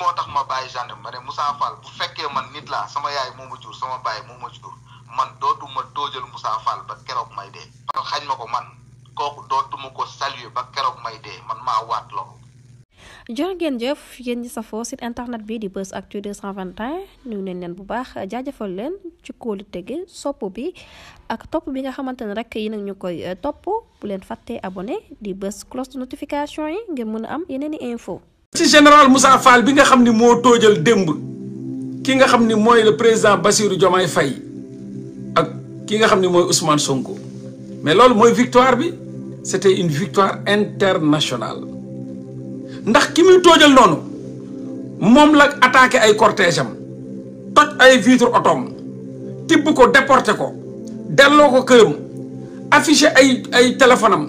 moo tax ma bàyyi gendarme ma ne Moussa Fall bu fekkee man nit laa sama yaay moo ma jur sama baay moo ma jur man dootuma toojal Moussa Fall ba keroog may dee. man xañ ma ko man kooku dootuma ko saluer ba keroog may dee man maa waat loolu. jërë ngeen jëf yéen ñi safoo site internet bi di Buzz Actu 221 nuyu nañ leen bu baax jaajëfal leen ci kóolu tege sopp bi ak topp bi nga xamante ne rek yi nag ñu koy eh, topp bu leen fàttee abonné di bës cloche notification yi ngir mën a am yeneen i info ci général Moussa Fall bi nga xam ni moo toojal démb ki nga xam ni mooy le président Bassirou Diomaye fay ak ki nga xam ni mooy Ousmane Sonko mais loolu mooy victoire bi c'était une victoire internationale ndax ki muy toojal noonu moom la attaqué ay cortège am toj ay vitre otoom tibb ko déporté ko delloo ko këram affiché ay ay téléphone am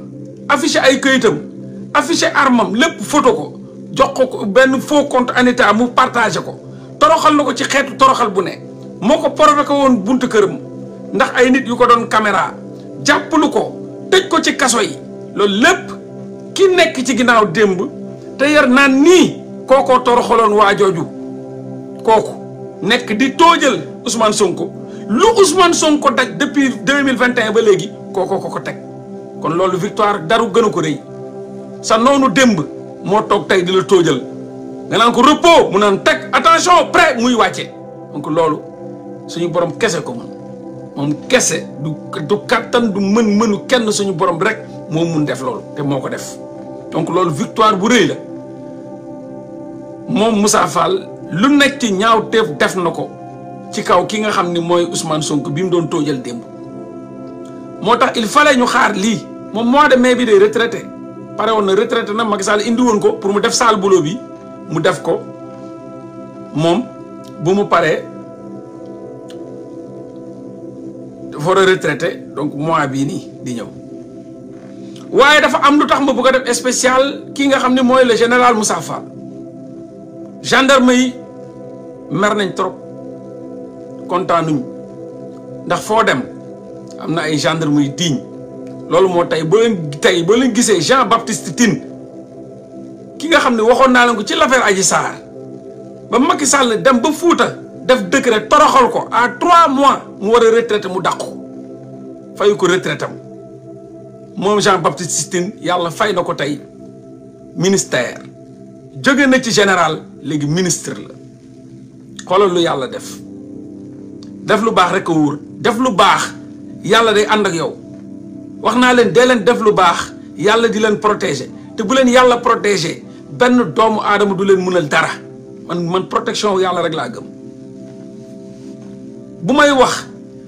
affiché ay këyitam affiché armam lépp photo ko jox ko benn faux compte en état mu partagé ko toroxal na ko ci xeetu toroxal bu ne moo ko provoqué woon buntu këram ndax ay nit yu ko doon caméra jàppalu ko tëj ko ci kaso yi loolu lépp ki nekk ci ginnaaw démb te yar naan nii kookoo toroxaloon waa jooju kooku nekk di toojal Ousmane Sonko lu Ousmane Sonko daj depuis deux mille vingt et ba léegi kookoo ko ko teg kon loolu victoire daru gënu ko rëy sa noonu démb. moo toog tey di la tóojal nga naan ko repos mu naan teg attention prêt muy wàcce donc loolu suñu borom kese ko mën moom kese du kattan du mën-mënu kenn suñu borom rek moo mun def loolu te moo ko def donc loolu victoire bu rëy la moom Moussa Fall lu nekk ci ñaaw teef def na ko ci kaw ki nga xam ni mooy Ousmane Sonko bi mu doon tóojal démb moo tax il fallait ñu xaar lii moom mois de mais bi day retraité pare woon na retraité na Macky Sall indi woon ko pour mu def sale boulot bi mu def ko moom bu mu paree dafa war donc mois bii nii di ñëw waaye dafa am lu tax ma bëgg a def spécial kii nga xam ne mooy le général Moussa Fall gendarme yi mer nañ trop kontaanuñ ndax foo dem am na ay gendarme yu digne loolu moo tey boo leen tey boo leen gisee Jean Baptiste Tine ki nga xam ne waxoon naa leen ko ci l'affaire Adji Sarr ba Macky sàll dem ba Fuuta def décret toroxal ko à trois mois mu war a retraité mu dàqu fayu ko retraitam moom Jean Baptiste Tine yàlla fay na ko tey ministère jóge na ci général léegi ministre la xoolal lu yàlla def def lu baax rek a wóor def lu baax yàlla day ànd ak yow wax naa leen dee leen def lu baax yàlla di leen protéger te bu leen yàlla protéger benn doomu aadama du leen mënal dara man man protection yàlla rek laa gëm bu may wax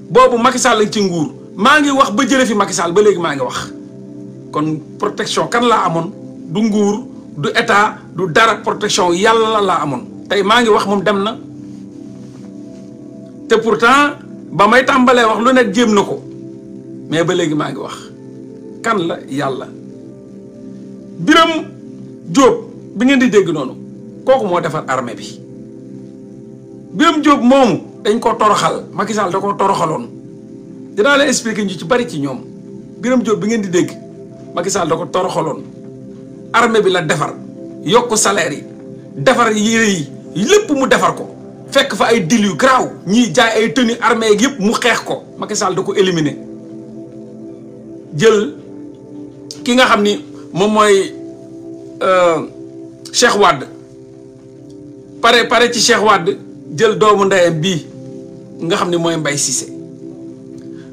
boobu Macky lañ ci nguur maa ngi wax ba jële fi Macky Sall ba léegi maa ngi wax kon protection kan laa amoon du nguur du état du dara protection yàlla laa amoon tey maa ngi wax moom dem na te pourtant ba may tàmbalee wax lu ne jéem na ko mais ba léegi maa ngi wax kan la yàlla biram jóob bi ngeen di dégg noonu kooku moo defar armée bi biram jóob moomu dañ koo toroxal Macky da ko toroxaloon dinaa leen expliquer ju ci bari ci ñoom biram jóob bi ngeen di dégg Macky da ko toroxaloon armée bi la defar yokk saleer yi defar yére lépp mu defar ko fekk fa ay dil yu garaaw ñiy jaay ay tenue armée yëpp mu xeex ko Macky Sall da ko éliminer jël ki nga xam ni moom mooy euh, Cheikh Wade pare pare ci Cheikh Wade jël doomu ndeyam bii nga xam ni mooy mbay Cissé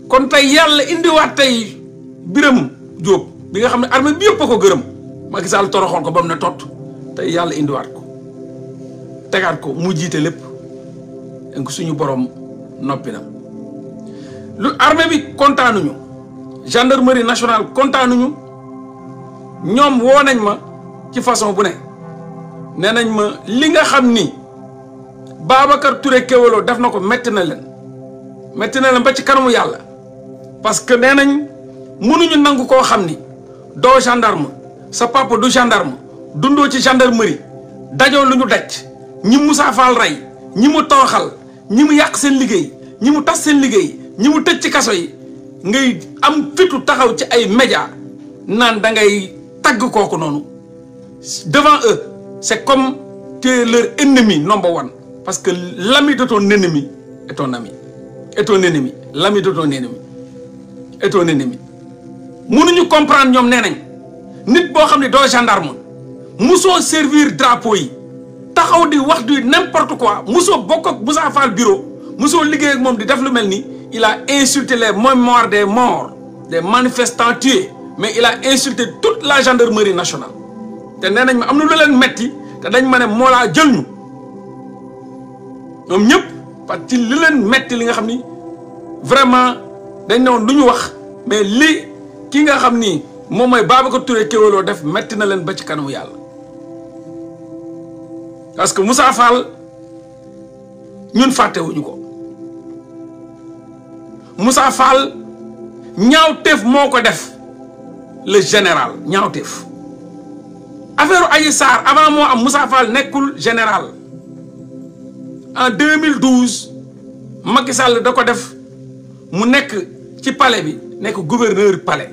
kon tey yàlla indiwaat tey biram Diop bi nga xam ne armée bi yëpp ko gërëm Macky Sall toroxoon ko ba mu ne tot tey yàlla indiwaat ko tegaat ko mu jiite lépp donc suñu borom noppi na lu armée bi kontaanuñu gendarmerie nationale kontaanuñu ñoom woo nañ ma ci façon bu ne nee nañ ma li nga xam ni baabakar ture Kewelo def na ko metti na leen metti na leen ba ci kanamu yàlla parce que nee nañ mënuñu nangu koo xam ni doo gendarme sa papa du gendarme dundoo ci gendarmerie dajoo lu ñu daj ñi musa Fall rey ñi mu tooxal ñi mu yàq seen liggéey ñi mu tas seen liggéey ñi mu tëj ci kaso yi ngay am fitu taxaw ci ay média naan da ngay tagg kooku noonu devant eux c'est comme tu es leur ennemi number one parce que l'ami de ton ennemi est ton ami est ton ennemi l'ami de ton ennemi comprendre ñoom nee nañ nit boo xam ne doo gendarme musoo servir drapeau yi taxaw di wax du n'importe quoi musoo bokk ak Moussa Fall bureau musoo liggéey ak moom di def lu mel nii il a insulté les mémoires des morts, des manifestants tués, mais il a insulté toute la gendarmerie nationale. te nee nañ ma am na lu leen metti te dañ ma ne Mollah jël ñu ñëpp parce que li leen metti li nga xam ni vraiment dañ ne woon du ñu wax mais li ki nga xam ni moom mooy Babacar Touré Kéwéloo def metti na leen ba ci kanamu yàlla. parce que Moussa Fall ñun fàttewuñu ko Moussa Fall ñaawteef moo ko def le général ñaawteef affaire Adji Sarr avant moo am Moussa Fall nekkul général en 2012 Macky Sall da ko def mu nekk ci pale bi nekk gouverneur pale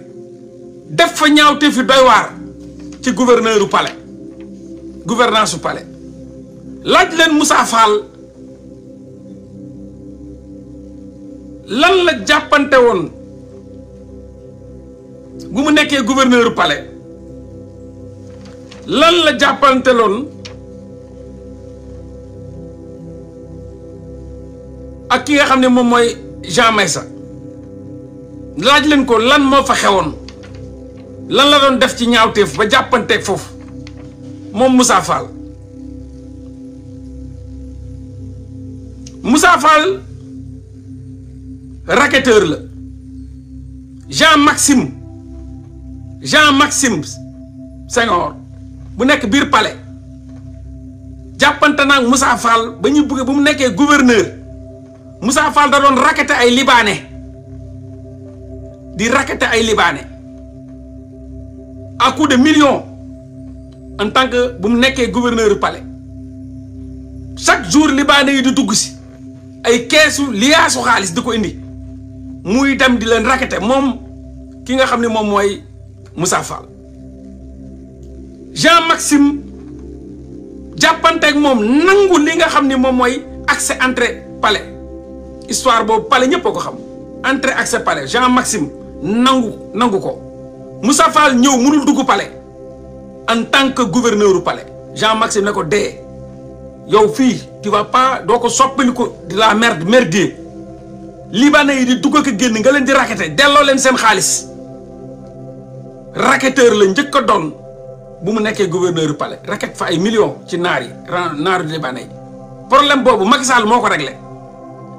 def fa ñaawteef yi doy waar ci gouverneuru pale gouvernance su palais laaj leen Moussa lan la jàppante woon bu mu nekkee gouverneur palais lan la jàppante loon ak ki nga xam ne moom mooy Jean Meissa laaj leen ko lan moo fa xewoon lan la doon def ci ñaawteef ba jàppanteeg foofu moom Moussa Fall racketteur la Jean Maxime Jean Maxime Senghor bu nekk biir pale jàppante naag musaa Fall ba ñuy bëgg bu mu nekkee gouverneur musaa Fall da doon rackete ay libaane di rackete ay libaane à coup de millions en tant que bu mu nekkee gouverneur pale chaque jour libaane yi di dugg si ay keesu liyaasu xaalis di ko indi mu itam di leen raqueté moom ki nga xam ne moom mooy Moussa Fall Jean Maxime jàppanteeg moom nangu li nga xam ni moom mooy accès entrée pale histoire boobu pale ñëpp a ko xam entrée accès palais Jean Maxime nangu nangu ko Moussa Fall ñëw mënul dugg pale en tant que gouverneur du palais Jean Maxime ne ko dee yow fii tu vas pas doo ko soppali ko di la merde merdier libanais yi di dugg ak génn nga leen di raqueté delloo leen seen xaalis raquetteur la njëkk a doon bu mu nekkee gouverneur pale raquette fa ay million ci naar yi naaru libanais yi problème boobu Macky Sall moo ko réglé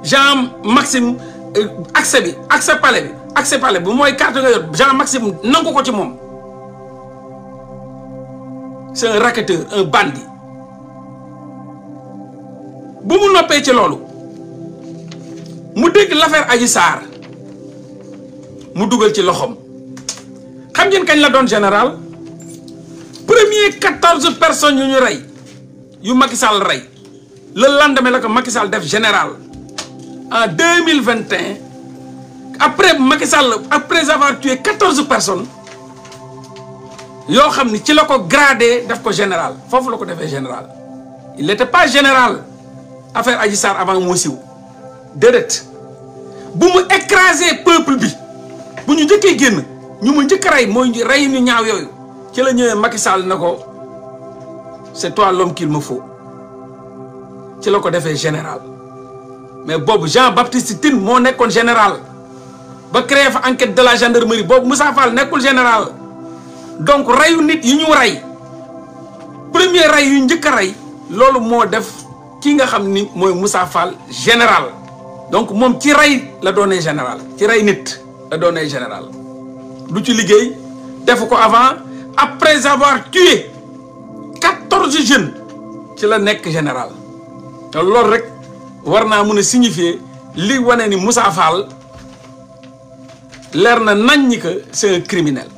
Jean Maxime euh, accès bi accès palais bi accès palais bi mooy carte nga yor Jean Maxime nangu ko ci moom c'est un raquetteur un bandit bu mu noppee ci loolu mu dégg lafaire Adji Sarr mu dugal ci loxoom xam ngeen kañ la doon général premier quatorze personnes yu ñu rey yu Macky Sall rey le lendemain la ko Macky Sall def général en deux mille vingt et un après Macky Sall après avoir tué quatorze personnes yoo xam ni ci la ko gradé def ko général foofu la ko defee général il n'était pas général affaire Adji Sarr avant moo siw déedéet bu mu écraser peuple bi bu ñu njëkkee génn ñu mu njëkk rey mooy rey ñu ñaaw yooyu ci la ñëwee Macky Sall na ko c'est toi l'homme qu'il me ci la ko defee général mais boobu Jean Baptiste Tine moo nekkoon général ba créé fa enquête de la gendarmerie boobu Moussa Fall nekkul général donc reyu nit yi ñu rey premier rey yu njëkk a rey loolu moo def ki nga xam ni mooy Moussa Fall général donc moom ci rey la doonee général ci rey nit la doonee général du ci liggéey defu ko avant après avoir tué quatorze jeunes ci la nekk général te loolu rek war naa mun a signifier li wane ni Moussa Fall leer na nañ ñi que c'est un criminel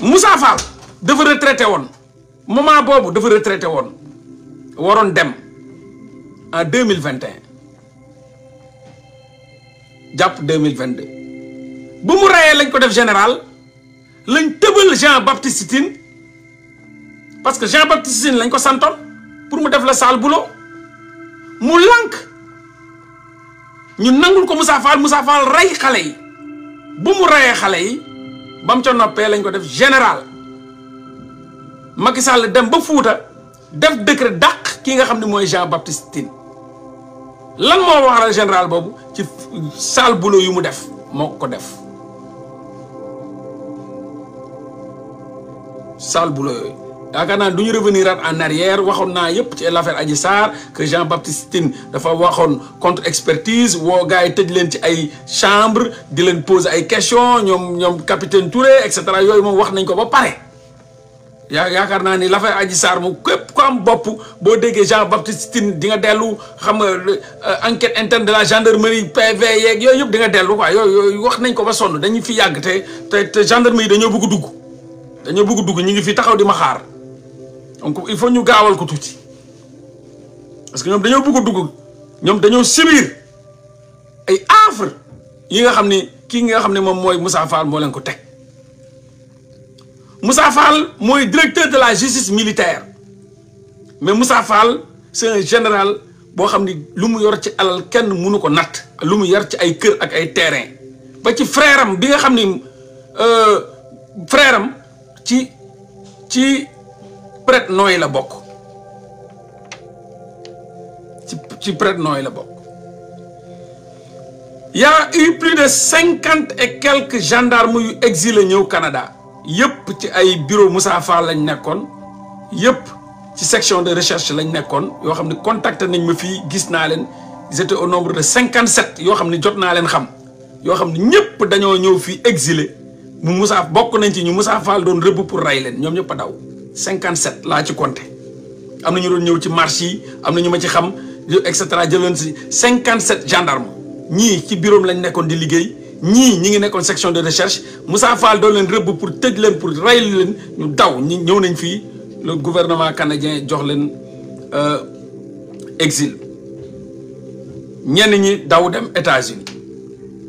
Moussa Fall dafa retraité woon moment boobu dafa retraité woon waroon dem en deux mille vingt et jàpp deux mille vingt deux bu mu rayee lañ ko def général lañ tëbal Jean Baptiste Tine parce que Jean Baptiste lañ ko santoon pour mu def la sale bulo mu lànk ñu nangul ko Moussa Fall Moussa Fall rey xale yi bu mu reyee xale yi ba ca noppee lañ ko def général Macky Sall dem ba Fuuta def décret dàq ki nga xam ne mooy Jean Baptiste lan moo waral général boobu ci sale boulot yu mu def moo ko def sale boulot yooyu yaakaar naa du ñu revenir at en arrière waxoon naa yëpp ci l'affaire Adji Sarr que Jean Baptiste dafa waxoon contre expertise woo gars yi tëj leen ci ay chambre di leen pose ay questions ñoom ñoom capitaine Touré et cetera yooyu moom wax nañ ko ba pare. yaa yaakaar naa ni lafay Adji saar moom képp ku am bopp boo déggee Jean Baptiste Tine di nga dellu xam nga euh, enquête interne de la gendarmerie PV yeeg yooyu yëpp di dellu quoi yooyu wax nañ ko ba sonn dañu fi yàgg te te te gendarmerie dañoo bëgg dugg dañoo bëgg dugg ñu ngi fi taxaw di ma xaar donc il faut ñu gaawal ko tuuti parce que ñoom dañoo bëgg dugg ñoom dañoo subir ay affres yi nga xam ni kii nga xam ne moom mooy Moussa Fall moo leen ko teg. Moussa Fall mooy directeur de la justice militaire mais Moussa Fall c'est un général boo xam ni lu mu yor ci alal kenn munu ko natt lu mu yar ci ay kër ak ay terrain ba ci frère am bi nga xam ni euh, frère am ci ci prête nooy la bokk ci ci prête nooy la bokk y a eu plus de cinquante et quelques gendarmes yu exile ñëw Canada yëpp ci ay bureau Moussa Fall lañ nekkoon yëpp ci section de recherche lañ nekkoon yoo xam ne contacté nañ ma fii gis naa leen ils étaient au nombre de cinquante sept yoo xam ne jot naa leen xam yoo xam ne ñëpp dañoo ñëw fii exilé mu Moussa bokk nañ ci ñu Moussa Fall doon rëbb pour ray leen ñoom ñëpp a daw cinquante sept laa ci compté am na ñu doon ñëw ci marche yi am na ñu ma ci xam et cetera jëloon si cinquante sept gendarme ñii ci bureau lañ nekkoon di liggéey ñii ñi ngi nekkoon section de recherche Moussa Fall doon leen rëbb pour tëj leen pour rey leen ñu daw ñi ñëw nañ fii le gouvernement canadien jox leen euh, exil ñenn ñi daw dem États-Unis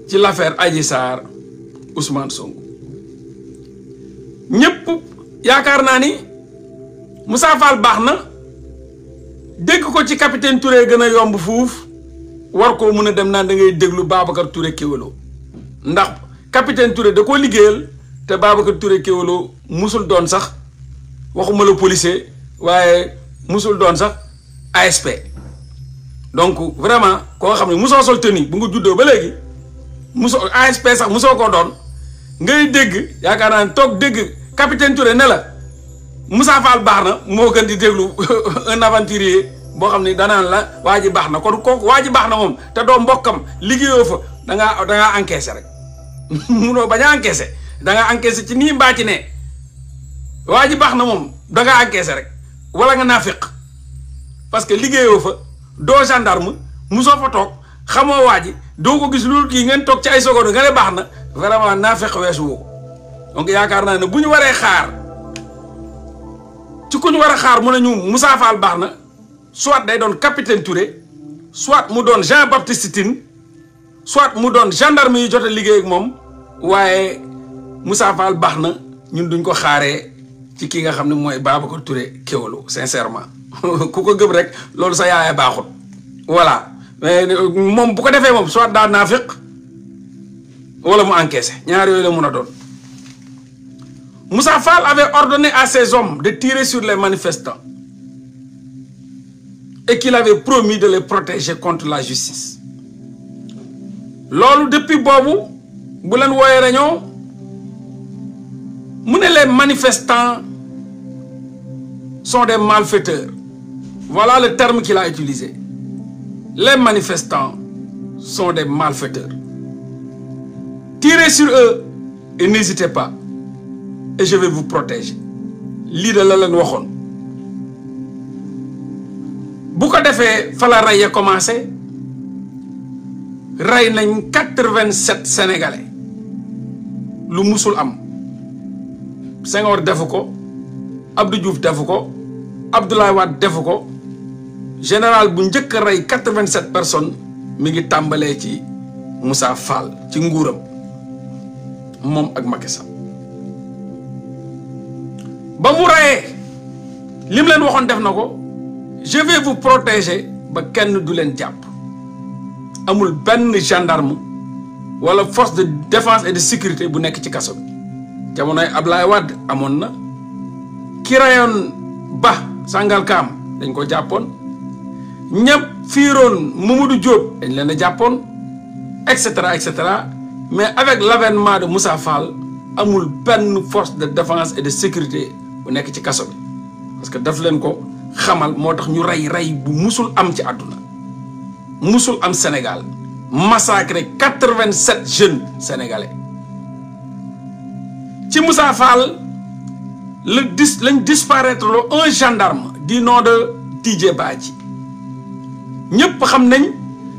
ci l'affaire Adji Sarr Ousmane Sonko ñëpp yaakaar naa ni Moussa Fall baax na dégg ko ci capitaine Touré gën a yomb fuuf war koo mun a dem naan da ngay déglu Babacar Touré kéwéloo ndax capitaine Touré da koo liggéeyal te Babacar Touré Kewelo musul doon sax waxuma la policier waaye musul doon sax ASP donc vraiment koo xam ne musoo sol tenue bu nga juddoo ba léegi musoo ASP sax musoo koo doon ngay dégg yaakaar naa ne toog dégg capitaine Touré ne la Moussa Fall baax na moo gën di déglu un aventurier boo xam ne danaan la waa ji baax na kon kooku waa ji baax na moom te doo mbokkam liggéeyoo fa da ngaa da ngaa rek. munoo bañ a encaissé da nga ci nii mbaa ci ne waa ji baax na moom danga nga encaissé rek wala nga naafiq parce que liggéeyoo fa doo gendarme musoo fa toog xamoo waa ji doo ko gis loolu kii ngeen toog ci ay seconde nga ne baax na vraiment naafiq weesu woo ko donc yaakaar naa ne bu ñu waree xaar ci ku ñu war a xaar mu ne ñu Moussa Fall baax na soit day doon capitaine Touré soit mu doon Jean Baptiste Tine soit mu doon gendarme yu jot a liggéey moom waaye mussa Fall baax na ñun duñ ko xaaree ci kii nga xam ne mooy Babacar Touré kéwalu sincèrement ku ko gëm rek loolu sa yaaya baaxut voilà mais moom bu ko defee moom soit daa naafiq wala mu encaissé ñaar yooyu la mun a doon Moussa Fall avait ordonné à ses de tirer sur les manifestants et qu'il avait promis de les protéger contre la justice loolu depuis boobu bu leen wooyee réunion mu ne les manifestants sont des malfaiteurs voilà le terme qu'il a utilisé les manifestants sont des malfaiteurs tirez sur eux et n'hésitez pas et je vais vous protéger lii de la leen waxoon bu ko defee fa la rey a commencé rey nañ quatre-vingt-sept sénégalais lu musul am Senghor defu ko Abdou Diouf defu ko Abdoulaye Wade defu ko général bu njëkka rey quatre vingt mi ngi tàmbalee ci Moussa Fall ci nguuram moom ak Macky Sall ba mu reyee li leen waxoon def na ko je vais vous protéger ba kenn du leen jàpp amul benn gendarme wala force de défense et de sécurité bu nekk ci kaso bi jamonoy Ablaye Wade amoon na ki rayoon ba Sangalkam dañ ko jàppoon ñëpp fiiroon Mamadou Diop dañ leen a jàppoon et cetera et cetera mais avec l'avènement de Moussa Fall amul benn force de défense et de sécurité bu nekk ci kaso bi parce que daf leen ko xamal moo tax ñu rey rey bu musul am ci àdduna musul am Sénégal massacré quatre-vingt-sept jeunes sénégalais ci Moussa Fall la dis lañ disparaître lo un gendarme du nom de Didier Badji xam nañ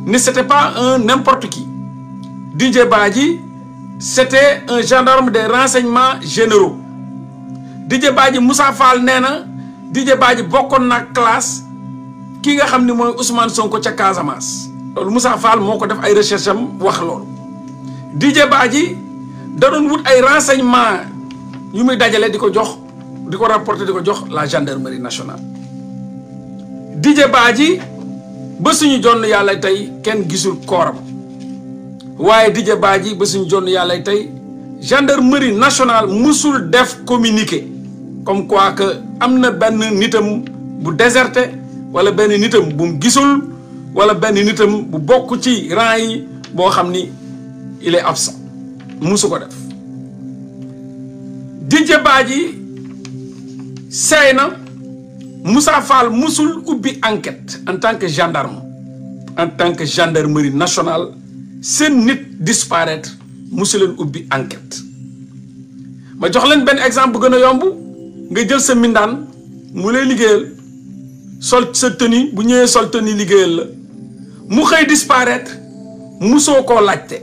ni c'était pas un n'importe qui Didier Badji c'était un gendarme des renseignements généraux Didier ji Moussa Fall nee na Didier Badji bokkoon na classe ki nga xam ne mooy Ousmane Sonko ca Casamance. loolu Moussa Fall moo ko def ay recherche am wax loolu Didier Badji da doon wut ay renseignements yu muy dajale di ko jox di ko rapporte di ko jox la gendarmerie nationale. Didier Badji ba suñu jonn yàlla tey kenn gisul kooram waaye Didier Badji ba suñu jonn yàlla tey gendarmerie nationale musul def communiqué comme quoi que am na benn nitam bu déserté. wala benn nitam bu mu gisul wala benn nitam bu bokk ci rang yi boo xam ni il est absent musu ko def Didier Badji seey na Moussa Fall musul ubbi enquête en tant que gendarme en tant que gendarmerie nationale seen nit disparaître musu leen ubbi enquête ma jox leen benn exemple bu gën a yomb nga jël sa mindaan mu lay liggéeyal sol sa tenue bu ñëwee sol tenue liggéeyal la mu xëy disparaître musoo koo laajte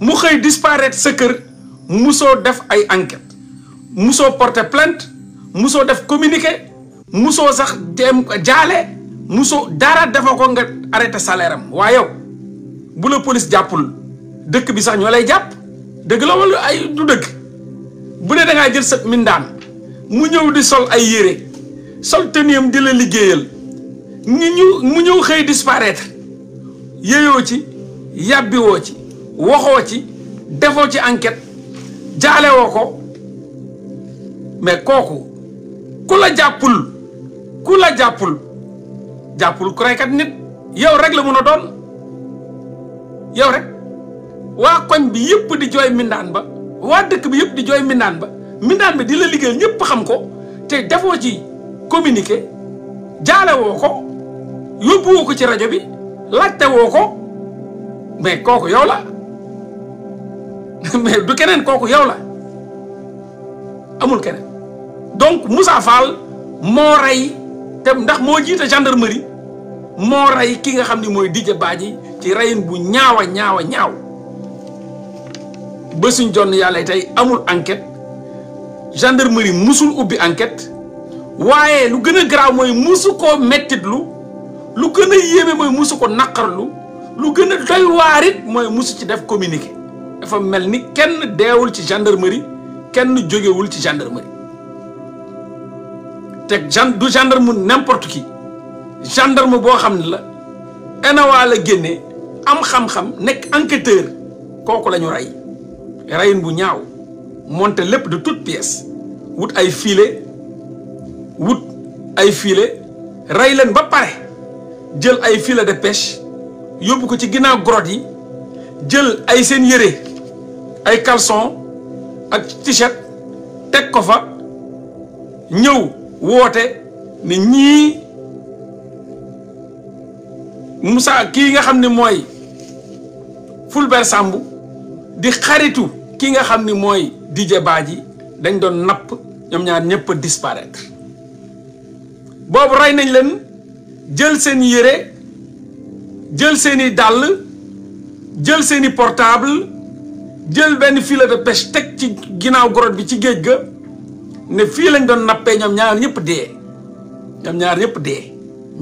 mu xëy disparaître sa kër musoo def ay enquête musoo porter plainte musoo def communiqué musoo sax dem jaale musoo dara dafa ko nga arrêté salaire am waaye yow bu la police jàppul dëkk bi sax ñoo lay jàpp dëgg la wala ay du dëgg bu ne da jël sa mindaan mu ñëw di sol ay yére sol tenue di la liggéeyal ñu ñu mu ñëw xëy disparaître yeyoo ci yàbbiwoo ci waxoo ci defoo ci enquête jaalewoo ko mais kooku ku la jàppul ku la jàppul jàppul ku reykat nit yow rek la mun a doon yow rek waa koñ bi yëpp di jooy mindaan ba waa dëkk bi yëpp di jooy mindaan ba mindaan bi di la liggéeyal ñëpp xam ko te defoo ci communiqué jaale woo ko yóbbu woo ci rajo bi laajte woo ko mais kooku yow la du keneen kooku yow la amul keneen donc Moussa Fall moo rey te ndax moo jiite gendarmerie moo rey ki nga xam ni mooy Didier Badji ci reyin bu ñaawa ñaawa ñaaw ba suñ jonn yàlla tey amul enquête gendarmerie musul ubbi enquête waaye lu gën a garaaw mooy musu koo mettitlu lu gën a yéeme mooy musu ko naqarlu lu gën a doy waarit mooy musu ci def communiqué dafa mel ni kenn deewul ci gendarmerie kenn jógewul ci gendarmerie te gen du gendarme n'importe ki gendarme boo xam ne la enawaa la génnee am xam-xam nekk enquêteur kooku la ñu rey reyin bu ñaaw moonte lépp de toute pièce wut ay file wut ay filets rey leen ba pare jël ay filets de pêche yóbbu ko ci ginnaaw grotte yi jël ay seen yére ay caleçon ak t-shirt teg ko fa ñëw woote ni ñii Moussa kii nga xam ne mooy Fulbert Sambou di xaritu ki nga xam ni mooy Didier Badji dañ doon napp ñoom ñaar ñëpp a boobu rey nañ leen jël seen yére jël seeni dàll jël seeni portable jël benn filet de pêche teg ci ginnaaw grotte bi ci géej ga ne fii lañ doon nappee ñoom ñaar ñëpp dee ñoom ñaar ñëpp dee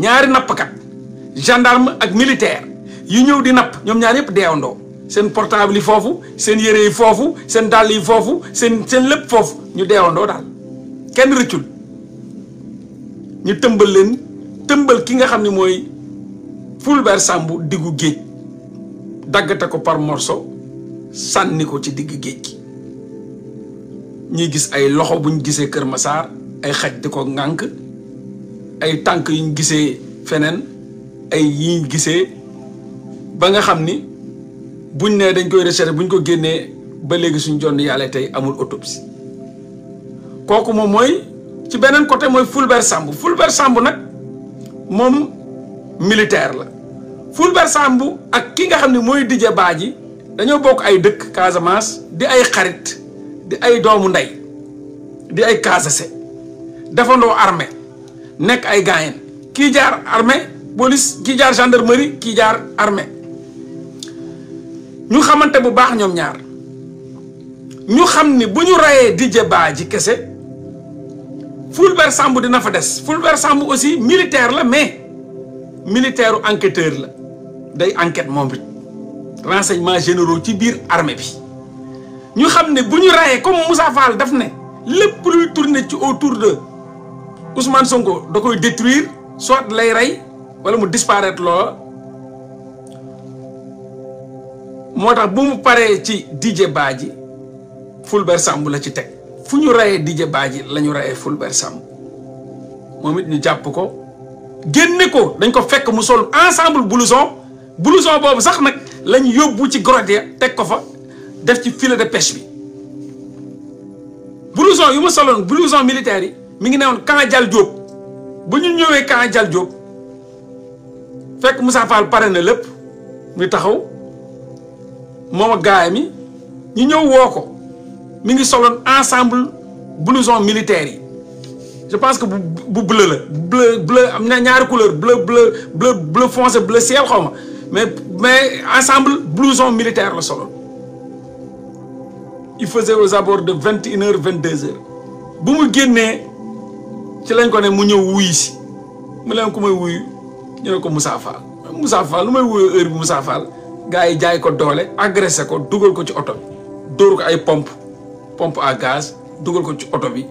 ñaari nappkat gendarme ak militaire yu ñëw di napp ñoom ñaar ñëpp deewandoo seen portable yi foofu seen yére yi foofu seen dàll yi foofu seen seen lépp foofu ñu deewandoo daal kenn rëccul ñu tëmbal leen tëmbal ki nga xam ne mooy Fulbert Sambou diggu géej daggate ko par morceau sànni ko ci digg géej gi ñuy gis ay loxo buñ gisee Kër Masaar ay xaj di ko ŋànk ay tànk yuñ gisee feneen ay yiñ gisee ba nga xam ni buñ ne dañ koy recherche buñ ko génnee ba léegi suñ jonn yàlla tey amul autopsie kooku moom mooy ci beneen côté mooy Fulbert Sambou Fulbert Sambou nag moom militaire la Fulbert samb ak ki nga xam ne mooy Didier Badji dañoo bokk ay dëkk Casamance di ay xarit di ay doomu ndey di ay casase defandoo armée nekk ay gaayen kii jaar armée police kii jaar gendarmerie kii jaar armée ñu xamante bu baax ñoom ñaar ñu xam ni bu ñu rayee Didier Badji kese Fulbert Sambou dina fa des Fulbert Sambou aussi militaire la mais militaire enquêteur la day enquête moom it renseignements ci biir armée bi ñu xam ne bu ñu rayee comme Moussa Fall daf ne lépp luy tourner ci tour de Ousmane Sonko da koy détruire soit lay rey wala mu disparaître loola moo tax bu mu paree ci Didier Badji Fulbert Sambou la ci teg fu ñu rayee Didier Badji la ñu rayee Fulbert Sambou moom it ñu jàpp ko génne ko dañ ko fekk mu sol ensemble blouson blouson boobu sax nag lañ yóbbu ci grotte ya teg ko fa def ci filet de pêche bi blouson yu ma soloon blouson militaire yi mi ngi newoon camp Dial Diop bu ñu ñëwee camp Dial Diop fekk Moussa pare na lépp mu taxaw moom ak gaay ñu ñëw woo ko mi ngi soloon ensemble blouson militaire yi je pense que bu bu bleu la bleu bleu am na ñaari couleur bleu bleu bleu bleu foncé bleu ciel xaw ma mais mais ensemble blouson militaire la soloon il faisait aux abords de vingt une vingt deux heures bu mu génnee ci lañ ko ne mu ñëw wuyu si mu leen may wuyu ñu ko Moussa Fall Moussa Fall lu may wuyu heure bi Moussa Fall gars yi jaay ko doole agressé ko dugal ko ci oto dóor ko ay pompe pompe à gaz dugal ko ci oto bi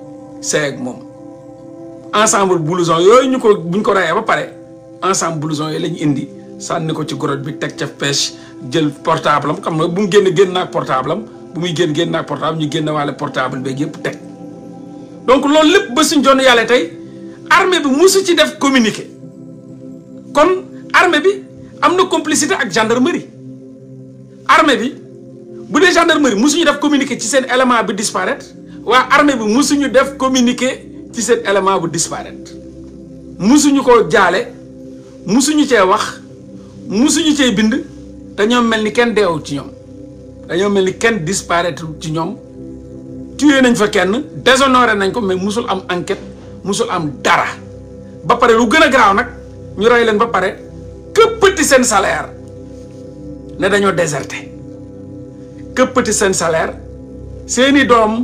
sey ak moom ensemble blouson yooyu ñu ko buñ ko rayee ba pare ensemble blouson yooyu lañu indi sànni ko ci gorot bi teg ca pêche jël portable am xam na bu mu génn génn naag portable am bu muy génn génn naag portable ñu génn waale portable beeg yëpp teg donc loolu lépp ba suñ joon yàlla tey armée bi musu ci def communiqué kon armée bi am na complicité ak gendarmerie armée bi bu dee gendarmerie musuñu def communiqué ci seen élément bu disparaître waa armée bi musuñu def communiqué ci seen élément bu disparaître musuñu ko jaale musuñu cee wax musuñu cee bind dañoo mel ni kenn deewul ci ñoom dañoo mel ni kenn disparaître ci ñoom tué nañ fa kenn déshonoré nañ ko mais musul am enquête musul am dara ba pare lu gën a garaaw nag ñu rey leen ba pare këppati seen salaire ne dañoo déserté këppati seen salaire seeni doom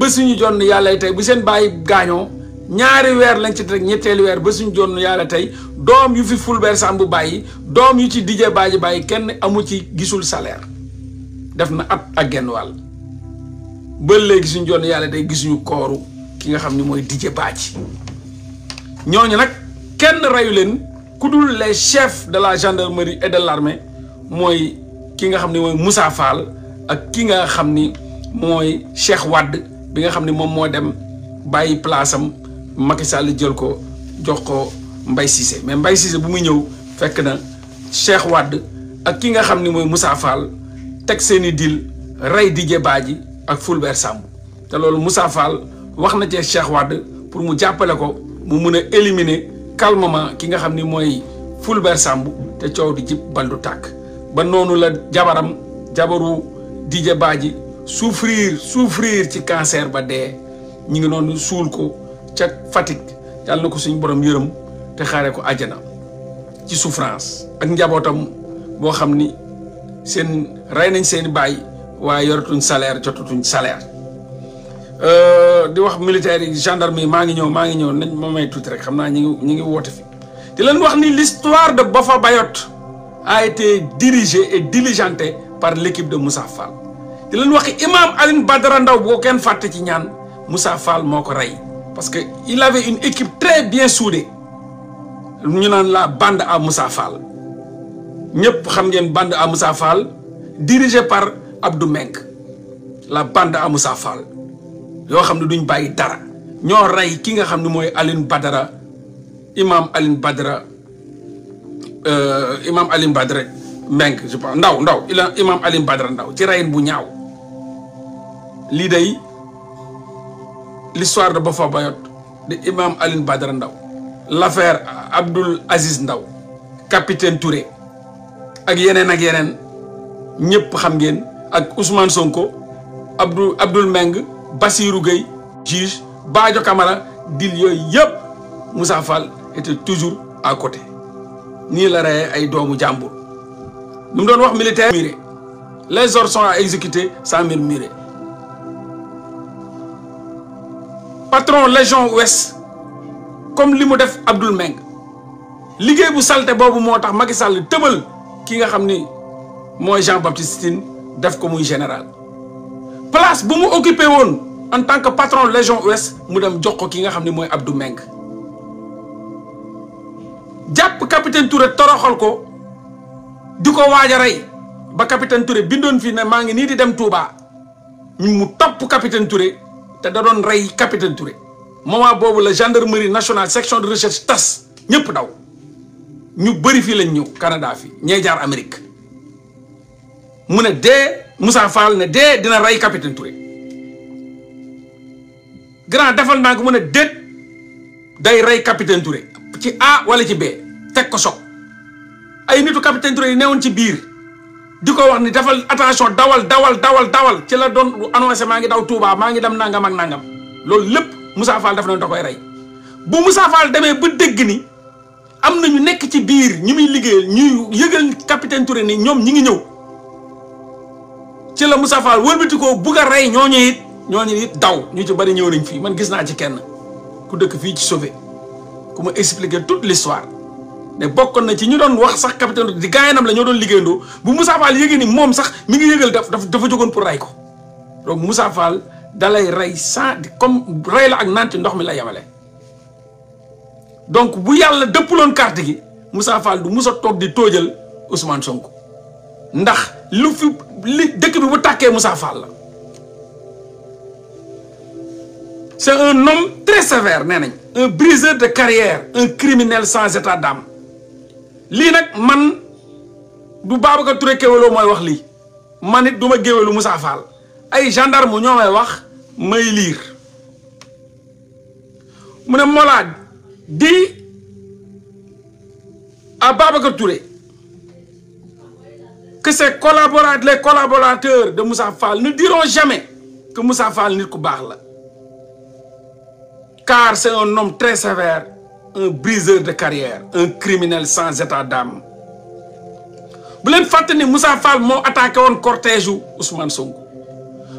ba suñu jonn yàlla tey bu seen bàyyi gaañoo ñaari weer lañ ci teg ñetteelu weer ba suñu jonn yàlla tey doom yu fi Fulbert Sambou bàyyi doom yu ci Didier Badji bàyyi kenn amu ci gisul salaire def na at ak genn wàll ba léegi suñu jonn yàlla tey gisuñu kooru ki nga xam ni mooy Didier Badji ñooñu nag kenn rayu leen ku dul les chefs de la gendarmerie et de l'armée mooy ki nga xam ne mooy Moussa Fall ak ki nga xam ni mooy Cheikh wàdd bi nga xam ni moom moo dem bàyyi place am Macky Sall jël ko jox ko mbay Cissé mais mbay Cissé bu muy ñëw fekk na Cheikh wàdd ak ki nga xam ni mooy Moussa Fall teg seeni dil rey Didier Badji ak Fulbert Sambou te loolu Moussa Fall wax na ci Cheikh wàdd pour mu jàppale ko mu mun a éliminer calmement ki nga xam ni mooy Fulbert Sambou te coow di jib baldu tàkk ba noonu la jabaram jabaru Didier Badji souffrir souffrir ci cancer ba dee ñu ngi noonu suul ko ca Fatick yàlla na ko suñu borom yërëm te xaaree ko àjjana ci souffrance ak njabootam boo xam ni seen rey nañ seen i baay waaye yoratuñ salaire jotatuñ salaire. Euh, di wax militaire yi gendarme yi maa ngi ñëw maa ngi ñëw nañ ma may tuuti rek xam naa ñu ngi ñu ngi woote fi di leen wax ni l'histoire de Boffa Bayotte a été dirigée par l'équipe de Moussa Fall. di leen wax imaam Alioune Badara Ndao boo kenn fàtte ci ñaan Moussa Fall moo ko rey parce que il avait une équipe très bien soudée ñu naan la band à Moussa Fall ñëpp xam ngeen band à Moussa Fall dirigée par Abdou Menk la bande à Moussa Fall yoo xam ne duñ bàyyi dara ñoo rey ki nga xam ne mooy Alioune Badara imaam Alioune Badara euh, imaam Alioune Badara Menk je pense Ndaw Ndaw imaam Alioune Badara Ndaw ci reyin bu ñaaw. lii day l'histoire de Boffa Bayotte de imam Alioune Badara Ndao l'affaire Abdoul Aziz Ndao capitaine Touré ak yeneen ak yeneen ñépp xam ngeen ak Ousmane Sonko Abdou Abdoul Meng Bassirou Gueye juge Badio Camara dil yooyu yëpp Moussa Fall était toujours à côté nii la reyee ay doomu jàmbur lu doon wax militaire muré les ordres sont à exécuter sans patron légion ouest comme li mu def abdul Meng liggéey bu salte boobu moo tax Macky Sall tëbal ki nga xam ni mooy Jean Baptiste def ko muy général place bu mu occupé woon en tant que patron légion ouest mu dem jox ko ki nga xam ni mooy Abdou Meng jàpp capitaine Touré toroxal ko di ko waaja a rey ba capitaine Touré bindoon fii ne maa ngi nii di dem Touba mu topp capitaine Touré. te da doon rey capitaine Touré moment boobu la gendarmerie nationale section de recherche tas ñëpp daw ñu bëri fii lañ ñëw Canada fii ñee jaar Amérique mu ne dee musa Fall ne dee dina rey capitaine Touré grand defal naa ko mu ne déet day rey capitaine Touré ci A wala ci B teg ko soog ay nitu capitaine Touré yi newoon ci biir. di ko wax ni defal attention dawal dawal dawal dawal ci la doon annoncé maa ngi daw Touba maa ngi dem nangam ak nangam loolu lépp Moussa Fall dafa doon da koy rey bu Moussa demee ba dégg ni am na ñu nekk ci biir ñu muy liggéeyal ñuy yëgal capitaine Touré ni ñoom ñi ngi ñëw ci la Moussa Fall wëlbati ko bugg a rey ñoo it ñooñu it daw ñu ci bari ñëw nañ fii man gis naa ci kenn ku dëkk fii ci Sauvé ku ma expliquer toute l'histoire ne bokkoon na ci ñu doon wax sax capitaine di gaayanam la ñoo doon liggéeyandoo bu musa Fall yëgee ni moom sax mi ngi yëgal daf dafa jógoon pour rey ko donc Moussa Fall dalay rey sans comme rey la ak naan ndox mi la yemale. donc bu yàlla dëppuloon carte gi Moussa Fall du Moussa toog di tóojal Ousmane Sonko ndax lu fi li dëkk bi bu tàkkee Moussa Fall la. c'est un homme très sévère nee nañ un briseur de carrière un criminel sans état d'âme lii nag man du Babacar Touré kéwéloo mooy wax lii man it géwélu Moussa ay gendarme ñoo may wax may liir mu ne Mollah dit à Babacar Touré que ses collaborateurs les collaborateurs de Moussa jamais que Moussa nit ku baax la car c'est un homme très sévère un briseur de carrière un criminel sans état d'âme bu leen fàtte ni Moussa Fall moo attaqué woon cortège u Ousmane Sonko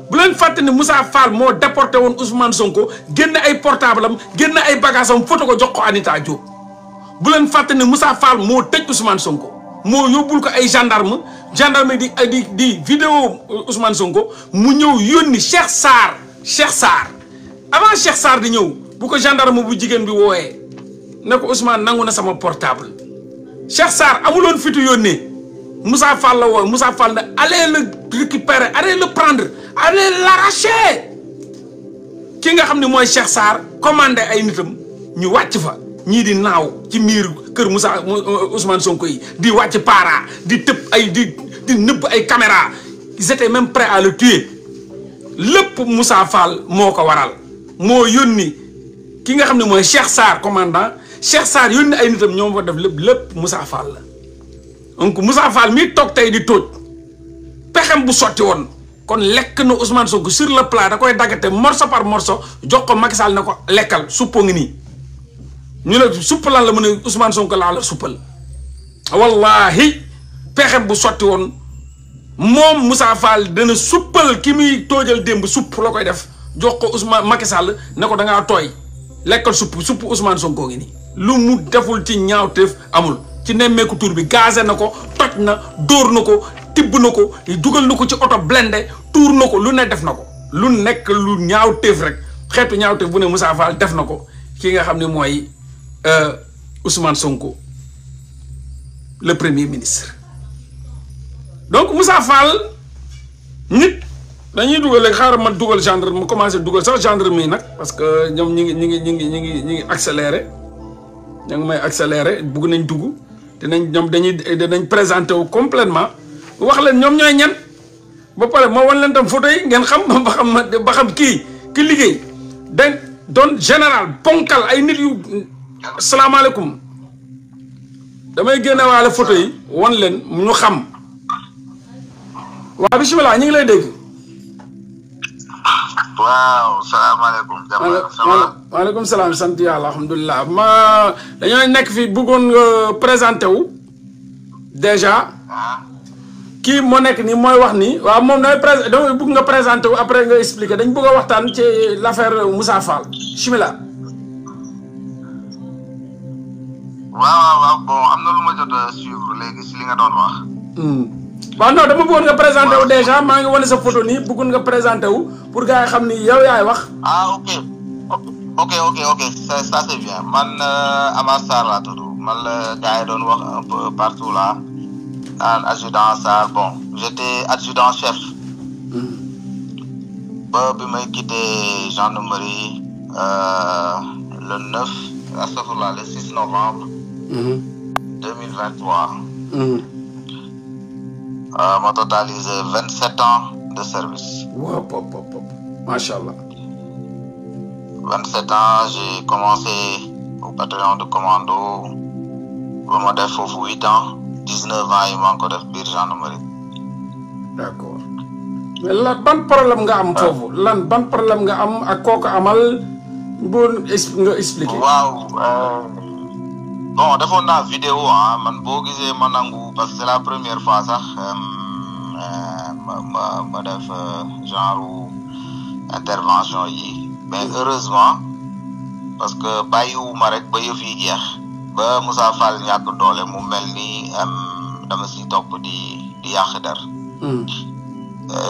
bu leen fàtte ni Moussa Fall moo déporté woon Ousmane Sonko génn ay portable am génn ay bagages am foto ko jox ko Anita Diop bu leen fàtte ni Moussa Fall moo tëj Ousmane Sonko moo yóbbul ko ay gendarme gendarme di di di vidéo Ousmane Sonko mu ñëw yónni Cheikh Sarr Cheikh Sarr avant Cheikh Sarr di ñëw bu ko gendarme bu jigéen bi wooyee ne ko Ousmane nangu na sama portable Cheikh Sarr amuloon fitu yónnee Moussa Fall la woon Moussa Fall ne allez le récupérer allez le prendre allez l'arracher ki nga xam ne mooy Cheikh sar commandé ay nitam ñu wàcc fa ñii di naaw ci miir kër Moussa Ousmane Sonko yi di wàcc para di tëb ay di di ay caméra ils étaient même prêts à le tuer lépp Moussa Fall moo ko waral moo yónni ki nga xam ne mooy Cheikh sar commandant Cheikh Sarr yónni ay nitam ñoom fa def lépp lépp Moussa Fall la donc Moussa Fall mii toog tey di tóoj pexem bu sotti woon kon lekk na Ousmane Sonko sur le plat da koy daggate morceau par morceau jox ko Macky Sall ne ko lekkal suppo ngi nii ñu ne supp la mu ne Ousmane la suppal wallahi pexem bu sotti woon moom Moussa Fall dana suppal ki muy tóojal démb supp la koy def jox ko Ousmane Macky Sall ne ko da tooy lekkal supp supp Ousmane Sonko ngi nii lu mu deful ci ñaawteef amul ci nemmeeku tur bi gazé na ko toj na dóor na ko tibb na ko dugal na ko ci oto blindé tuur na ko lu ne def na ko lu nekk lu ñaaw ñaawteef rek xeetu ñaaw ñaawteef bu ne Moussa Fall def na ko ki nga xam ne mooy euh, Ousmane Sonko le premier ministre donc Moussa Fall nit dañuy dugal léegi xaaral ma dugal gendarme mu commencé dugal sax gendarme yi nag parce que ñoom ñi ngi ñi ngi ñi ngi ñi ngi ñi ngi accéléré ña ngi may accéléré bugg nañ dugg dinañ ñoom dañuy dinañ présenté wu completement wax leen ñoom ñooy ñan ba pare ma wan leen tam photo yi ngeen xam ba xam ba xam kii ki liggéey dañ doon général ponkal ay nit yu salaamaaleykum damay génnewaale photo yi wan leen ñu xam waa bisimilah ñu ngi lay dégg waaw salaamaaleykum. waaleykum salaam sant yàlla alhamdulilah ma dañoo nekk fii bëggoon nga présenté wu déjà. Ah. kii moo nekk nii mooy wax ni waaw moom damay prés damay nga présenté wu après nga expliqué dañ bëgg a waxtaan ci l' affaire Moussa waaw waaw bon am na lu ma jot a suivre léegi si li nga doon wax. Hmm. waaw non dama bëggoon nga présenté wu déjà maa ngi sa photo nii bëggoon nga présenté wu pour gars yi xam ni yow yaay wax. ah ok ok ok ok ça ça c'est bien man euh, Amar Sarr laa man la gars wax un peu partout là naan adjudant Sarr bon j'étais adjudant chef. ba bi may quitté gendarmerie euh, le 9 astafurlah le 6 novembre. 2023. Mhm. Euh, ma totalisé vingt sept ans de service. waaw pop pop macha allah. vingt sept ans j'ai commencé au bataillon de commando ba ma def foofu huit ans dix neuf ans yi maa ngi def biir gendarmerie. d'accord mais lan ban problème nga am foofu euh. lan ban problème nga am ak kooku amal bu nga expliqué. bon defoon naa vidéo ah man boo gisee ma nangu parce que c'est la première fois sax euh, ma ma ma def euh, genre intervention yi mais heureusement parce que bàyyiwuma rek ba fi yi jeex ba Moussa Fall ñàkk mu mel ni euh, dama si topp di di yàq hmm.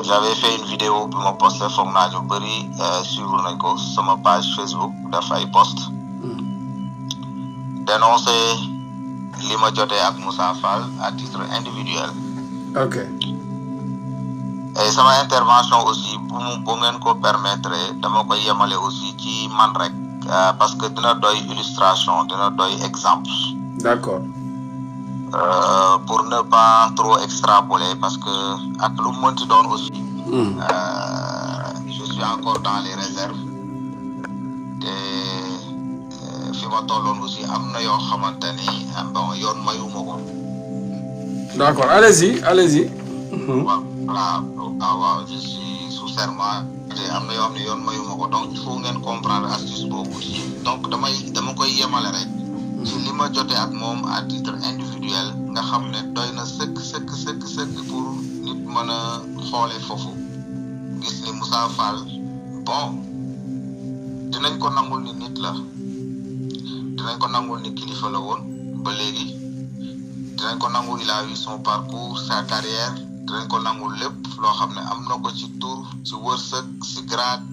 j'avais fait une vidéo bi ma posté foog naa ñu bëri suivre nañ ko sama page Facebook def ay post dénoncer li ma jotee ak Moussa a à titre individuel. ok. et sama intervention aussi bu ngeen ko permettre dama koy yemale aussi ci man rek euh, parce que dina doy illustration dina doy exemple. d'accord. Euh, pour ne pas trop extrapoler parce que ak lu mu mënti aussi. Hmm. Euh, je suis encore dans les réserves. fi ma tolloon aussi am na yoo xamante ni ah yoon mayuma ko. d'accord allez-y allez-y. waaw je suis sous serment. te am na yoon mayuma ko donc il faut ngeen comprendre astuce boobu aussi donc dama koy yemale rek. ci li ma ak moom à titre individuel nga xam ne doy na sëkk sek sëkk sëkk pour nit mën a xoole foofu gis ni Moussa Fall bon dinañ ko nangul ni nit la. dinañ ko nangul ni kilifa la woon ba léegi dinañ ko nangul il a parcours sa carrière dinañ ko nangul lépp loo xam ne am na ko ci tur ci wërsëg ci grade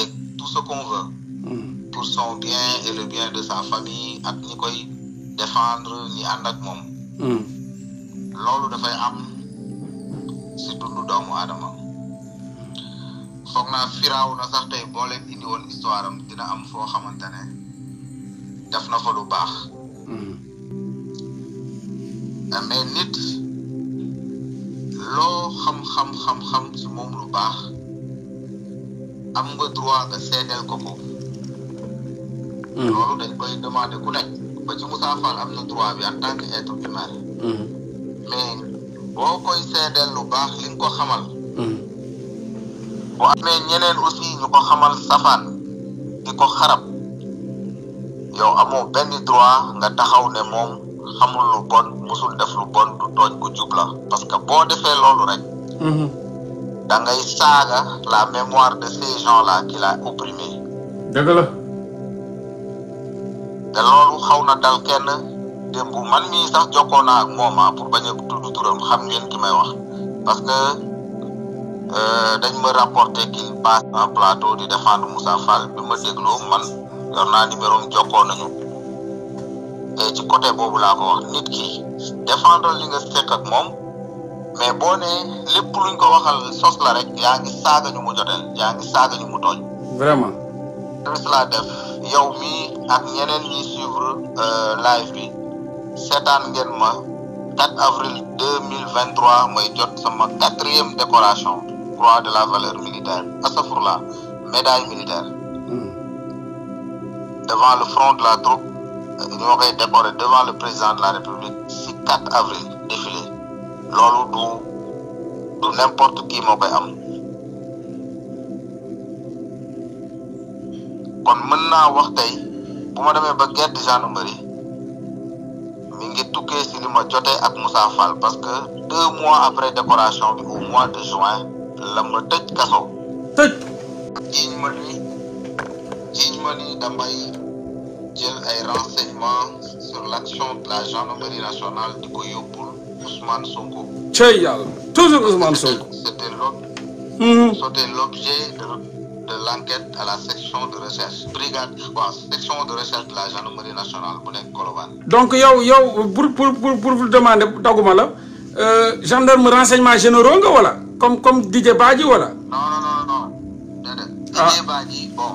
et tout ce hmm. pour son bien et de sa famille ak ñi koy défendre ñi ànd ak moom hmm. loolu dafay am ci dundu doomu aadama foog naa firaaw na sax tey boo leen histoire am dina am foo xamante ne def na fa lu baax hmm. mais nit loo xam-xam xam-xam ci lu baax am nga droit nga seedeel ko hmm. loolu dañ koy demandé ku nekk ba ci Moussa am na droit bi en tant que être hmm. mais boo koy seedeel lu baax li ko xamal bu amee ñeneen aussi ñu ko xamal safaan di ko xarab yow amoo benn droit nga taxaw ne moom xamul bon musul def lu bon du tooñ ku jub parce que boo defee loolu rek mhm. da saaga la mémoire de ces l'a opprimé dëgg la te loolu xaw na dal kenn démb man mii sax jokkoo naa ak moom ah, pour bañ a tudd xam ngeen ki wax parce que euh, dañ ma rapporté qu'il passe en plateau di défendre Moussa Fall bi ma dégloo man yor naa numéro am eh, ci côté boobu laa ko nit ki défendre li nga seq ak moom mais boo nee lépp luñ ko waxal sos la rek yaa ngi saaga ñu mu joteel yaa ngi saaga ñu mu tooñ. vraiment. service laa def yow mi ak ñeneen ñi suivre euh, live bi seetaan ngeen ma avril 2023 jot sama quatrième décoration croix de la valeur militaire asafurla médaille militaire. devant le front de la troupe ñoo koy décorer devant le président de la république si 4 avril défilé loolu du n'importe qui moo koy am kon mën naa wax tey bu ma demee ba gert de gendarmerie mi ngi tukkee si li ma jotee ak Moussa parce que mois après décoration bi au mois de juin la ma tëj kaso. tëj. jiiñ ma lii dignement du Dambaye jël ay renseignements sur l'action de la gendarmerie nationale di ko yóbbul Ousmane Sonko. cey yàlla toujours Ousmane Sonko. c'était l'objet mhm. c'était l'objet de de l'enquête à la section de recherche brigade waa section de recherche de la gendarmerie nationale bu nekk Colobane. donc yow yow pour pour pour pour demander daguma la euh, gendarme renseignements généraux nga wala comme comme Didier Badji wala. non non non non. ah Didier Badji bon.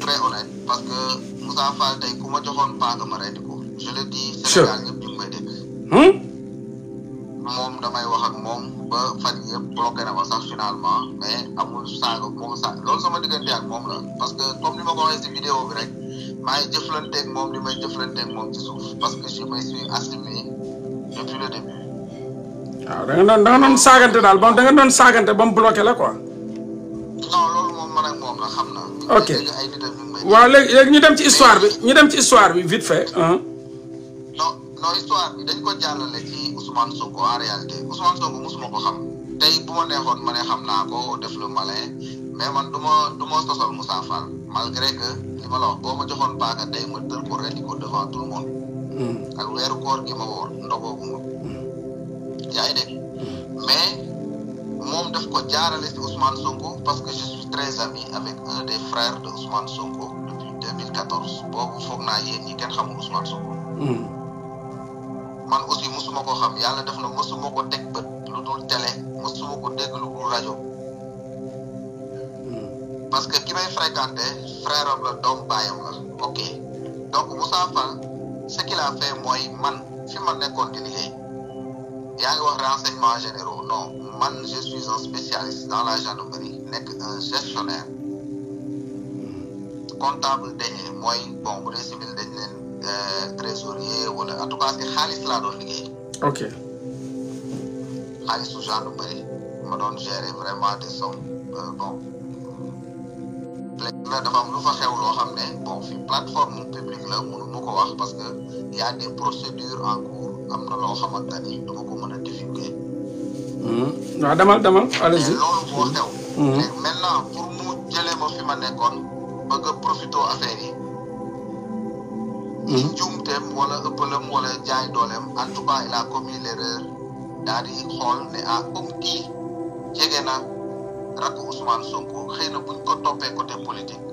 parce que Moussa Fall tey ku ma joxoon paaka ma rendi ko. je le dis Sénégal ñëpp ñu ngi may hmm? moom damay wax ak moom ba fan yëpp bloqué na ma sax finalement mais amul saaga moom sa loolu sama diggante ak moom la parce que comme ni ma ko waxee si vidéo bi rek maa ngi jëflanteeg moom li may jëflanteeg moom ci suuf parce que je me suis assumé depuis le début. waaw ah, da nga saagante daal ba da nga saagante ba mu la quoi. non loolu moom man moom la xam na ok waaw léegi léegi ñu dem ci histoire bi ñu dem ci histoire bi vite fait. non histoire dañ ko jàllale ci Ousmane Sonko en réalité Ousmane Sonko mosuma ko xam tey bu ma neexoon ma ne xam naa ko def lu malin mais du ma du ma sosal Moussa Fall malgré que li ma la wax boo ma joxoon paaka tey ma tël ko rendi ko devant tout le monde. Hmm. ak weeru koor gi ma woor ndogoo ko ma. Hmm. yaa ngi dégg hmm. mais. moom daf ko jaarale ci Ousmane Sonko parce que je suis très ami avec un des frères de Ousmane Sonko depuis foog naa yéen ñi kenn xamul Ousmane hmm. man aussi mosuma ko xam yàlla def na mosuma ko teg bët lu dul télé mosuma ko dégg lu dul rajo. Hmm. parce que ki fréquenté frère am doom baayam la ok donc Moussa Fall ce qu'il mooy man fi ma nekkoon di yaa ngi wax renseignement généraux non man je suis un spécialiste dans la gendarmerie nekk un gestionnaire comptable dañu mooy bon bu dee civil dañ leen euh, en tout cas si xaalis laa doon liggéey. ok xaalisu gendarmerie ma doon gérer vraiment des sommes euh, bon. léegi nag dafa am lu fa xew parce que y a des procédures en cours. am na loo xamante ni dama ko mën a divulguer. Hmm. waaw demal demal boo xew. Hmm. maintenant pour mu jëlee ma fi ma nekkoon bëgg a profité affaire yi. Hmm. njuumteem wala ëppalam wala jaay dooleem en tout cas il a commis l'erreur daal di xool ne ah comme kii jege na rakku Ousmane Sonko xëy buñ ko toppee côté politique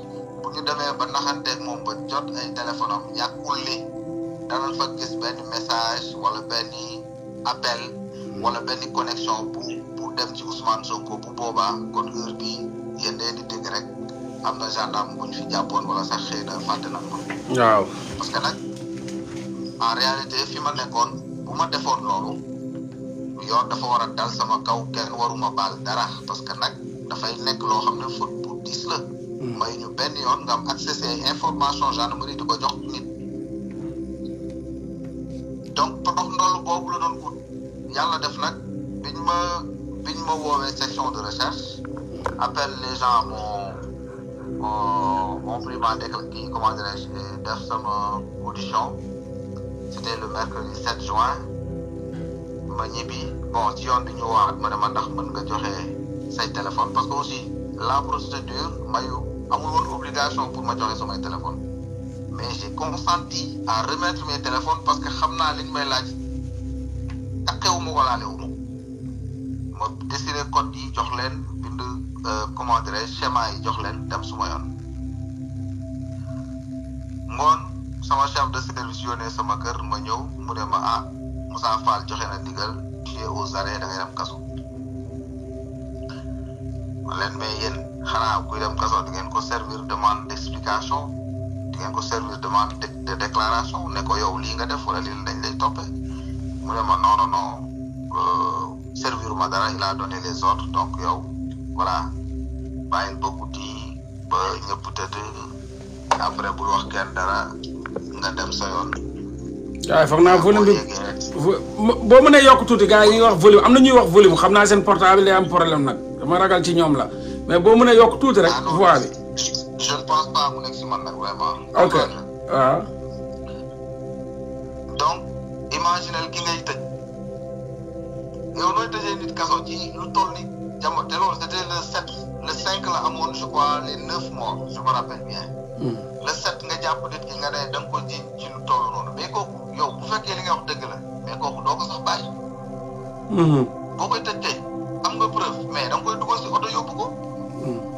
bu ñu demee ba naxanteeg moom ba jot ay téléphone am yàqul danañ fa gis benn message wala benn appel hmm. wala benn connexion bu dem ci Ousmane Sonko bu boobaa kon heure bi yéen am na gendarme bu ñu fi jàppoon wala sax xëy na fàtte nañ ko. waaw parce que en réalité fi ma nekkoon bu ma defoon loolu yoon dafa war a dal sama kaw kenn waruma baal dara parce que nag dafay nekk loo xam ne faute bu diis la. Hmm. ñu benn yoon nga am accès information gendarmerie di ko jox nit. donc dox ndoll boobu la doon ut yàlla def nag biñ ma biñ ma woowee de recherche appel les gens m'ont m'ont pris ma décl kii comment def sama audition c'était le mercredi juin ma ñibbi bon ci yoon bi ñu woowaat ma ne ndax mën nga joxe say téléphone parce que aussi la procédure mayu amul obligation pour ma joxe samay téléphone mais j'ai consenti à remettre mes téléphones parce que xam naa liñ may laaj takkewu ma ko lee ma ma dessiné code yi jox leen bind euh, comment dirais yi jox leen dem suma ngoon sama chef de service yónnee sama kër ma ñëw mu ne ma ah Moussa Fall joxe na ndigal tu aux arrêts da ngay dem kaso leen mais yéen xanaa kuy dem kaso di ko servir demande d'explication ngeen ko service demande de déclaration ne ko yow lii nga def wala lii dañ lay toppee mu ne ma non euh, servir ma dara il a les ordres donc yow voilà bàyyil ba guddi ba ñëpp tëdd après bul wax kenn dara nga dem sa yoon. waaw naa volume bi boo mënee yokk tuuti gars yi ñuy wax volume am na ñuy wax volume xam naa seen portable day am problème nag dama ragal ci ñoom la mais boo mënee yokk tuuti rek ah voix bi. je ne pense pas mu nekk si man nag vraiment. ok waaw. Ah. donc imaginel ki ngay tëj yow nooy tëjee nit kaso ci lu toll ni jamono te loolu c'était cinq la amoon je crois les neuf morts je me rappelle bien. Hmm. le sept nga jàpp nit ki nga ne da nga ci lu toll noonu mais kooku yow bu fekkee li nga dëgg la mais kooku doo sax bàyyi. Hmm. boo koy tëj tey am mais da koy dugal si oto yóbbu ko. Hmm.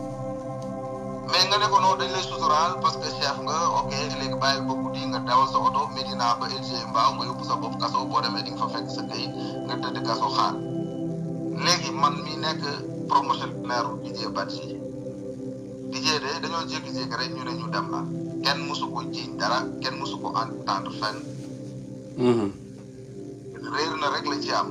mais nga ne ko noonu dañ lay suturaal parce que chef nga ok léegi bàyyil ba guddi nga dawal sa oto Medina ba LG mbaaw nga yóbbu sa bopp kaso boo demee fa fekk sa këyit nga tëdd kaso xaar léegi man mi nekk promotionnaire Didier Badji Didier ko jiiñ dara kenn mhm. na ci am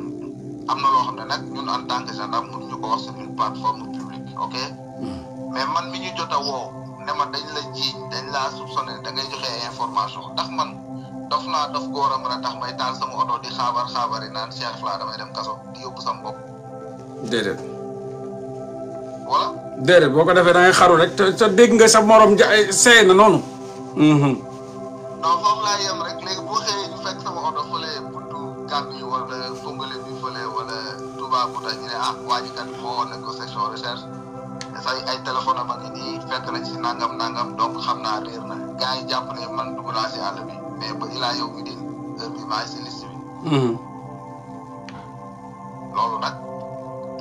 am na loo xam ne nag ñun en tant que gendarme mënuñu ko wax sur une plateforme publique ok. Mhm. mais man mi ñu jot a woo dañ la jiiñ dañ laa soupçonné da ngay joxe information ndax man dof naa dof góoram rek tax may taal sama oto di xaabar naan Cheikh Fla damay dem kaso di yóbbu sama bopp. déedéet. boo ko defee da ngay xaru rek te te dégg nga sa morom ja seey na noonu. Mhm. non foofu laa yem rek léegi bu xëyee ñu fekk oto fële buntu gàtt yi wala fongale bi fële wala Touba Bouta ñu ne ah waa ji kat moo recherche. say ay téléphone am ak nii fekk na ci nangam nangam donc xam naa réer na gars jàpp ne man dugg naa si àll bi mais ba ilaa yow mi din si liste hmm. loolu nag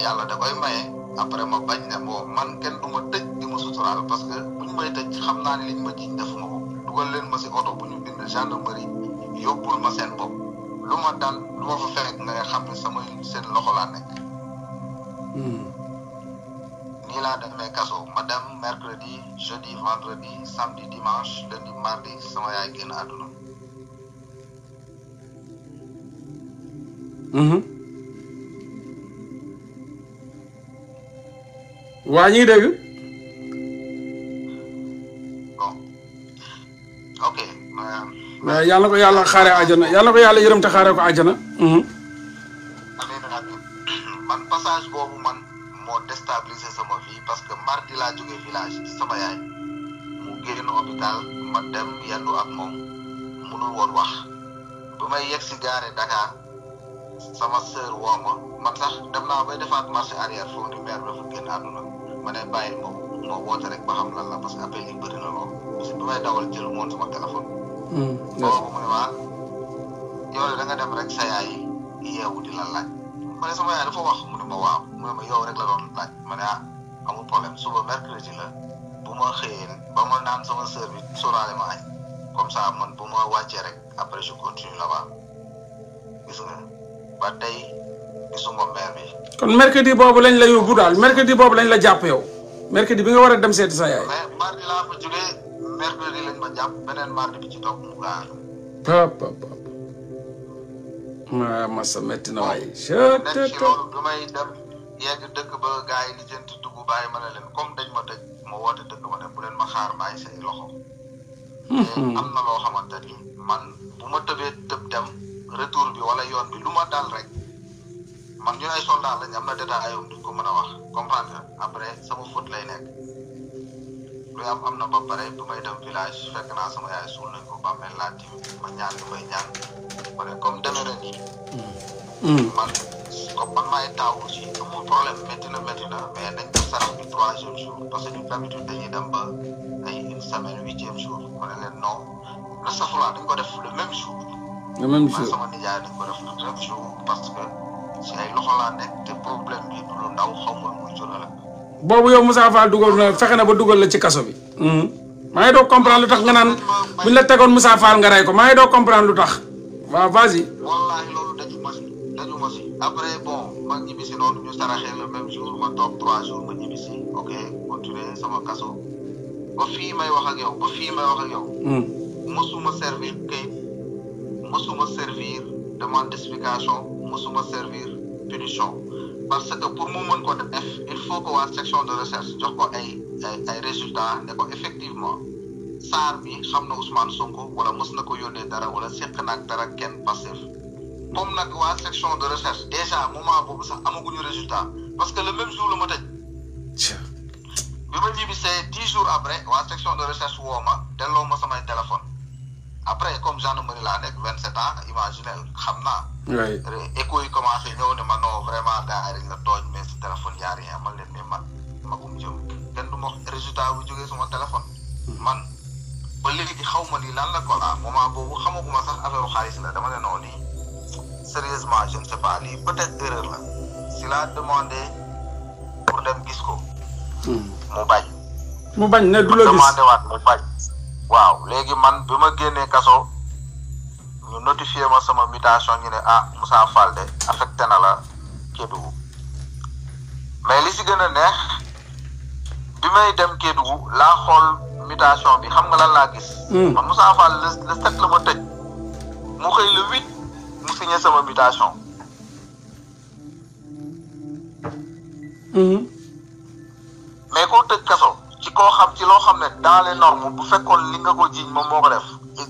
yàlla da koy maye après ma bañ ne bon man kenn du tëj di ma suturaal parce que bu ñu xam naa ne liñ ma jiñ def ma ko dugal leen ma si oto bu ñu bind gendarmerie yóbbul ma seen bopp lu ma dal lu fa fekk nga xam ne sama seen loxo laa nekk. Hmm. nii laa def may kaso ma mercredi jeudi vendredi samedi dimanche lundi mardi sama yaay génn àdduna. Mhm. waa ñu ngi dégg. bon ok. na ko yàlla xaaree àjjana yàlla na ko yàlla yërëm te xaaree ko àjjana. Mhm. man passage boobu man. déstabiliser sama vie parce que mardi laa jógee village sama yaay mu génn hôpital ma dem yendu ak moom munul woon wax bu may yegg si gaare sama sœur woo ma sax dem naa bay defaat marché arrière foofu ni maire dafa génn àdduna ma ne bàyyi ma ma woote rek ba xam lan la parce que appel yi bëri na lool parce que bi may dawal jël moon sama téléphone. Hmm, boobu mu ne ma yow da dem rek sa yeewu di la laaj. ma sama yaay foo wax mu ne ma waaw mu ma yow rek la doon laaj ma ne ah amul problème suba mercredi la bu ma xëyee ba ma naan sama sœur bi sóoraale ma añ comme man bu ma wàccee rek après je continue là-bas ba tey gisuma boobu lañ la yóbbu daal mercredi boobu lañ la jàpp yow. mercredi bi nga war a dem seeti sa yaay. mais mardi laa fa jugee mercredi lañ ma jàpp beneen mardi bi ci topp mu gaal. ma masa metti na waay. dem ci loolu du may dem yegg dëkk ba gars yi lijjanti dugg bàyyi ma ne leen comme dañ ma tëj mo woote dëkk ma dem bu leen ma xaar bàyyi say loxo. Hmm, hmm. am na loo xamante ni man bu ma tëbee tëb dem retour bi wala yoon bi lu ma dal rek man ñu ay soldat lañ am na détail ayom duñ ko mën a wax comprendre après sama faute lay nekk. lu na ba pare bu village fekk naa yaay suul nañ ko bàmmeel laa ma ñaan li may ñaan ma comme demee na mm. Mm. man comme man maay ci amul problème métti na métti na mais dañ def sarax bi ne leen le safura jour. le même jour parce que si loxo laa nekk problème bi du lu ndaw xaw ma muy jur boobu yow Moussa Fall dugal na fexe na ba dugal la ci kaso bi. Hmm. maa ngi doo comprendre lu tax nga naan buñ la tegoon Moussa Fall nga rey ko maa ngi doog comprendre lu tax waaw vas-y. loolu dañu si dañu si après bon ma ñibbi noonu ñu saraxee le ma toog trois jours ma ñibbi ok continuer sama kaso ba fii may wax ak ba fii may wax ak yow. Hmm. mosuma servir kayit mosuma servir demande d'explication mosuma servir punition. parce que pour mu mën ko def il faut que waa section de recherche jox ko ay ay ne ko effectivement saar bi xam na Ousmane Sonko wala mës na ko yónnee dara wala seq nag dara kenn Pastef comme nag waa section de recherche déjà moment boobu sax amaguñu résultat parce que le même jour la ma tëj. bi ma ñibbisee dix jours après waa section de recherche woo ma delloo ma samay téléphone après comme gendarmerie laa nekk vingt sept ans xam naa. oui écho yi commencé ñëw ne ma non vraiment gars yi la tooñ mais si téléphone y a rien man leen ne man magum jëm kenn du ma résultat bu jógee sama téléphone. Hmm. man ba xaw ma ni lan la ko ah moment boobu ma sax affaire xaalis la dama ne non nii sérieusement je ne sais pas lii peut-être erreur la si laa demandé pour dem gis ko. Hmm. mu bañ. mu ne du la gis mu demandé waat waaw léegi man bi ma génnee kaso ñu ma sama mutation ñu ne ah Moussa Fall de affecté na la Kédougou mais li si gën a neex bi may dem Kédougou laa xool mutation bi xam nga lan laa gis. Hmm. man Moussa Fall le sept la ma tëj mu xëy le huit mu signé sama mutation. Hmm. mais ko tëj kaso. koo xam ci loo xam ne dans les normes bu fekkoon li nga ko jiiñ moom moo ko def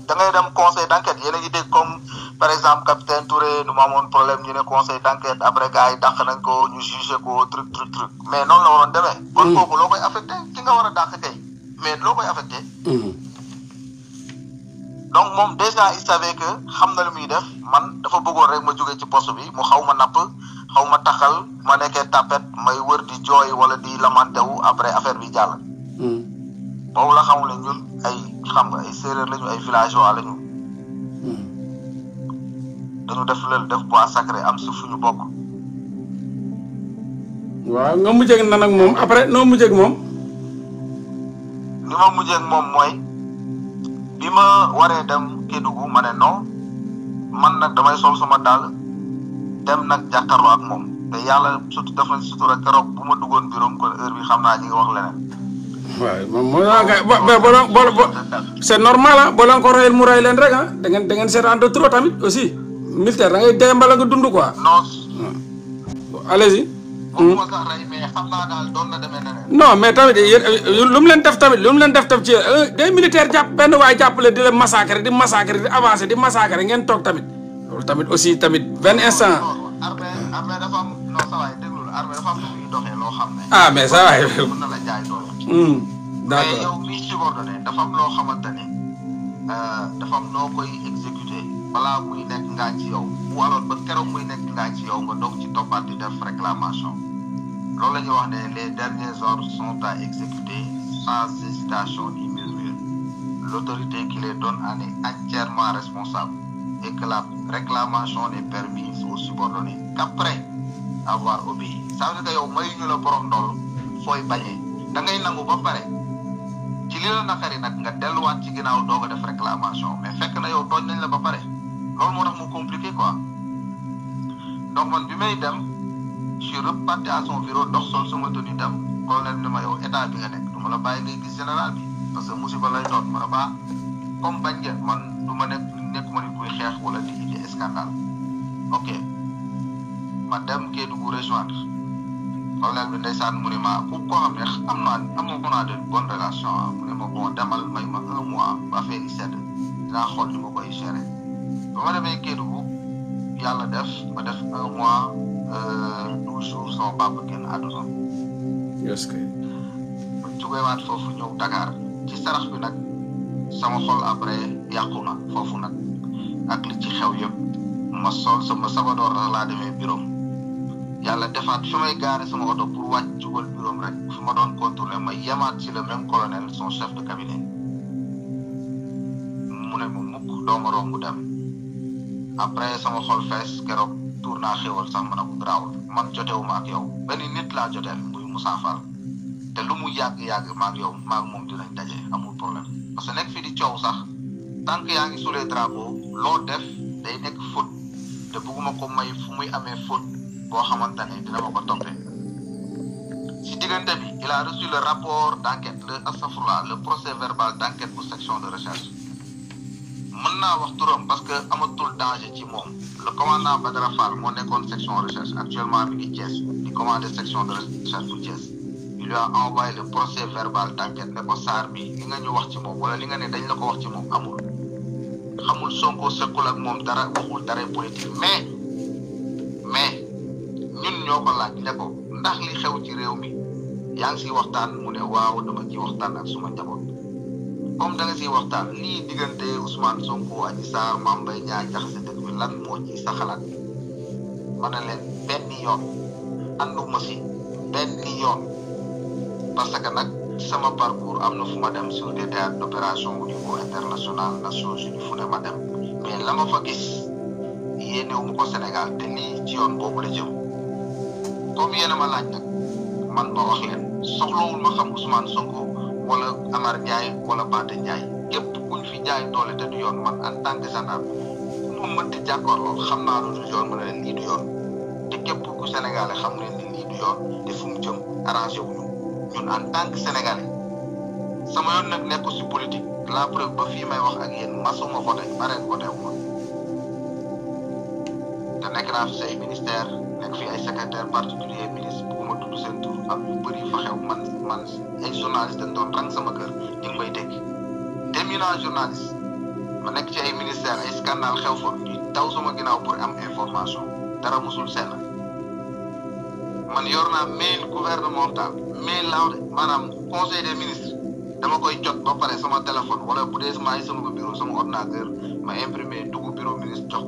da ngay dem conseil d' enquête yéen a comme par exemple capitaine Touré nu ma amoon problème ñu ne conseil d' enquête après gars yi dàq nañ ko ñu jugé ko truc truc mais noonu la waroon demee. kon mm. loo koy affecté ki nga war a dàq kay mais loo koy affecté. Mm. donc moom déjà il savait que xam na lu muy def man dafa bëggoon rek ma jógee ci post bi mu xaw ma napp xaw ma taxal ma nekkee tapet may wër di jooy wala di lamantewu après affaire bi jàll. boobu la xamul ne ñun ay xam nga ay séeréer lañu ay villageois lañu. dañu def leen def bois sacré am suuf ñu bokk. waaw nga mujjee nan ak moom après noo mujjee ak moom. li ma moom mooy ma waree dem Kédougou ma ne non man nag damay sol sama daal dem nag jàkkaarloo ak moom te yàlla surtout def nañ sutura keroog bu ma dugoon bureau ko heure bi xam naa ñi nga wax leneen. waaw moom mooy la kay c' est normal ah boo leen ko royal mu rek ah da ngeen da ngeen seetaan de tamit aussi militaire da nga dee mbala nga dund quoi. non. allez-y. Hmm. non mais tamit lu leen def tamit lu leen def tamit ci euh, day militaire jàpp benn waay jàppale di la massacrer di massacrer di avancer di massacrer ngeen toog tamit aussi tamit benn instant. ah mais ça waay. Mm, d'accord mais yow dafa am loo xamante ni euh, dafa am noo koy exécuté balaa muy nekk ngaa ci yow bu alors ba keroog muy nekk ngaa ci yow nga doog ci toppaat di def réclamation loolu la ñuy wax ne les derniers ordres sont à exécuter sans hésitation ni murmure l'autorité qui les donne en responsable et que la réclamation n'est permise aux subordonnés qu'après avoir obéi ça veut dire que yow la borom ndool fooy bañee da ngay nangu ba pare ci li la naqari nag nga delluwaat ci ginnaaw doog a def réclamation mais fekk na yow tooñ nañ la ba pare loolu moo tax mu compliqué quoi donc man bi may dem je suis reparti à son bureau dox sol sama tenue dem colonel bi ne ma yow état bi nga nekk du ma la bàyyi ngay gis général bi parce que musiba lay doon ma ba ah, comme bañ man du ma nekk nekkuma nit kuy xeex wala di indi scandale ok ma dem Kédougou rejoindre. problème bi ndeysaan mu ne ma ku koo xam ne am naa amoo ko naa de bonne relation ah mu ne ma bon may ma un mois ba affaire yi sedd dinaa xool li koy gérer ba ma demee Kédougou yàlla def ma def un mois euh, douze jours sama papa génn àdduna. est-ce que. foofu ñëw Dakar ci sarax bi nag sama xol après yàqu na foofu nag ak li ci xew yëpp ma sol sama sabadoor laa demee bureau yàlla defaat fi may gaare sama oto pour wàcc jubal bureau rek fi ma doon contourné ma yemaat ci le même colonel son chef de cabinet mu ne ma mukk dooma romb dem après sama xol fees keroog tuur naa xéwal sax ma ne ko garaawul man jotewuma ak yow benn nit laa joteel muy Moussa te lu mu yàgg-yàgg maag yow maag moom dinañ daje amul problème parce que nekk fii di coow sax tant yaa ngi sous les loo def day nekk faute te bugguma ko may fu muy amee boo xamante ne dina ma ko toppee si diggante bi il a reçu le rapport d' le astafurla le procès verbal d' bu section de recherche mën naa wax turam parce que amatul danger ci moom le commandant Badara Fall moo nekkoon section recherche actuellement mi ngi Thiès di commandé section de recherche bu Thiès il lui a envoyé le procès verbal d' ne ko Sarr mi li nga wax ci moom wala li nga ne dañ la ko wax ci moom amul xamul Sonko sëkkul ak moom dara waxul ñoo ko laaj ne ndax li xew ci réew mi yaa ngi siy waxtaan mu ne waaw dama ciy waxtaan ak suma njaboot comme da nga siy waxtaan lii diggante Ousmane Sonko Adji Sarr Mame Mbaye Niang jaxase dëkk lan moo ci xalaat ma ne leen benn yoon ànduma si benn yoon parce que nag sama parcours am na fu ma dem sur des théâtres d'opération au niveau international Nations Unies fu ne ma dem mais la ma fa gis yéenewuma ko Sénégal te lii ci yoon boobu la jëm. comme yéen a ma laaj nag man ma wax soxlawul ma xam Ousmane Sonko wala Amar Ndiaye wala Bate Ndiaye képp kuñ fi jaay doole te du yoon man en tant que gendarme moom mënti jàkkaarloo xam naa lu dul yoon ma ne leen du yoon te képp ku Sénégalais xam ne ni du yoon te fu mu sama yoon nag nekkul si politique la preuve ba fii may wax ak yéen masuma voté bare voté wu ma te nekk naa fi say ministère. fekk fi ay secrétaire particulier ministre bugguma tudd seen tur ak yu bëri fa xew man man ay journaliste dañ doon rang sama kër ñu ngi may terminal journaliste ma nekk ci ay ministère ay scandale xew fa daw sama ginnaaw pour am information dara musul seen man yor naa mail gouvernemental mail laaw de maanaam conseil des ministres dama koy jot ba pare sama téléphone wala bu dee sama ay bureau sama ordinateur ma imprimé dugg bureau ministre jox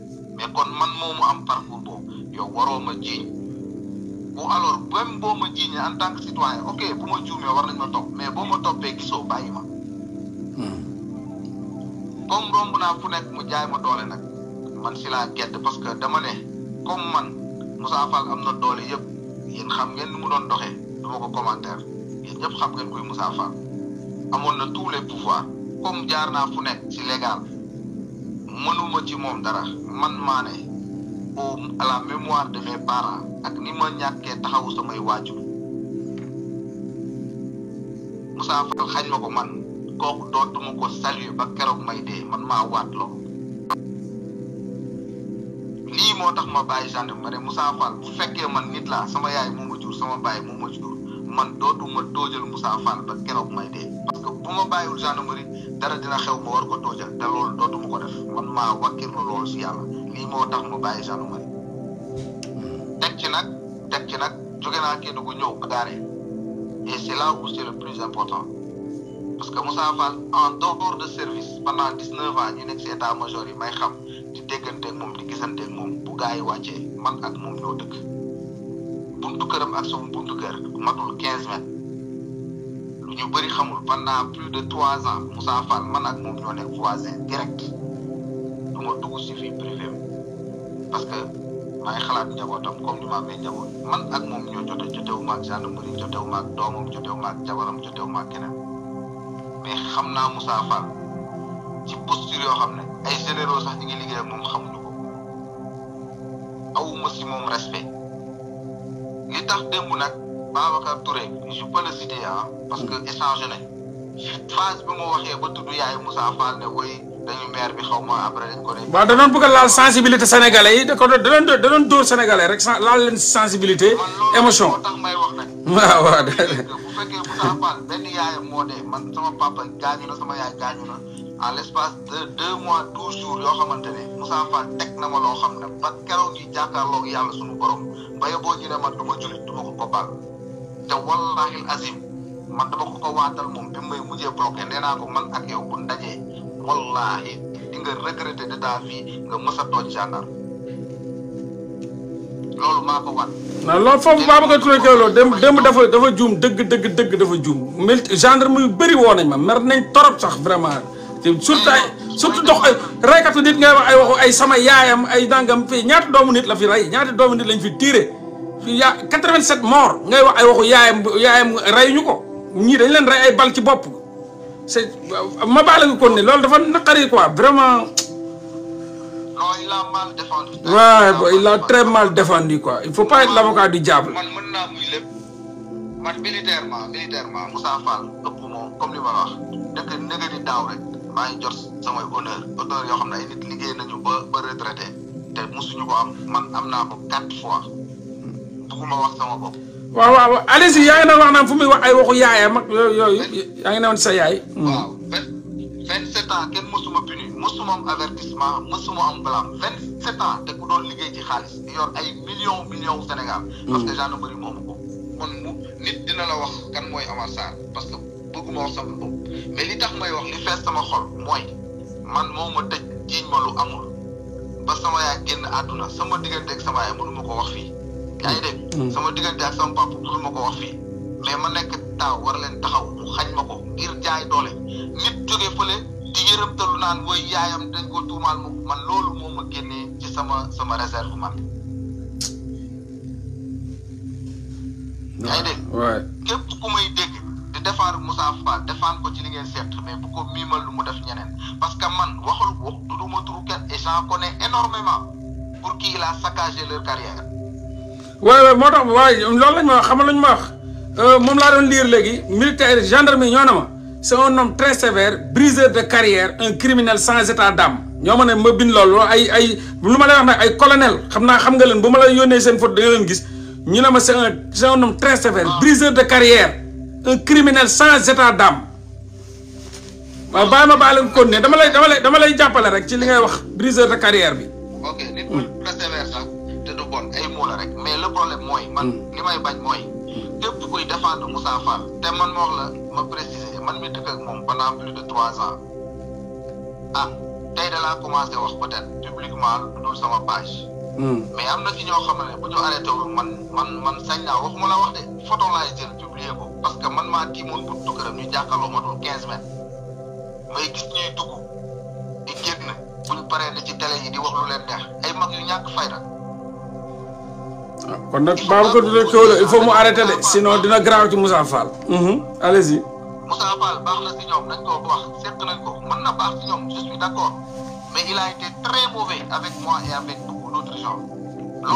mais kon man moomu am parcours boobu yow waroo ma jiiñ ou alors même boo ma jiiñee en tant que citoyen ok bu ma juumee war nañ ma topp mais boo ma toppee gisoo bàyyi ma. Hmm. comme romb naa fu nekk mu jaay ma doole nag man si laa gedd parce que dama ne comme man Moussa Fall am na doole yëpp yéen xam ngeen ni mu doon doxee du ma ko na tous les pouvoirs nekk si légal. mënuma ci moom dara man maa ne au à mémoire de mes parents ak ni ma ñàkkee taxawu samay waajur Moussa Fall xañ ko man kooku dootuma ko saluer ba keroog may dee man maa waat loolu lii moo tax ma bàyyi gendarme ma ne Moussa Fall bu fekkee man nit laa sama yaay moo ma jur sama baay moo ma jur man dootuma doojal Moussa ba keroog may dee parce que bu ma bàyyiwul gendarmerie dara dina xew ba war ko toojal te loolu dootuma ko def man maa wakkirlu loolu si yàlla lii moo tax mu bàyyi Sanu naa kenn ku ñëw Daare et c' est le plus important parce que Moussa en dehors de service pendant dix neuf si état major may xam di dégganteeg moom di gisanteeg moom bu gaa man ak moom ñoo dëkk buntu këram ak sama buntu kër matul quinze mètres. ñu bëri xamul pendant plus de trois ans Moussa Fall man ak moom ñoo nekk voisin direct du ma dugg si parce que maa xalaat njabootam comme ni ma amee njaboot man ak moom ñoo jot a jotewu ma ak gendarmerie ci posture xam ne ay généraux sax ñi ngi liggéey moom xamuñu ko awuma si moom respect li tax démb nag. Babacar Touré je peux parce que échangé nañ phase bi mu waxee ba tudd yaay Moussa ne woy dañu maire bi xaw ma après ko ne. waaw da doon bëgg a laal sensibilité sénégalais yi da ko rek laal leen sensibilité émotion. man loolu tax may wax nag. bu fekkee Moussa Fall benn yaayam moo dee man sama papa gaañu na sama yaay gaañu na en l' de deux mois douze jours yoo xamante ne Moussa Fall na ma loo xam ne ba keroog ñuy jàkkaarloog yàlla suñu borom ba yóbboo ñu ne te wallaahi azim man dama ko ko waatal moom may mujjee bloqué nee naa ko man ak yow bu ndajee wallaahi di nga de ta vie nga mës a toog gendarme loolu maa ko wan. non juum dëgg dëgg dëgg dafa juum mil gendarme yu bëri woo nañ ma mer nañ torop sax vraiment. surtout ay surtout dox ay raykatu nit ngay wax ay waxu ay sama yaayam ay nangam fii ñaata doomu nit la fi rey ñaata doomu nit lañ fi tiire. yaa 87 morts ngay wax ay waxu yaayam yaayam reyuñu ko ñii dañ leen rey ay bal ci bopp c'est ma baal nga kon ne loolu dafa naqari quoi vraiment. non il a mal défendu. waaw il a très mal défendu faut pas être l'avocat man militairement militairement Moussa Fall ëpp comme li ma wax daaw rek maa jot samay honneur honneur xam ne ay liggéey nañu ba retraité te mosuñu ko am man am naa quatre fois. taxuma wax sama bopp. waaw waaw Alioune si yaa ngi doon wax naan fu muy wax ay waxu yaayam ak yooyu yooyu yaa sa yaay. Hmm. waaw vingt sept ans kenn mësuma puni mësuma am avertissement mësuma am vingt sept ans te ku doon liggéey ci xaalis di yor ay millions millions Sénégal. Hmm. parce que gendarmerie moomu ko. kon mu nit dina la wax kan mooy Amar Sarr parce que bëgguma wax sama bopp mais tax may wax ni fees sama xol mooy man moo ma tëj jiiñ ma lu amul ba sama yaay ko wax fii. yaa ngi dégg. Mm. sama diggante ak sama papa pour ko wax fii mais ma nekk taaw war leen taxaw mu xañ ma ko ngir jaay doole nit jóge fële di yërëmtalu naan mooy yaayam dañ ko tuumaal ma man loolu moom ma génnee ci sama sama réserve man. yaa ngi dégg. waay ku may dégg di defar Moussa Fall defaan ko ci li ngeen seet mais bu miimal lu mu def ñeneen parce que man waxul wax du ma turu kenn et j'en énormément pour qui il a leur carrière. waaw moo tax waaye loolu lañ ma wax xamal lañ ma wax euh, moom laa doon liir léegi militaire gendarmerie ñoo ne ma c'est un homme très sévère briseur de carrière un criminel sans état d'âme ñoo ma ne ma bind loolu ay ay lu ma lay wax nag ay colonel xam naa xam nga leen bu ma la yónnee seen photo gis ñu ne ma c'est un c'est un homme très sévère ah. briseur de carrière un criminel sans état d'âme waaw ma bàyyi leen continuer dama lay dama lay dama lay jàppale rek ci li ngay wax briseur de carrière bi. problème mooy. man hmm. li may bañ mooy. Hmm. képp kuy défendre Moussa te man ma wax la ma préciser man mi dëkk moom pendant plus de trois ans ah tey da laa commencé wax peut-être publiquement lu sama page. Hmm. mais am na ci ñoo xam ne bu ñu arrêté wu man man sañ naa waxuma la wax de photo laay jël publier parce que man maa tiimoon buntu këram ñu jàkkaarloo ma doon quinze mètres may gis ñuy dugg di génn bu ñu paree ne ci télé yi di wax leen neex ay mag yu ñàkk fayda kon nag Babacar Touré Kewel il faut mu mhm, allez-y. Moussa Fall baax na si ñoom nañ ko wax seet na baax si ñoom je suis d'accord mais il a été très mauvais avec moi et avec beaucoup d'autres gens.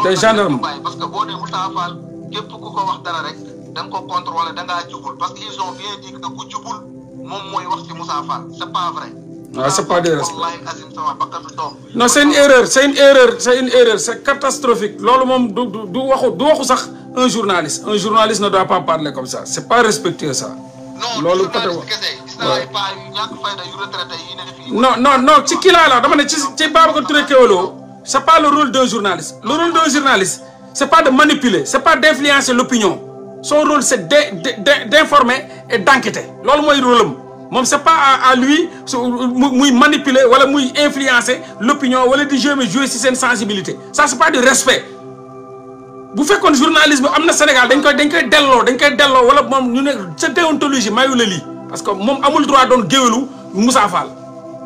tey gendarme parce que boo nee Moussa Fall képp ku wax dara rek da ko contrôler da ngaa parce que ils ont bien dit que ku moom mooy wax ci Moussa Fall waaw ah, c'est pas des respect non c'est une erreur c'est une erreur c'est une catastrophique loolu moom du du waxu du waxu sax un journaliste un journaliste ne doit pas parler comme ça c'est pas respectueux ça. loolu côté wax non ci kii laa la dama ne ci ci Babacar Touré Kewelo c'est pas le rôle d'un journaliste le rôle d'un journaliste c'est pas de manipuler c'est pas d'influencer l'opinion son rôle c'est de d'informer et d'enquêter loolu mooy rôle am moom c'est pas à lui muy manipuler wala muy influencer l'opinion wala di jouer jouer ci seen sensibilité ça c'est pas du respect bu fekkoon journalisme am na Sénégal dañ koy dañ koy delloo dañ koy delloo wala moom ñu ne sa déontologie mayu la lii parce que moom amul droit doon géwélu Moussa Fall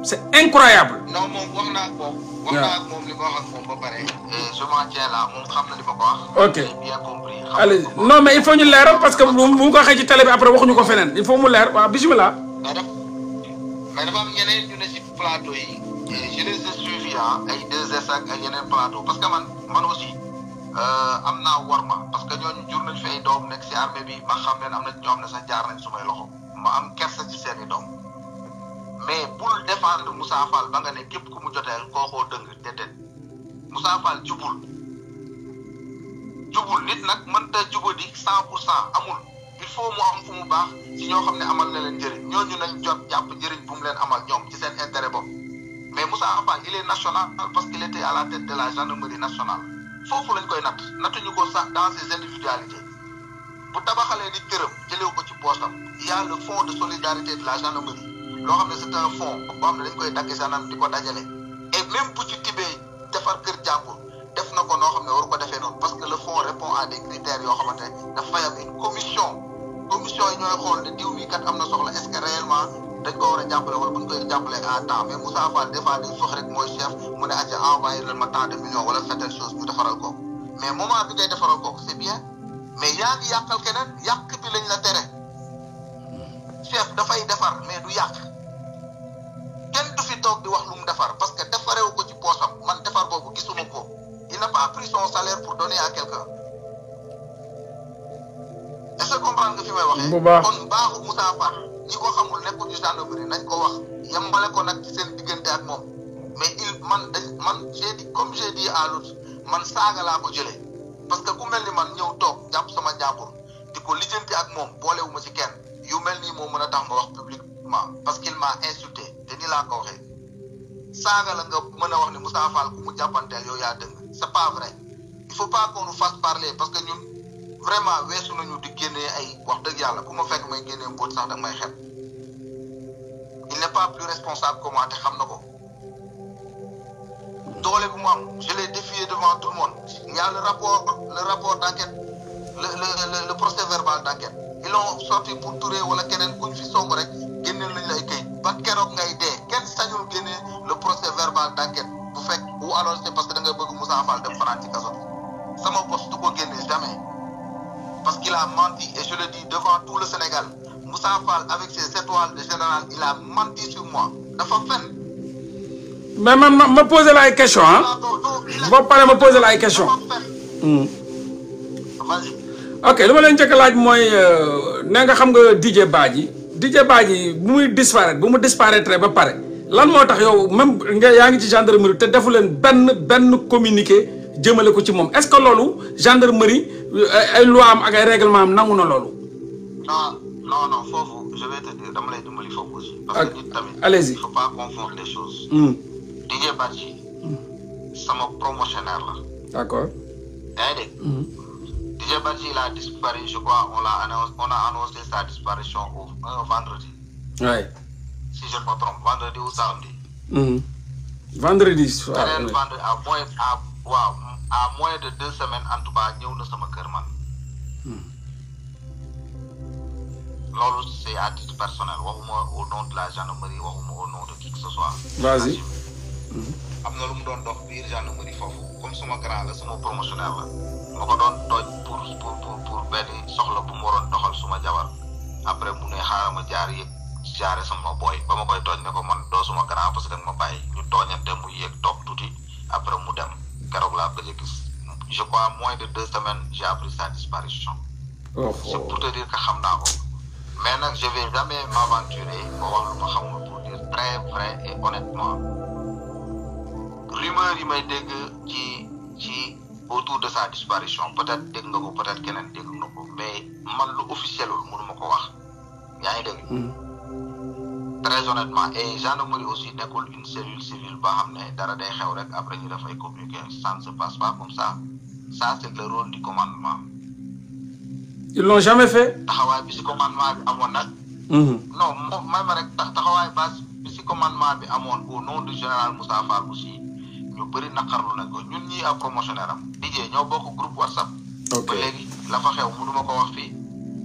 c'est incroyable. non moom moom li ko wax ak moom ba pare. Euh, je m'en tiens ok j'ai bien mais il faut ñu leeral parce que bu ko waxee ci télé bi après waxuñu ko feneen il faut mu leer waaw bisimilah. mais dafa mais dafa am yeneen yu ne ci plateau yi. je les ai suivis ay 2S ay yeneen plateau parce que man aussi euh, am naa worma parce que ñooñu jur nañ fi doom nekk ci armée bi ma xam leen am na ñoo xam ne sax jaar nañ sumay loxo ma am kersa ci seeni doom mais bul défendre Moussa Fall ba ne képp ku mu joteel kookoo dëng déedéet Moussa Fall jubul jubul nit nag mënta jubadi cent pour cent amul. il faut mu am fu mu baax ci ñoo xam ne amal na leen njëriñ ñooñu nañ jot jàpp njëriñ bu mu leen amal ñoom ci seen intérêt bopp mais Moussa Abba il est national parce qu'il à la tête de la gendarmerie nationale foofu lañ koy natt nattuñu ko sax dans ses individualités bu tabaxalee nit këram jëlee ko ci poosam y a le fonds de solidarité de la gendarmerie loo xam ne c'est un fonds boo xam koy dagg gendarme di ko dajale et même bu ci tibee defar kër na ko noo defee noonu parce que le fonds répond à des critères yoo xamante ne dafay commission yi ñooy xool ne diw mi kat am na soxla est-ce que réellement a jàppale wala bu ñu koy jàppalee à temps mais Moussa Fall des fois dañ sox rek mooy chef mu ne aca envoyé leen ma de millions wala certaines choses ñu defaral ko mais moment bi ngay defaral ko c'est bien mais yaa yàqal keneen yàq bi lañ la tere chef dafay defar mais du yàq kenn du fi toog di wax lu mu defar parce que defarewu ko ci poosam man defar boobu gisuma ko il n'a pas pris salaire pour donner à quelqu'un est-ce que a nga fi may waxee. bu baax kon baaxu Moussa Fall ñi ko xamul nekkul ci gendarmerie nañ ko wax yembale ko nag ci seen diggante ak moom mais il man de man j'ai comme j'ai dit man saaga laa ko jëlee parce que ku mel ni man ñëw toog jàpp sama njàmbur di ko lijjanti ak moom boolewu ma ci kenn yu mel nii moo mën a tax ma wax publiquement parce qu'il m'a insulté te ni laa ko waxee saaga la nga mën a wax ni Moussa ku mu jàppanteel yow yaa dëng c'est pas vrai il faut vraiment weesu nañu di génnee ay wax dëgg yàlla ku ma fekk may génnee mbóot sax danga may xet il n'est pas plus responsable que moi xam na ko doole bu mu am je l'ai défié devant tout le monde il y a le rapport le rapport d'enquête le le le procès verbal d'enquête ils l'ont sorti pour Touré wala keneen kuñ fi song rek génneel nañu ay këyit ba keroog ngay dee kenn sañul génnee le procès verbal d'enquête bu fekk ou alors c'est parce que da bëgg Moussa Fall dem fanaan parce qu'il a menti, mais ma ma ma posé la ay question ah. boo paree ma posé la ay question hmm. ok lu ma leen njëkk laaj mooy euh, nee nga xam nga DJ Badji DJ Badji bu muy disparaître bu mu disparaître ba pare lan moo tax yow même nga yaa ngi ci gendarmerie te defu leen benn benn communiqué. jëmale ko ci moom est-ce que loolu gendarmerie euh, ay loi am ak ay am nangu na loolu. Ah, non non foofu je vais te dire dama lay dimbali foofu aussi. parce que nit tamit. allez-y il hmm. sama promotionnaire la. d'accord. yaa ngi dégg. Hmm. Didier Badji il a je crois on l'a annoncé sa disparition au euh, vendredi. oui. si je ne vendredi ou samedi. Hmm. vendredi. vendredi à moins à moins de deux semaines en tout na sama kër man. Hmm. de la gendarmerie waxuma au nom de qui que ce soit. vas hmm. am na lu mu doon dox biir gendarmerie foofu comme suma grand la suma promotionnaire la ma ko doon toj pour pour pour benn soxla bu mu waroon doxal suma jabar après mu ne xaaral ma jaar yëg jaare sama booy ba ma koy tooñ ne ko man doo suma grand parce que danga ma bàyyi ñu tooñante mu yéeg toog tuuti après mu dem. keroog laa gëj a je crois moins de deux semaines j'ai appris sa disparition. Oh, oh. pour te dire que xam ko. mais nag je vais jamais m'aventurer ba wax lu ma xamul pour dire très vrai et honnêtement rumeur yi may dégg ci ci autour de sa disparition peut-être dégg nga ko peut-être keneen dégg nga ko mais man lu officiel mënu ma ko wax yaa ngi dégg. Hmm. très honnêtement et gendarmerie aussi nekkul une cellule civile boo xam ne dara day xew rek après ñu def ay communiqué ça ne se passe pas comme ça ça c' est commandement. ils l'ont jamais fait. taxawaay bi si commandement amoon nag. Mhm. non moom may ma rek taxawaay base bi commandement bi amoon au nom du général Moussa Fall aussi ñu bëri naqarlu nañ ko ñun ñii ab promotionnaire am. liggéey ñoo bokk groupe whatsapp. ba léegi la fa xew ma ko wax fii.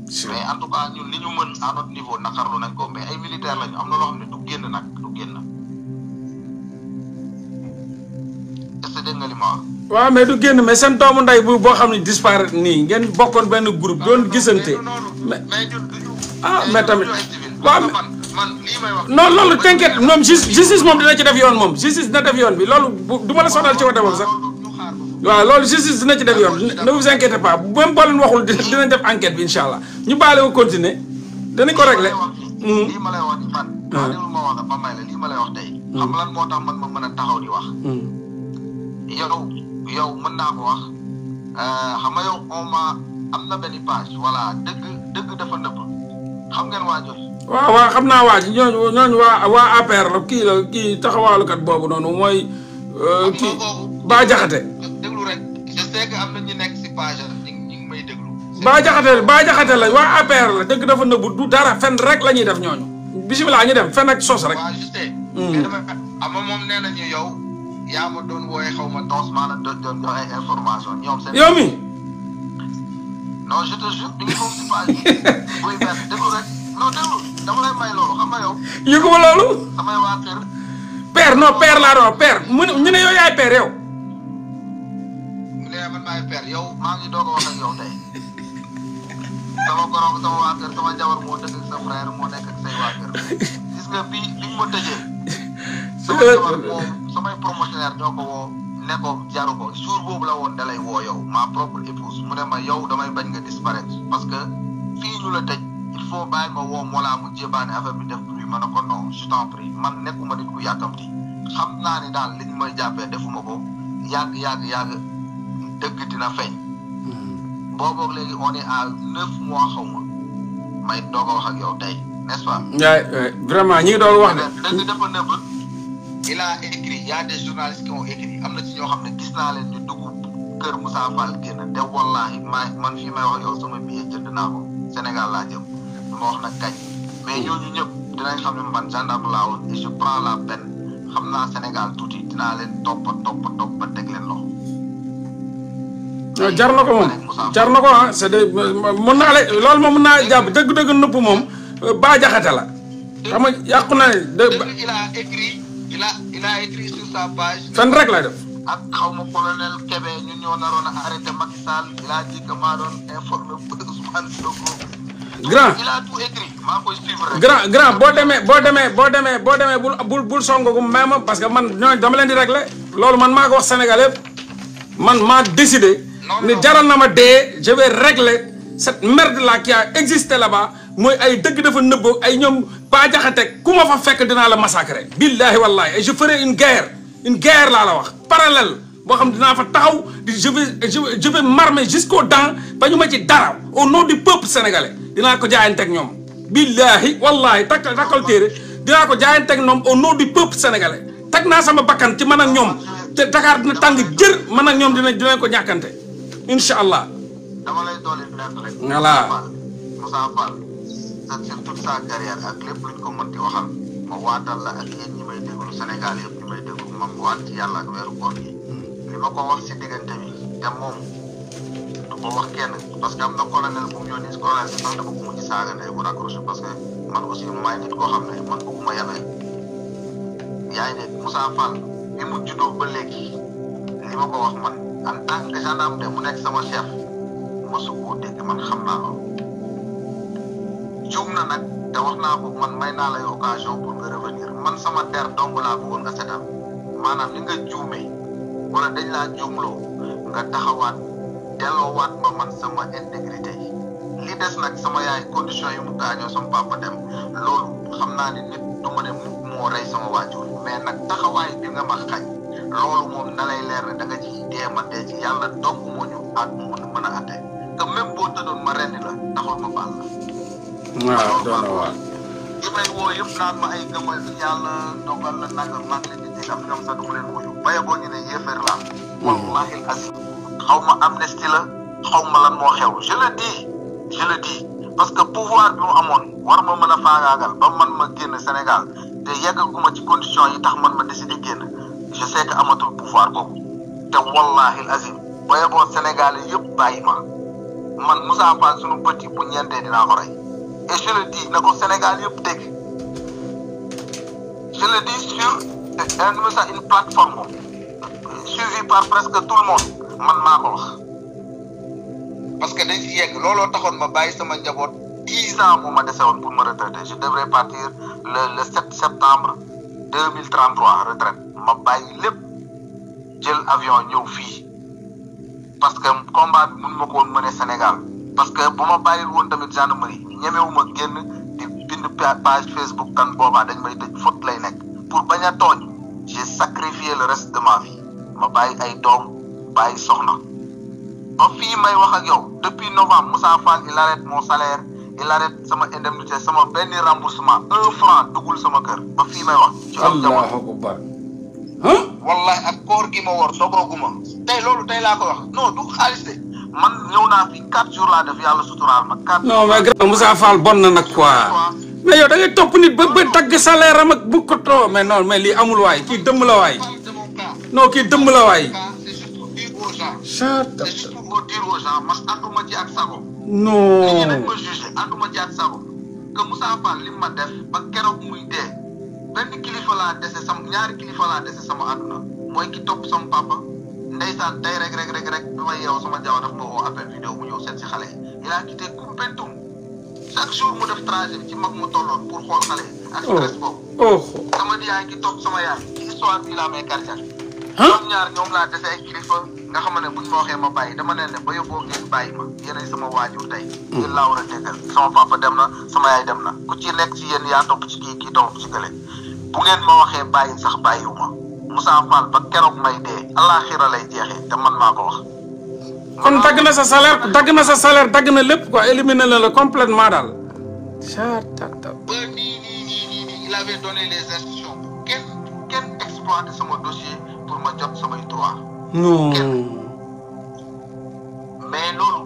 mais en tout cas ñun li ñu mën à notre ko mais ay militaire xam ne du génn nag du génn. est-ce waaw mais du génn mais seen doomu nday bu boo xam ne disparaître nii ngeen bokkoon benn group doon gisante. mais ah mais tamit waaw non loolu t'inquiète moom justice moom dina ci def yoon moom justice dina def yoon bi loolu du ma la sonal ci wote boobu sax. waaw loolu justice dina ci def yoon ne vous inquiétez pas même boo leen waxul dinañ def enquête bi incha allah. ñu baale ko continuer danañ ko réglé. lii a lay wax ma ah. la wax tey. Hmm. xam man mën a taxaw di wax. Hmm. yow yow mën naa ko wax euh, xam nga yow on am na benn page voilà dëgg dëgg dafa nëbb xam ngeen waa jooju. xam naa waa ji ñooñu ñooñu waa waa la kii la kii taxawaalukat boobu noonu mooy. Euh, kii Ba Jaxate déglu rek am na ñu nekk baa jaxate baa jaxate la waa APR la dëgg dafa nëbbu du dara fen rek la ñuy def ñooñu bisimilah ñu def fen ak sos rek. waaw juste. ama hmm. ah, moom nee nañu yow. yaa ma doon wooyee xaw ma loolu xam nga yow. laa doon père mu ne ñu ne yow sama borom sama waa kër sama jabar moo dëkk sa frère moo nekk say waa kër gis nga bii li nga ma tëjee. sama jabar moom samay promotionnaire ñoo ko woo ne ko jaru ko boobu la woon dalay woo yow ma propre épouse mu ne ma yow damay bañ nga disparaître parce que fii ñu la tëj il faut bàyyi ma woo Mollah mu jébaane affaire bi def bruit ma ne ko non je t'en prie man nekkuma nit ku yàkkamti xam naa ne daal liñ may defu ma ko yàgg yàgg yàgg dëgg dina feeñ. booboog léegi on est à neuf mois xaw may doog a wax ak yow tey n'est-ce pas. yaay euh, vraiment ñi ngi doon wax ne. dëgg dafa nëbb. il a écrit y a des écrit am na ci xam ne gis naa leen ñu dugg kër Moussa Fall génn te wallaahi maa man may wax yow sama billet jënd naa ko Sénégal laa jëm du ma wax nag kañ. mais ñooñu ñëpp dinañ xam ne man gendarme laa woon et je prends la peine xam naa Sénégal tuuti dinaa leen topp topp topp ba teg leen jar na ko moom jar na ko ah c'est de mën naa moom mën naa jàpp dëgg-dëgg nëpp moom euh, baa jaxate la xam nga yàqu na a écrit il def. xaw ma grand grand boo demee boo demee boo demee boo demee bul bul bul songagu même parce que man ñooñu dama leen di réglé loolu man maa ko wax Sénégal yëpp man maa décidé. ne jaral na ma dee je vais régler cette merde là qui a existé là-bas mooy ay dëgg dafa nëbboo ay ñoom baa jaxate ku ma fa fekk dinaa la massacrer. billahi wallahi et je ferai une guerre une guerre laa la wax parallèle boo xam dinaa fa taxaw di je vais je vais m'armer jusqu'aux dents ba ñu ma ci dara au no du peuple sénégalais dinaa ko jaayanteeg ñoom. billahi wallahi takk takkal téere dinaa ko jaayanteeg ñoom au no du peuple sénégalais teg naa sama bakkan ci man ak ñoom te Dakar dina tàng jër man ak ñoom dina dinañ ko ñàkkante. incha allah. dama lay dolli lenn rek. voilà Moussa Fall sa ak lépp luñ ko mën di waxal ma waatal la ak yéen ñi may déglu Sénégal ma waat ci yàlla ak weeru koor hmm. ma ko wax si diggante bi te moom du wax kenn parce am na colonel bu mu yónni si colonel bi sax dafa ko mujj saaga man aussi maay nit koo xam ne yaa ne Moussa Fall bi mu juddoo ma ko wax man. en tant que gendarme de mu nekk sama chef mosu koo dégg man xam naa ko juum na nag te wax naa ko man may naa lay occasion pour nga revenir man sama der dong laa bëggoon nga setal maanaam li nga juumee wala dañ laa juumloo nga taxawaat delloowaat ma man sama intégrité li des nag sama yaay condition yi mu gaañoo sama papa dem loolu xam naa ni nit du ma ne mukk rey sama waajur mais nag taxawaay bi nga ma xañ loolu moom na lay leer ne da ci dee ma dee ci yàlla donc moo ñu at mu mën a atte te même boo tëddoon ma rendi la taxul ma baal na waaw. li woo yëpp naan ma ay gëmal yàlla dogal la nangam maa ngi leen di dégg ñoom sax du ma leen wuyu boo ñu ne yéefar la. Mm. wallaahi as. xaw ma amnistie la xaw ma lan moo xew je le dis je parce que pouvoir bi mu amoon war ma mën a faagaagal ba man ma génn Sénégal te yeggaguma ci condition yi tax man ma je sais que amatul pouvoir boobu te wallahi al azim boo Sénégal yëpp bàyyi ma man Moussa Fall sunu bët yi bu ñeentee dinaa ko rey et je le dis na ko Sénégal yëpp dégg je le dis sur une plateforme suivie par presque tout le monde man maa ko parce que dañ si yegg taxoon ma bàyyi sama njaboot dix ans moo ma dese woon pour ma retraité je devrais partir le septembre ma bàyyi lépp jël avion ñëw fii parce que combat mun ma ko woon mëne Sénégal parce que bu ma bàyyil woon tamit gendarmerie ñemewuma génn di bind page Facebook kan boobaa dañ may dëj faute lay nekk pour bañ a tooñ j'ai sacrifié le reste de ma vie ma bàyyi ay doom bàyyi soxna ba fii may wax ak yow depuis novembre Moussa Fall il arrête mon salaire il arrête sama indemnité sama benn remboursement un franc duggul sama kër ba fii may wax. ci am jamono wallahi ak koor gi ma wor dogooguma tey loolu tey laa ko wax non du xaalis man ñëw naa fi quatre jours laa def suturaal ma quatre non mais bon na nag quoi yow da ngay topp nit salaire am ak bu ko too amul waay ki dëmm la waay non kii dëmm la waay c'est juste pour dire aux gens man ànduma ci ak benn kilifa laa dese sama ñaari kilifa laa dese sama àdduna mooy ki topp sama papa ndeysaan tey rek rek rek rek bi may yeew sama jaww a quitté Koumpentoum chaque jour mu def trajet ci mag mu oh. oh. xam ne buñ ma waxee ma bàyyi dama ne ne ba yóbboo ngeen bàyyi ma yéenay sama waajur tey. Hmm. yéen laa a dem na ku ci nekk ci yéen bu ngeen ma waxee bàyyi sax bàyyiwuma Moussa Fall ba keroog may dee alaaxira lay jeexee te man maa wax. kon dagg na sa salaire dagg na sa salaire dagg na lépp quoi éliminer la la complètement daal. ba nii nii nii nii il avait donné les instructions kenn kenn exploité sama dossier pour ma jot samay droit. non mais loolu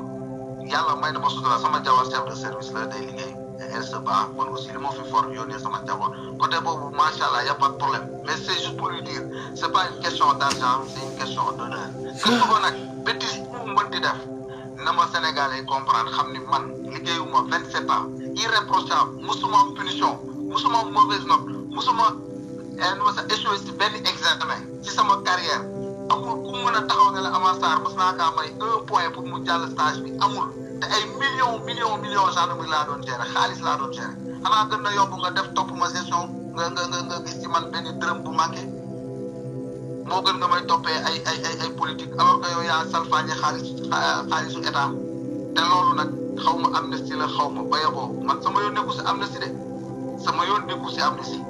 yàlla may ma jawar service la day liggéey. Elsa Ba eh, man aussi li ma fi for yónnee sama njaboot côté boobu macha allah y' a pas problème mais c' est juste pour question d' argent question d' honneur. surtout ko nag bêtise bu def na ma Sénégalais comprendre xam ni man liggéeyuma vingt sept ans irréprochable musuma am musuma mauvaise note musuma ma sa échoué si benn examen ci sama carrière amul ku mën a taxaw ne la Amar Sarr mos naa kaa may un point pour mu jàll stage bi te ay millions millions millions gendarmerie laa doon gérer xaalis laa doon gérer xanaa gën na yomb nga def topp ma gestion nga nga nga gis ci man benn dërëm bu manqué moo gën nga toppee ay ay ay ay politique alors que yaa salfaañe xaalis xaalisu état te loolu nag xaw ma amnistie la xaw ma bayaboo man sama yoon nekku si amnistie de sama yoon nekku si amnistie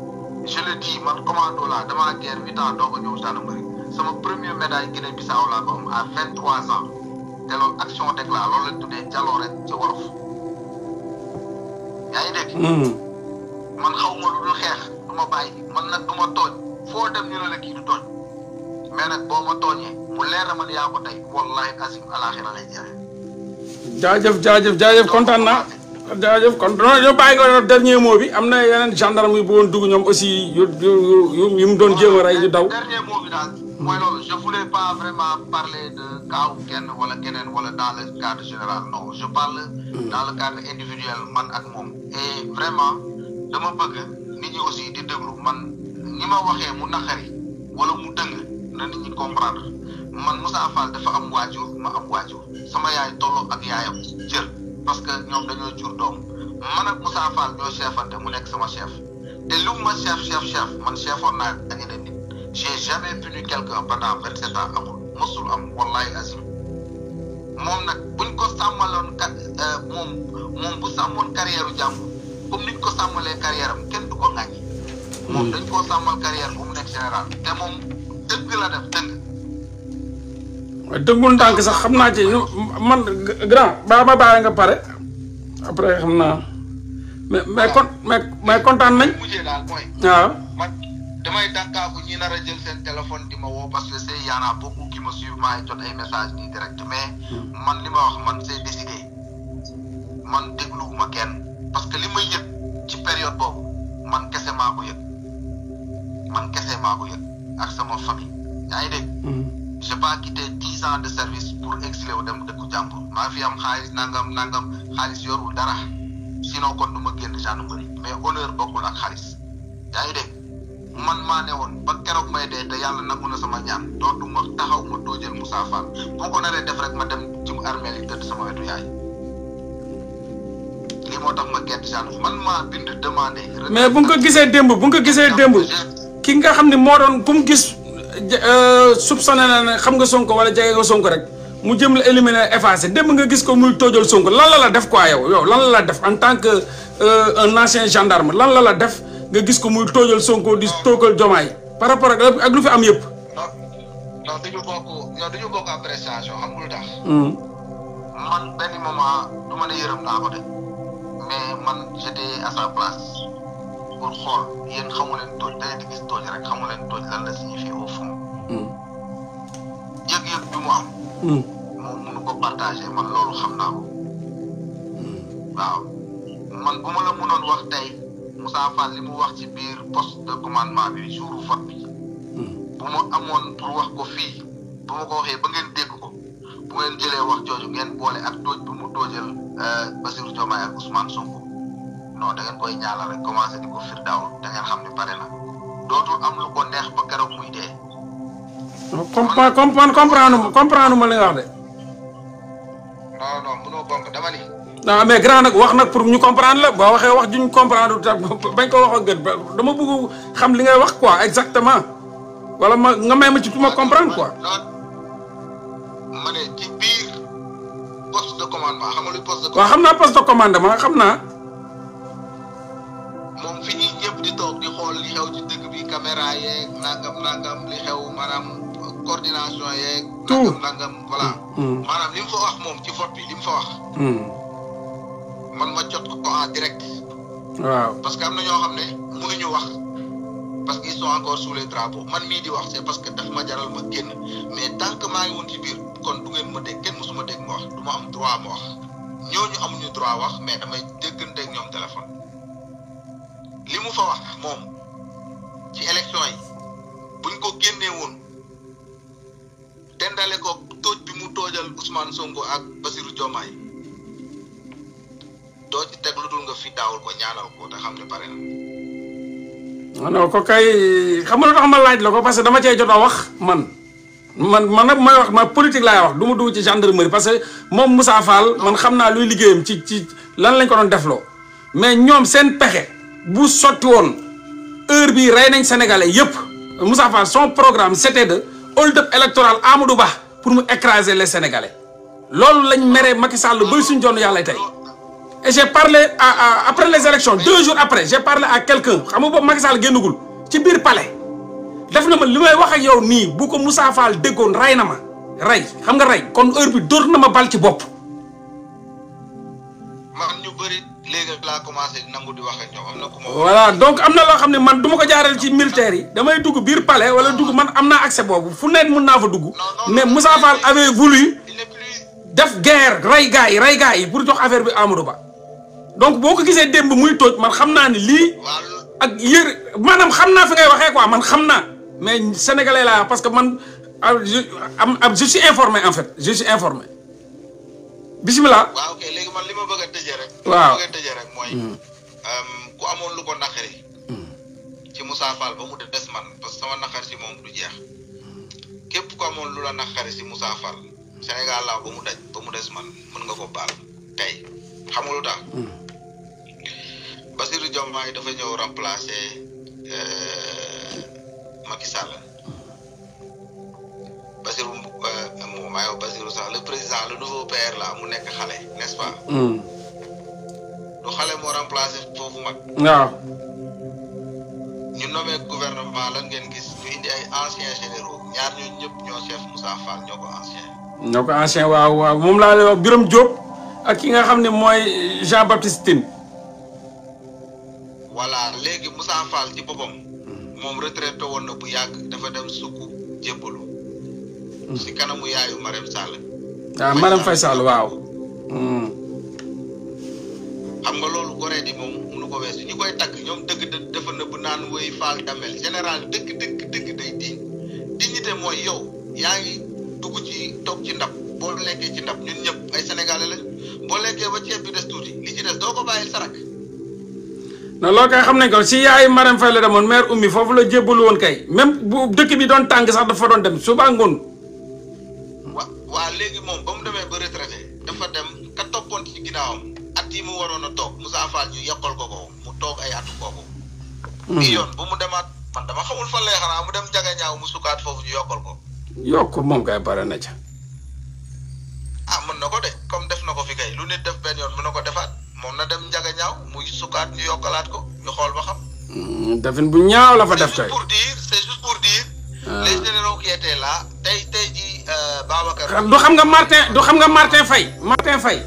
je man commando laa damaa guerre huit ans doog a ñëw gendarmerie sama premier médaille Guinée Bissau te loolu action d'éclat loolu lañ tuddee jaloore ci hmm. na ko jaajëf jaajëf jaajëf kontaan dernier mot bi am na yeneen gendarme yu bëggoon dugg ñoom aussi yu yu yu mu doon jéem a rey daw. mooy loolu je voulais pas vraiment parler de cas kenn wala keneen wala dans le cadre général non je parle dans le individuel man ak moom et vraiment dama bëgg nit ñi aussi di déglu man ñi ma waxee mu naqari wala mu dëng na nit ñi comprendre man Moussa Fall dafa am waajur ma am waajur sama yaay tolloo ak yaayam jër parce que ñoom dañoo jur doom man ak Moussa Fall ñoo chefante mu nekk sama chef te lu ma chef chef chef man chefoon naa ak ñeneen nit j'ai jamais puni mosul am wallahi azim moom nag buñ ko sàmmaloon ka euh, moom bu sàmmoon carrière jàmm comme niñ ko sàmmalee kenn du ko ŋàññi moom hmm. dañ koo sàmmal carrière bu nekk général te moom dëgg la def dëgg dëggul ndànk sax xam naa ci man grand ba ma pare après xam naa mais mais kon nañ waaw damay dànkaafu ñi nar a jël seen téléphone di ma woo parce que c'est yaana beaucoup qui me suivent jot ay message nii direct mais hmm. man li ma wax man c'est décidé man dégluwuma kenn parce que li may yëg ci période boobu man kese maa ko yëg man kese maa ko yëg ak sama famille yaa ngi dégg hmm. j'ai pas quitté dix ans de service pour exiler wu dem dëkku jàmbur maa fi am xaalis nangam nangam xaalis yorul dara sinon kon du ma génn gendarmerie mais honneur bokkul ak xaalis yaa ngi man maa ne woon ba keroog may dee te yàlla nangu na sama ñaan dootuma taxaw ma doojal Moussa Fall bu ko naree def rek ma dem ci armeel yi tëdd sama wetu yaay lii moo tax ma gedd mais bu ko gisee démb bu ko gisee démb ki nga xam ne moo doon ku mu gis euh, soupçonné na ne xam nga Sonko wala jege nga Sonko mu jëm la éliminer effacé nga gis ko muy toojal Sonko lan la la def quoi yow yow lan la la def en tant que euh, un ancien gendarme lan la la def. nga gis ko muy toojal Sonko di tookal Jomaay par rapport ak lu fi am yëpp. non non hmm. man benn moment du ma ne yërëm naa de mais man j'étais à sa place pour xool yéen xamu leen tooj da ngeen di gis tooj rek xamu leen tooj lan la signifie au fond. Hmm. yëg-yëg bi mu am. moom mënu ko man loolu xam naa hmm. waaw man bu ma la mënoon wax tey. Moussa Fall li mu wax ci biir poste de commandement bi jour vote bi. bu ma amoon pour wax ko fii bu ko waxee ba ngeen dégg ko bu ngeen jëlee wax jooju ngeen boole ak dooj bu mu doojal Bassirou Diomaye ak Ousmane Sonko non da ngeen koy ñaala rek commencé di ko firdaawul da ngeen xam ne pare na dootul am lu ko neex ba keroog muy dee. comprendre comprendre comprendre ma li nga wax de. non non mënoo bonk non mais grand nag wax nag pour ñu comprendre la boo waxee wax juñ comprendre bañ ko wax a gën dama bëgg xam li ngay wax quoi exactement wala ma nga may ma ci ma comprendre quoi. ma ne ci biir poste de commandement xam nga lu poste xam naa poste de commandement moom fi ñuy ñëpp di toog di xool li xew ci dëkk bi caméra yeeg nangam li xew maanaam. coordination yeeg. tout nangam nangam mm, mm. fa wax moom ci bi li fa wax. Mm. man ma jot ko en direct. waaw parce que am na ñoo xam ne mënuñu wax parce que ils sont encore sous les man mii di wax c'est parce que daf ma jaral ma génn mais tant que maa ngi woon ci biir kon du ngeen ma dégg kenn mësuma dégg ma wax du ma am droit ma wax ñooñu amuñu droit wax mais damay déggante ak ñoom téléphone li mu fa wax moom ci élection yi buñ ko génnee woon dendale ko tooj bi mu toojal Ousmane Sonko ak Basirou Diomaye. doo ci teg lu dul nga fi daawul ko ñaanal ko te xam ne na. Ah tax ma laaj la ko parce que dama cee jot a wax man. man man nag may ma politique laay wax du ma dugg ci gendarmerie parce que moom Moussa Fall man xam naa luy liggéeyam ci ci lan lañ ko doon defloo mais ñoom seen pexe bu sotti woon heure bi rey nañ sénégalais yépp Moussa Fall son programme c'était de hold-up électoral Amadou Ba pour mu écraser les sénégalais loolu lañ meree Macky Sall bay suñ jonn yàlla tey. et j'ai parlé à, à, après les élections deux jours après j'ai parlé à quelqu'un xam nga boobu Macky Sall ci biir pale def na ma lu may wax ak yow nii bu ko Moussa Fall déggoon rey na ma rey xam nga rey kon heure na ma bal ci bopp. man ñu bëri léegi laa di wax ak donc am na loo xam ne man du ma ko jaareel ci militaire yi damay dugg biir palais wala dugg man am naa accès boobu fu neen mun naa fa dugg mais Moussa Fall avait voulu def guerre rey gars yi rey gars yi pour jox affaire bi Amadou Ba. donc boo ko gisee démb muy tooj man xam naa ni lii ak yër maanaam xam naa fi ngay waxee quoi man xam naa mais sénégalais parce que man ah, am je suis informé en fait je informé bisimilah. waaw ok léegi man li ma bëgg a rek. waaw mooy. Hmm. Euh, ku amoon lu ko naqari. Hmm. ci Moussa Fall ba mu des man parce que sama naqar ci moom du jeex hmm. képp ku amoon lu la naqari ci Moussa Fall Sénégal laa ba mu daj ba mu des man mën nga ko baal tey xamul lu Bassirou Diomaye dafa ñëw remplacer euh, Macky Sall Bassirou euh, mu maayow Bassirou le président le nouveau père là mu nekk xale n'est-ce pas hmm. du xale moo remplacer foofu mag waaw ñu nommé gouvernement lan ngeen gis ñu indi ay anciens généraux ñaar ñooñu ñëpp ñoo chef Moussa Fall ñoo ko ancien ñoo ko ancien waaw waaw moom laa lay wax Birame ki nga xam ne mooy Jean Baptiste Tine voilà léegi Moussa Fall ci boppam moom retraité woon na bu yàgg dafa dem sukk jébbalu si kanamu yaayu Marème Sall waaw ah, Marème Faye Sall waaw hmm. xam nga loolu goree moom munu ko weesu ñi koy takk ñoom dëgg dëgg dëgg dëgg day diñ dignité mooy yow yaa dugg ci toog ci ndab boo lekkee ci ndab ñun ñëpp ay sénégalais boo lekkee ba ceeb bi des tuuti li ci des doo ko bàyyi sarak non loolu kay xam nañ ko si yaay Marème Faye la demoon maire ummi foofu la jébbalu woon kay même bu dëkk bi doon tàng sax dafa doon dem suba ngoon. wa waa léegi moom ba mu demee ba retraité dafa dem ka toppoon ci ginnaawam at yi mu waroon a toog Moussa Fall ñu yokkal ko ko mu toog ay atu kooku. Hmm. yoon mu demaat man dama xamul fan lay mu dem jaga ñaaw mu sukkaat foofu ñu yokkal ko. yokk moom kay bare na ca. am ah, mën na ko de comme def na ko fi kay lu nit def benn yoon mën na ko defaat. moom na dem njaga ñaaw muy sukkaat ñu yokkalaat ko ñu xool ba xam. Hmm, dafin bu ñaaw la fa def kay. c'est juste pour dire ah. tey euh, du xam nga Martin du xam nga Martin Faye Martin Faye.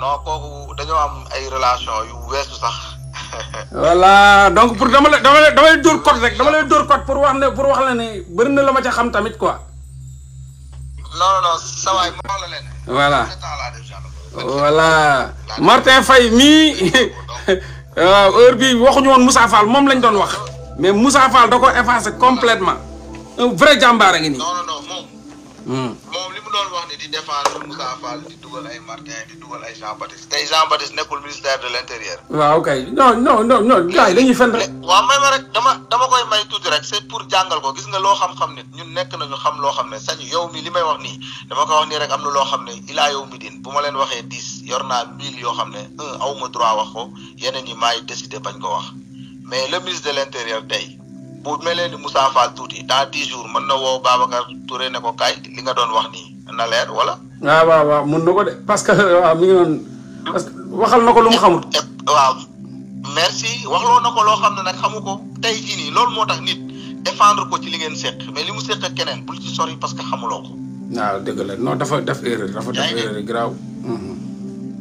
non kooku dañoo xam ay relation yu weesu sax. voilà donc pour dama la dama la dama lay rek dama la dóor code pour wax ne pour wax la ne bëri na la ma ca xam tamit quoi. non non la leen. voilà. voilà Martin Faye mii waaw euh, heure bi waxuñu woon Moussa Fall moom lañ doon wax mais Moussa Fall da ko effacé complètement un vrai jàmbaar a ngi nii. Hmm. moom li mu doon wax ni i défendre Moussa Fall di dugal ay Martin di dugal ay Jean Baptiste tey Jean Baptiste nekkul ministère de l' intérieur. waaw kay non non non non gars yi dañuy fen rek. may ma rek dama koy may tuuti rek c' pour jàngal ko gis nga loo xam-xam nit ñun nekk nañu xam loo xam ne sañ yow mi li may wax nii dama ko wax ni rek am na loo xam ne ilaa yow mi bu ma leen waxee dix yor na mille yoo xam ne un aw ma droit wax ko yeneen yi maay décider bañ ko wax mais le ministre de bu mel nee ni Moussa Fall tuuti dans dix jours mën na woo Babacar Touré ne kaay li nga doon wax nii na leer wala. Ah, waaw waaw mun na ko de parce que euh, waaw mi ngi waxal na ko lu mu xamul. Eh, waaw merci waxloo na ko loo xam ne nag xamu ko tey jii nii loolu moo tax nit défendre ko ci li ngeen seq mais li mu seq ak keneen bul ci sori parce que xamuloo ko. waaw ah, dëgg la dafa def erreur. dafa def erreur graaw. Mhm.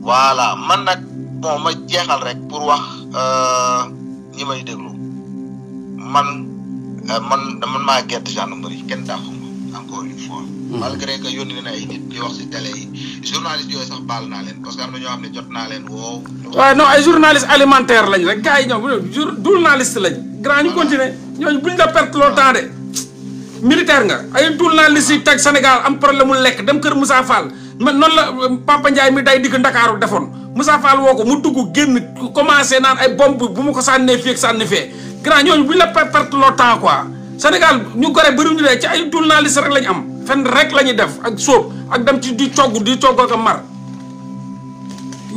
voilà man nag bon ma jeexal rek pour wax euh, ñi may déglu Euh, man man maa gerte gendarmerie kenn dàqu ma encore une fois. Hmm. malgré que yónni na ay nit di wax si télé yi journaliste yooyu sax baal naa leen parce que am na ñoo xam ne jot naa leen woo. waaw non journaliste alimentaire lañ rek gars yi ñoom journaliste lañ. grand ñu ah. continuer ñooñu buñ la perte loo temps de. militaire nga ay journaliste yi Sénégal am problème mu lekk dem kër Moussa Fall. man noonu la euh, Papa Ndiaye mi day digg Ndakaaru defoon Moussa Fall woo ko mu dugg génn commencé naan ay bomb bu mu ko sànnee fii ak sànni fee grand bu ñu la perte loo temps quoi Sénégal ñu gore bëri ñu dee ci ay journaliste rek la ñu am fen rek la ñuy def ak soob ak dem ci di cogg di cogg ak mar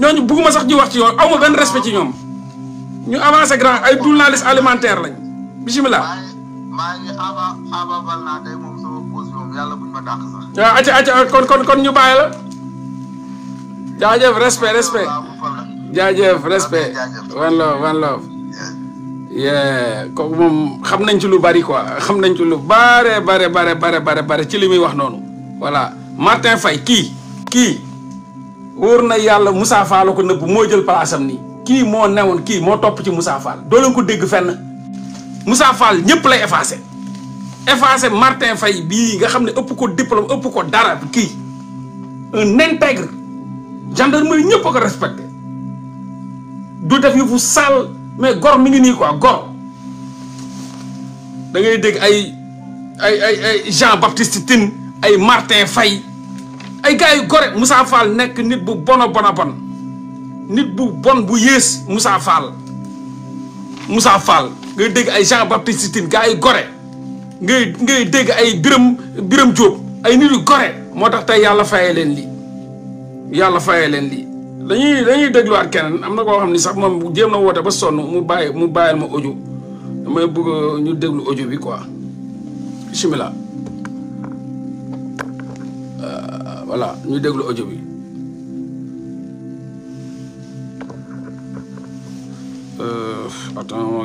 ñooñu bugguma sax ñu wax ci yoon benn respect ñoom ñu avancé grand ay journaliste alimentaire lañ bisimilah. yàlla buñ ma dàq sax. waaw acca acca kon kon ñu bàyyi la. jaajëf respect respect. jaajëf respect. one love one love. yeah kooku moom xam nañ ci lu bari quoi xam nañ ci lu bare bare bare bare bare bare ci li muy wax noonu. voilà Martin fay kii. kii wóor na yàlla Moussa Fall ko nëbb moo jël place am nii. kii moo newoon kii moo topp ci Moussa faal doo leen dégg fenn Moussa Fall ñëpp lay effacé. effacé Martin fay bii nga xam ne ëpp ko diplôme ëpp ko dara kii un intègre gendarmerie ñëpp a ko respecté du def yëfu sàll mais gor mi ngi nii quoi gor da dégg ay ay ay Jean Baptiste Tine ay Martin fay ay gars yu gore Moussa Fall nekk nit bu bona bona bon nit bu bon bu yées Moussa Fall Moussa Fall ngay dégg ay Jean Baptiste Tine gars yu gore ngay ngay dégg ay biram biram jóob ay nit yu gore moo tax tey yàlla fayee leen li yàlla fayee leen li dañuy dañuy dégluwaat keneen am na koo xam ni sax moom jéem na woote ba sonn mu bàyyi mu bàyyil ma ojo damay bëgg ñu déglu audio bi quoi bismillah euh, voilà ñu déglu audio bi euh, attends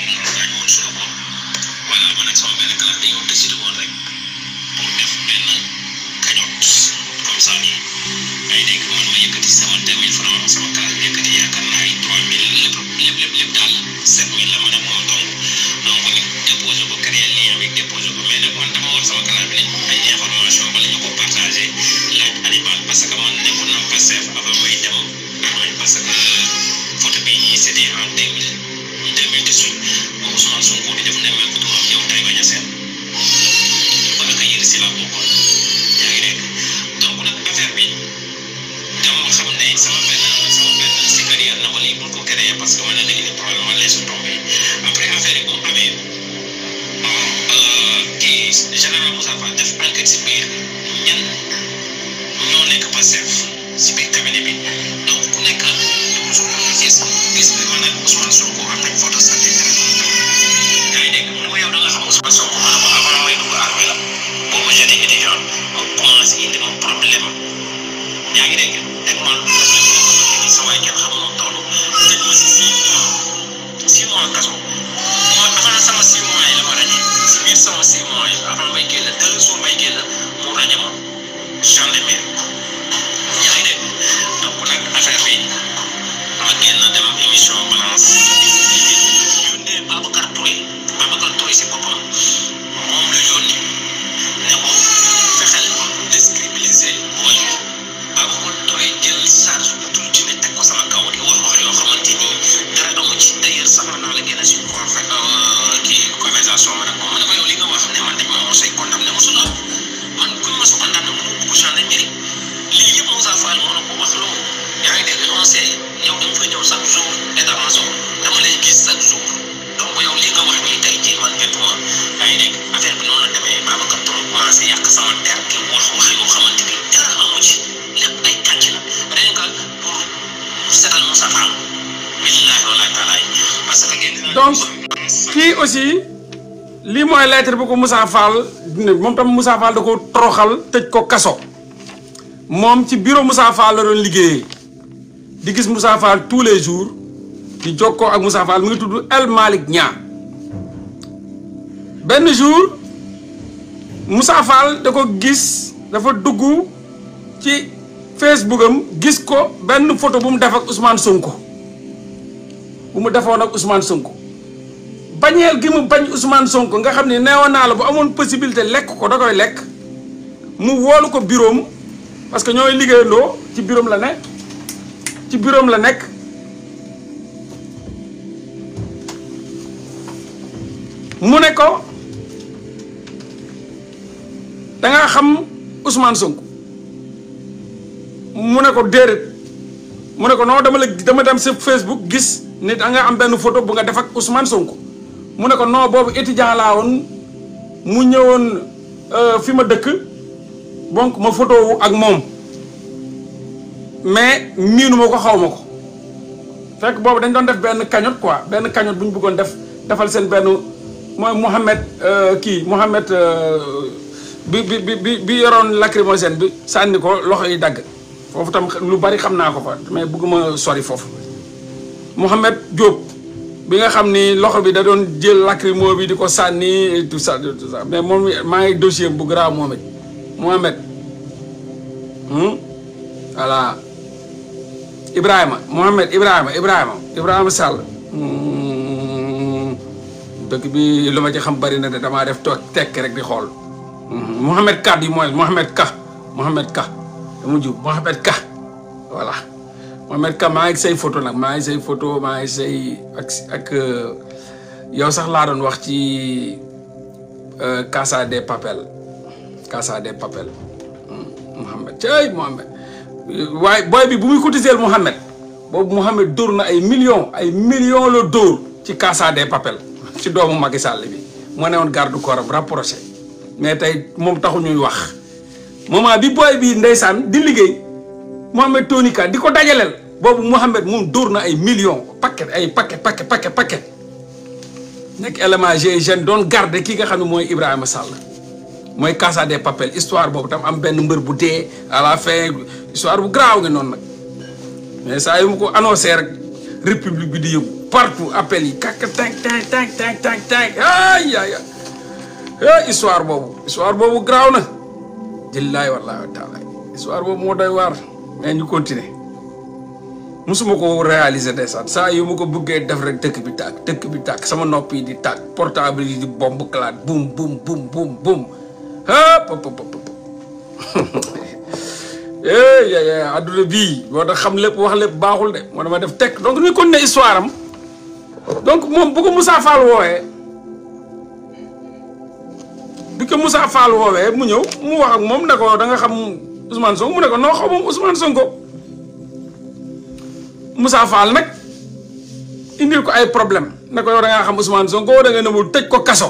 cent mille ay nekk man ma yëkkati seventy mille francs sama Moussa Fall moom tam Moussa Fall da ko toroxal tëj ko kaso moom ci bureau Moussa Fall la doon liggéeyee di gis Moussa Fall tous les jours di jokkoo ak Moussa Fall mu ngi tudd El Malick Niang benn jour Moussa Fall da ko gis dafa dugg ci Facebook am gis ko benn photo bu mu def ak usmaan Sonko bu mu defoon ak Ousmane Sonko. bañeel gi mu bañ Ousmane Sonko nga xam ne neewoon naa la bu amoon possibilité lekk ko da koy lekk mu woolu ko bureau parce que ñooy liggéeyandoo ci bureau la nekk ci bureau la nekk mu ne ko da nga xam Ousmane Sonko mu ne ko déedéet mu ne ko non dama la dama dem sa Facebook gis ne da nga am benn photo bu nga def ak Ousmane Sonko. mu ne ko non boobu étudiant laa woon mu ñëwoon euh, fi ma dëkk bonk ma photowu ak moom mais miinu ko xaw ma ko fekk boobu dañ doon def benn cagnotte quoi benn cagnotte bu ñu bëggoon def defal seen benn mooy Mouhamed euh, kii Mouhamed euh, bi bi bi bi yoroon lacrymogène bi sànni ko loxo yi dagg foofu tam lu bari xam naa ko fa mais bëgguma sori foofu Mouhamed Diop. bi nga xam ni loxo bi da doon jël lacrymo bi di ko sànni et tout ça mais moom maa ngi dossier bu grave moom it Mohamed hmm? voilà Ibrahima Mohamed Ibrahima Ibrahima Ibrahima Sall hmm. bi lu ma ci xam bari na de damaa def toog tekk rek di xool hmm. Mohamed Ka bi mooy Mohamed Ka Mohamed Ka dama jub Mohamed Ka voilà Mohamed Ka maa ngi say photo nag maa ngi say photo maa ngi ak euh, yow sax laa doon wax ci euh, Casa de Papel Casa de Papel hmm, Mohamed cey Mohamed waaye booy bi bu muy cotiseel Mohamed boobu Mohamed dóor na ay million ay millions la dóor ci Casa de Papel ci doomu Macky Sall bi moo ne woon garde corps am rapproché mais tey moom taxu ñuy wax moment bi booy bi ndeysaan di liggéey Mohamed Tony Ka di ko dajaleel boobu Mohamed moom door na ay million paquet ay paquet paquet paquet paquet nekk élément GIGN doon garde kii nga xam ne mooy Ibrahima Sall mooy kassa de Papel histoire boobu tam am benn mbër bu dee à la fin histoire bu garaaw nga noonu nag mais saa yu mu ko annoncé rek république bi di yëngu partout appel yi kàkk tànk tànk tànk tànk tànk tànk ay eh, histoire boobu histoire boobu garaaw na jëllaay wallaahi wa taala mais ñu continuer musuma ko réaliser ndeysaan saa yu ma ko bëggee def rek dëkk bi tàkk dëkk bi tàkk sama nopp yi di tàkk portable yi di bomb kalaat bum bum bum bum bum hëpp éey yaay àdduna bii moo tax xam lépp wax lépp baaxul de moo dama def teg donc ñu continuer histoire am donc moom bu ko Moussa Fall woowee bi ko Moussa Fall woowee mu ñëw mu wax ak moom ne ko da xam Ousmane Sonko mu ne ko non xaw moom Ousmane Sonko Moussa Fall nag indil ko ay problème na ko yow da ngaa xam Ousmane Sonko da nga nëbul tëj ko kaso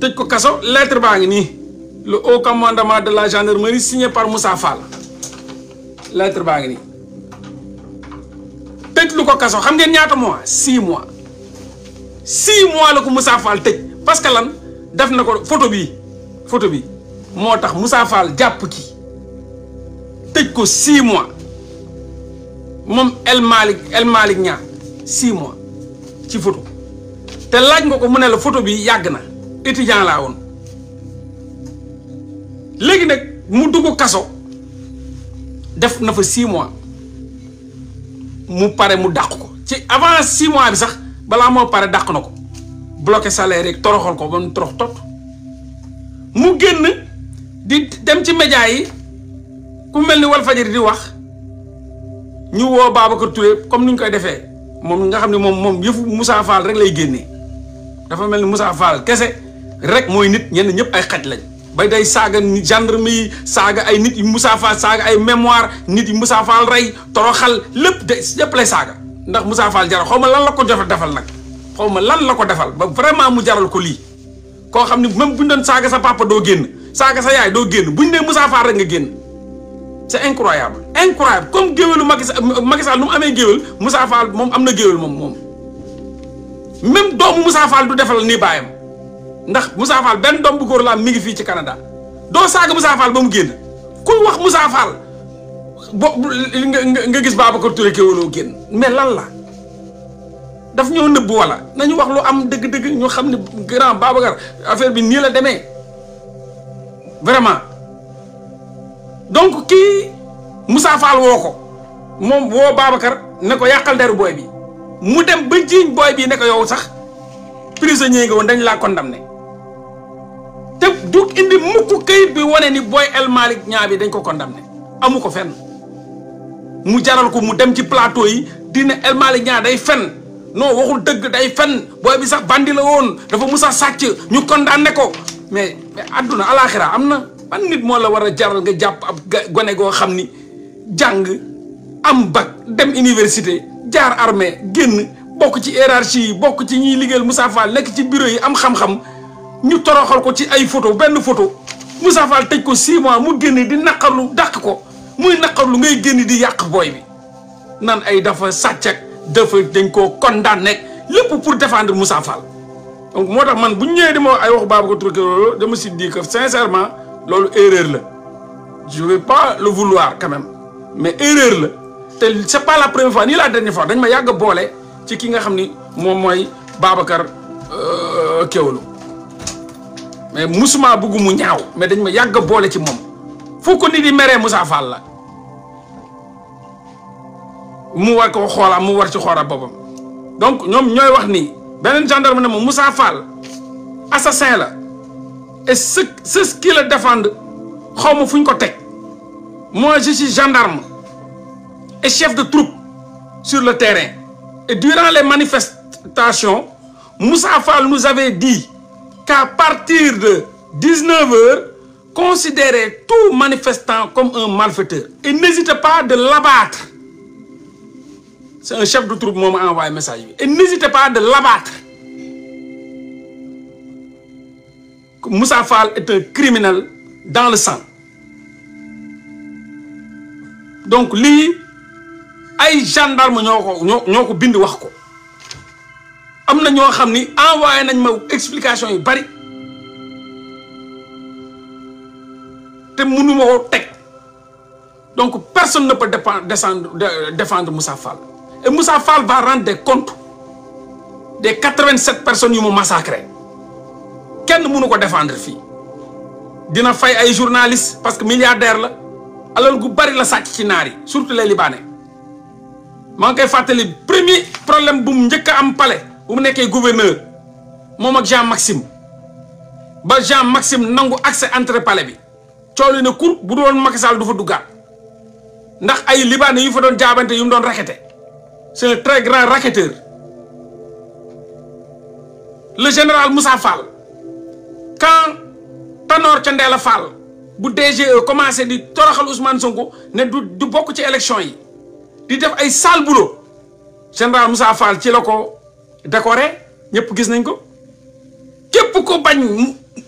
tëj ko kaso lettre baa ngi nii le haut commandement de la gendarmerie signé par mussa Fall lettre baa ngi nii tëj lu ko kaso xam ngeen ñaata mois six mois six mois la ko Moussa Fall tëj parce que lan def na ko photo bii photo bi moo tax Moussa Fall jàpp ki tëj ko six mois moom El Malick El Malick ñaar six mois ci photo te laaj nga ko mu ne la photo bi yàgg na étudiant laa woon léegi nag mu dugg kaso def na fa six mois mu pare mu dàq ko ci avant six mois bi sax balaa moo pare dàq na ko bloqué salaire rek toroxal ko ba mu torox tot mu génn di dem ci média yi ku mel ni Walfadjri di wax ñu woo Babacar Touré comme ni ñu koy defee moom nga xam ne moom moom yëfu Moussa Fall rek lay génnee dafa mel ni Moussa Fall kese rek mooy nit ñenn ñëpp ay xaj lañ bay day saaga gendarme yi saaga ay nit yu Moussa Fall saaga ay mémoire nit yu Moussa Fall rey toroxal lépp de lépp lay saaga ndax Moussa Fall jaral xaw ma lan la ko jofe defal nag xaw ma lan la ko defal ba vraiment mu jaral ko lii koo xam ne même bu ñu doon saaga sa papa doo génn saaga sa yaay doo génn bu ñu nee Moussa Fall rek nga génn c' est incroyable incroyable comme géwélu Macky Macky Sall nu mu amee géwél Moussa Fall moom am na géwél moom moom même doomu Moussa du defal ni baayam ndax Moussa Fall benn doom bu góor la am mi ngi fii ci Canada doo saaga Moussa Fall ba mu génn ku wax Moussa Fall bo nga gis Babacar Touré kéwéloo génn mais lan la daf ñoo nëbb wala nañu wax lu am dëgg-dëgg ñu xam ne grand Babacar affaire bi nii la demee vraiment donc kii Moussa Fall woo ko moom woo Babacar ne ko yàqal deru booy bi mu dem ba jiiñ booy bi ne yow sax prisonnier nga woon dañ laa condamné te du indi mukk kayit bi wane ni booy El Malick ñaa bi dañ ko condamné amu ko fenn mu jaral ko mu dem ci plateau yi dina ne El Malick ñaa day fenn non waxul dëgg day fenn booy bi sax bandi la woon dafa musa sàcc ñu condamné ko mais mais àdduna alaaxira am na ban nit moo la war a jaral nga jàpp ab gone goo xam ni jàng am bac dem université jaar armée génn bokk ci hiérarchie yi bokk ci ñiy liggéeyal Moussa Fall nekk ci bureau yi am xam-xam ñu toroxal ko ci ay photo benn photo Moussa Fall tëj ko six mois mu génn di naqarlu dàq ko muy lu ngay génn di yàq booy bi nan ay dafa sàccak dafa dañ koo condamné lépp pour défendre Moussa Fall donc moo tax man bu ñu ñëwee di ma ay waxu Babacar Touré loolu dama si di que sincèrement loolu erreur la je vais pas le vouloir quand mais erreur la te c' est pas la première fois nii la dernière fois dañ ma yàgg a boole ci ki nga xam ni moom mooy Babacar euh, Kéwoulo mais musuma bëgg mu ñaaw mais dañ ma yàgg a boole ci moom foo ko nit di meree Moussa la mu war ko xoolaa mu war ci xoolaa boppam donc ñoom ñooy wax nii. beneen gendarme ne ma Moussa Fall assassin la et ce ce qui défend xaw ma fu ñu ko teg moi je suis gendarme et chef de troupe sur le terrain et durant les manifestations Moussa Fall nous avait dit qu'à partir de 19 heures considérez tout manifestant comme un malfaiteur et n'hésitez pas de l'abattre c'est un chef de troupe moom ma envoyé message bi et n'hésitez pas de l'abattre Moussa Fall est un criminel dans le sang donc li ay gendarme ñoo ko ñoo ko bind wax ko am na ñoo xam ni envoyé nañ ma explication yi bari te mënu ma ko teg donc personne ne peut dépendre défendre Moussa Et Moussa Fall va rendre des comptes des 87 personnes yu mu massacré kenn mënu ko defendre fii dina fay ay journalistes parce que milliardaire la alal gu bari la sàcc ci naar yi surtout les libanais maa ngi koy fàttali premier problème bu mu njëkk a am pale bu mu nekkee gouverneur moom ak Jean Maxime ba Jean Maxime nangu accès entrée pale bi coow li ne kur bu doon Macky Sall du fa duggaat ndax ay libanais yu fa doon jaabante yu mu doon raqueté c'est un très grand racketteur le général Moussa Fall quand Tanor Thiendella Fall bu DGE commencé di toroxal Ousmane Sonko ne du du bokk ci élection yi di def ay sale boulot général Moussa Fall ci la ko décoré ñëpp gis nañ ko képp ko bañ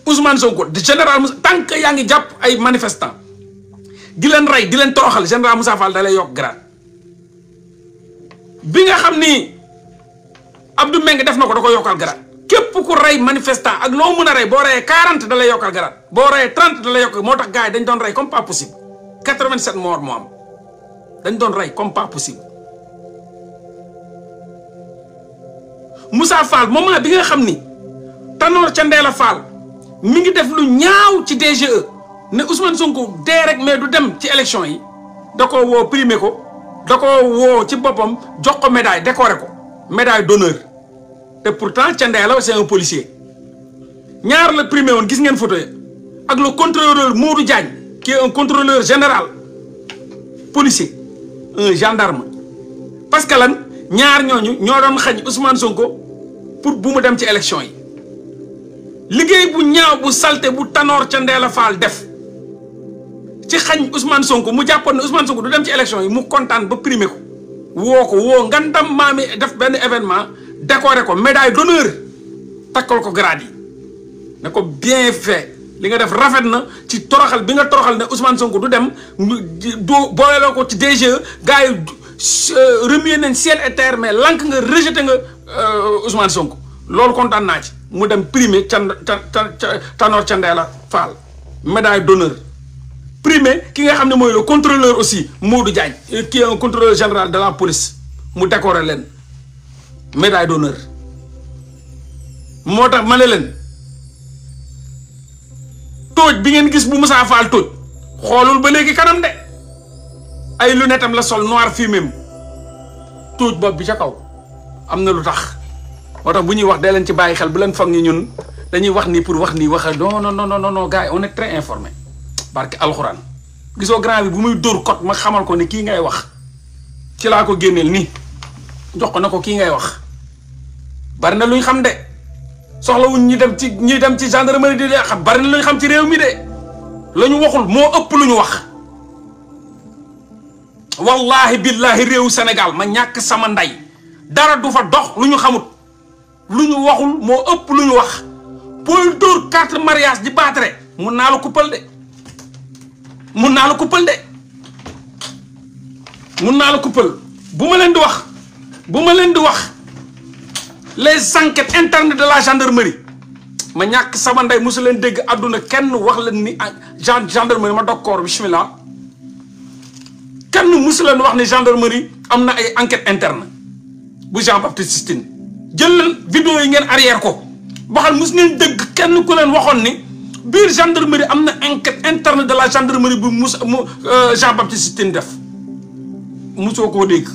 Ousmane Sonko général Moussa tant que yaa ngi jàpp ay manifestant di leen rey di leen toroxal général Moussa Fall da yokk grade bi nga xam ni Abdou Mbengue def na ko da ko yokkal garaat képp ku rey manifestant ak loo mën a rey boo reyee 40 da lay yokkal garaat boo reyee 30 da yokkal moo tax gars yi dañ doon rey comme pas possible 87 morts moo am dañ doon rey comme pas possible bi nga xam ni Tanor Thiendella Fall mi ngi def lu ñaaw ci DGE ne Ousmane Sonko dee rek mais du dem ci élection yi da ko woo primé ko da ko woo ci boppam jox ko médaille décoré ko médaille d'honneur te pourtant Thiendella la c'est un policier ñaar la primé woon gis ngeen photo yi ak le contrôleur Modou Diagne qui est un contrôleur général policier un gendarme parce que lan ñaar ñooñu ñoo daan xañ Ousmane Sonko pour bu mu dem ci élection yi liggéey bu ñaaw bu salte bu Tanor Thiendella Fall def ci xañ Ousmane Sonko mu jàppoon na Ousmane Sonko du dem ci élection yi mu kontaan ba primé ko woo ko woo nga ngandam maami def benn événement décoré ko médaille d'honneur takkal ko grade yi ne ko bien fait li nga def rafet na ci toroxal bi nga toroxal ne Ousmane Sonko du dem doo booleloo ko ci DGE gars yi euh, remuer nañ ciel et terre mais lank nga rejeté nga euh, Ousmane Sonko loolu kontaan naa ci mu dem primé can can can Tanor Thiendella Fall médaille d'honneur primé ki nga xam ne mooy le contrôleur aussi Modou Diagne euh, qui est un contrôleur général de la police mu décoré leen médaille d'honneur moo tax ma ne leen tóoj bi ngeen gis bu Moussa Fall tóoj xoolul ba léegi kanam de ay lunette am la sol noir fumé mu tóoj bopp bi ca kaw am na lu tax moo tax bu ñuy wax dee leen ci bàyyi xel bu leen foog ni ñun dañuy wax nii pour wax nii wax non non non no non gars yi on est très informé barke alxuraan gisoo grand bi bu muy dóor kot ma xamal ko ni kii ngay wax ci laa ko génneel nii jox ko na ko kii ngay wax bari na luñ xam de soxlawuñ ñi dem ci ñi dem ci gendarmerie di xam bari na xam ci réew mi la ñu waxul moo ëpp lu ñu wax wallahi billahi réewu Sénégal ma ñàkk sama ndey dara du fa dox lu ñu xamut lu ñu waxul moo ëpp lu ñu wax booy dóor quatre mariages di baatare mun naa la kuppal de mun naa la kuppal de mun naa la kuppal bu ma leen di wax bu ma leen di wax les enquêtes internes de la gendarmerie ma ñàkk sama ndey mosu leen dégg àdduna kenn wax leen ni ah, gendarmerie ma dokkoor bismillah kenn mosu leen wax ni gendarmerie am na ay enquête internet bu Jean Baptiste Tine jël leen vidéo yi ngeen arrière ko waxal mosu leen dégg kenn ku leen waxoon ni biir gendarmerie am na enquête interne de la gendarmerie bu Moussa mu euh, Jean Baptiste Tine def mosoo koo dégg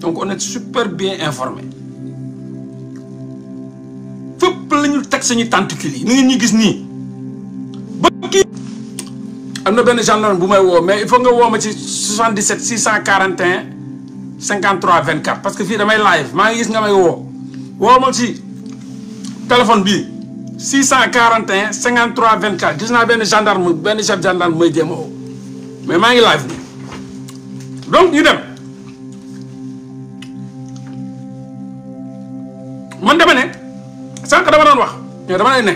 donc on est super bien informé fépp la ñu teg sañu tentacules yi. ni ngeen ñu gis nii ba kii. am na benn gendarme bu may woo mais il faut nga woo ma cent ci 77 641 53 24 parce que fii damay live maa ngi gis nga may woo woo ma ci téléphone bi 641 53 24 gis naa benn gendarme benn chef gendarme may jéem a maa ngi live donc ñu dem man dama ne sànq dama doon wax mais dama ne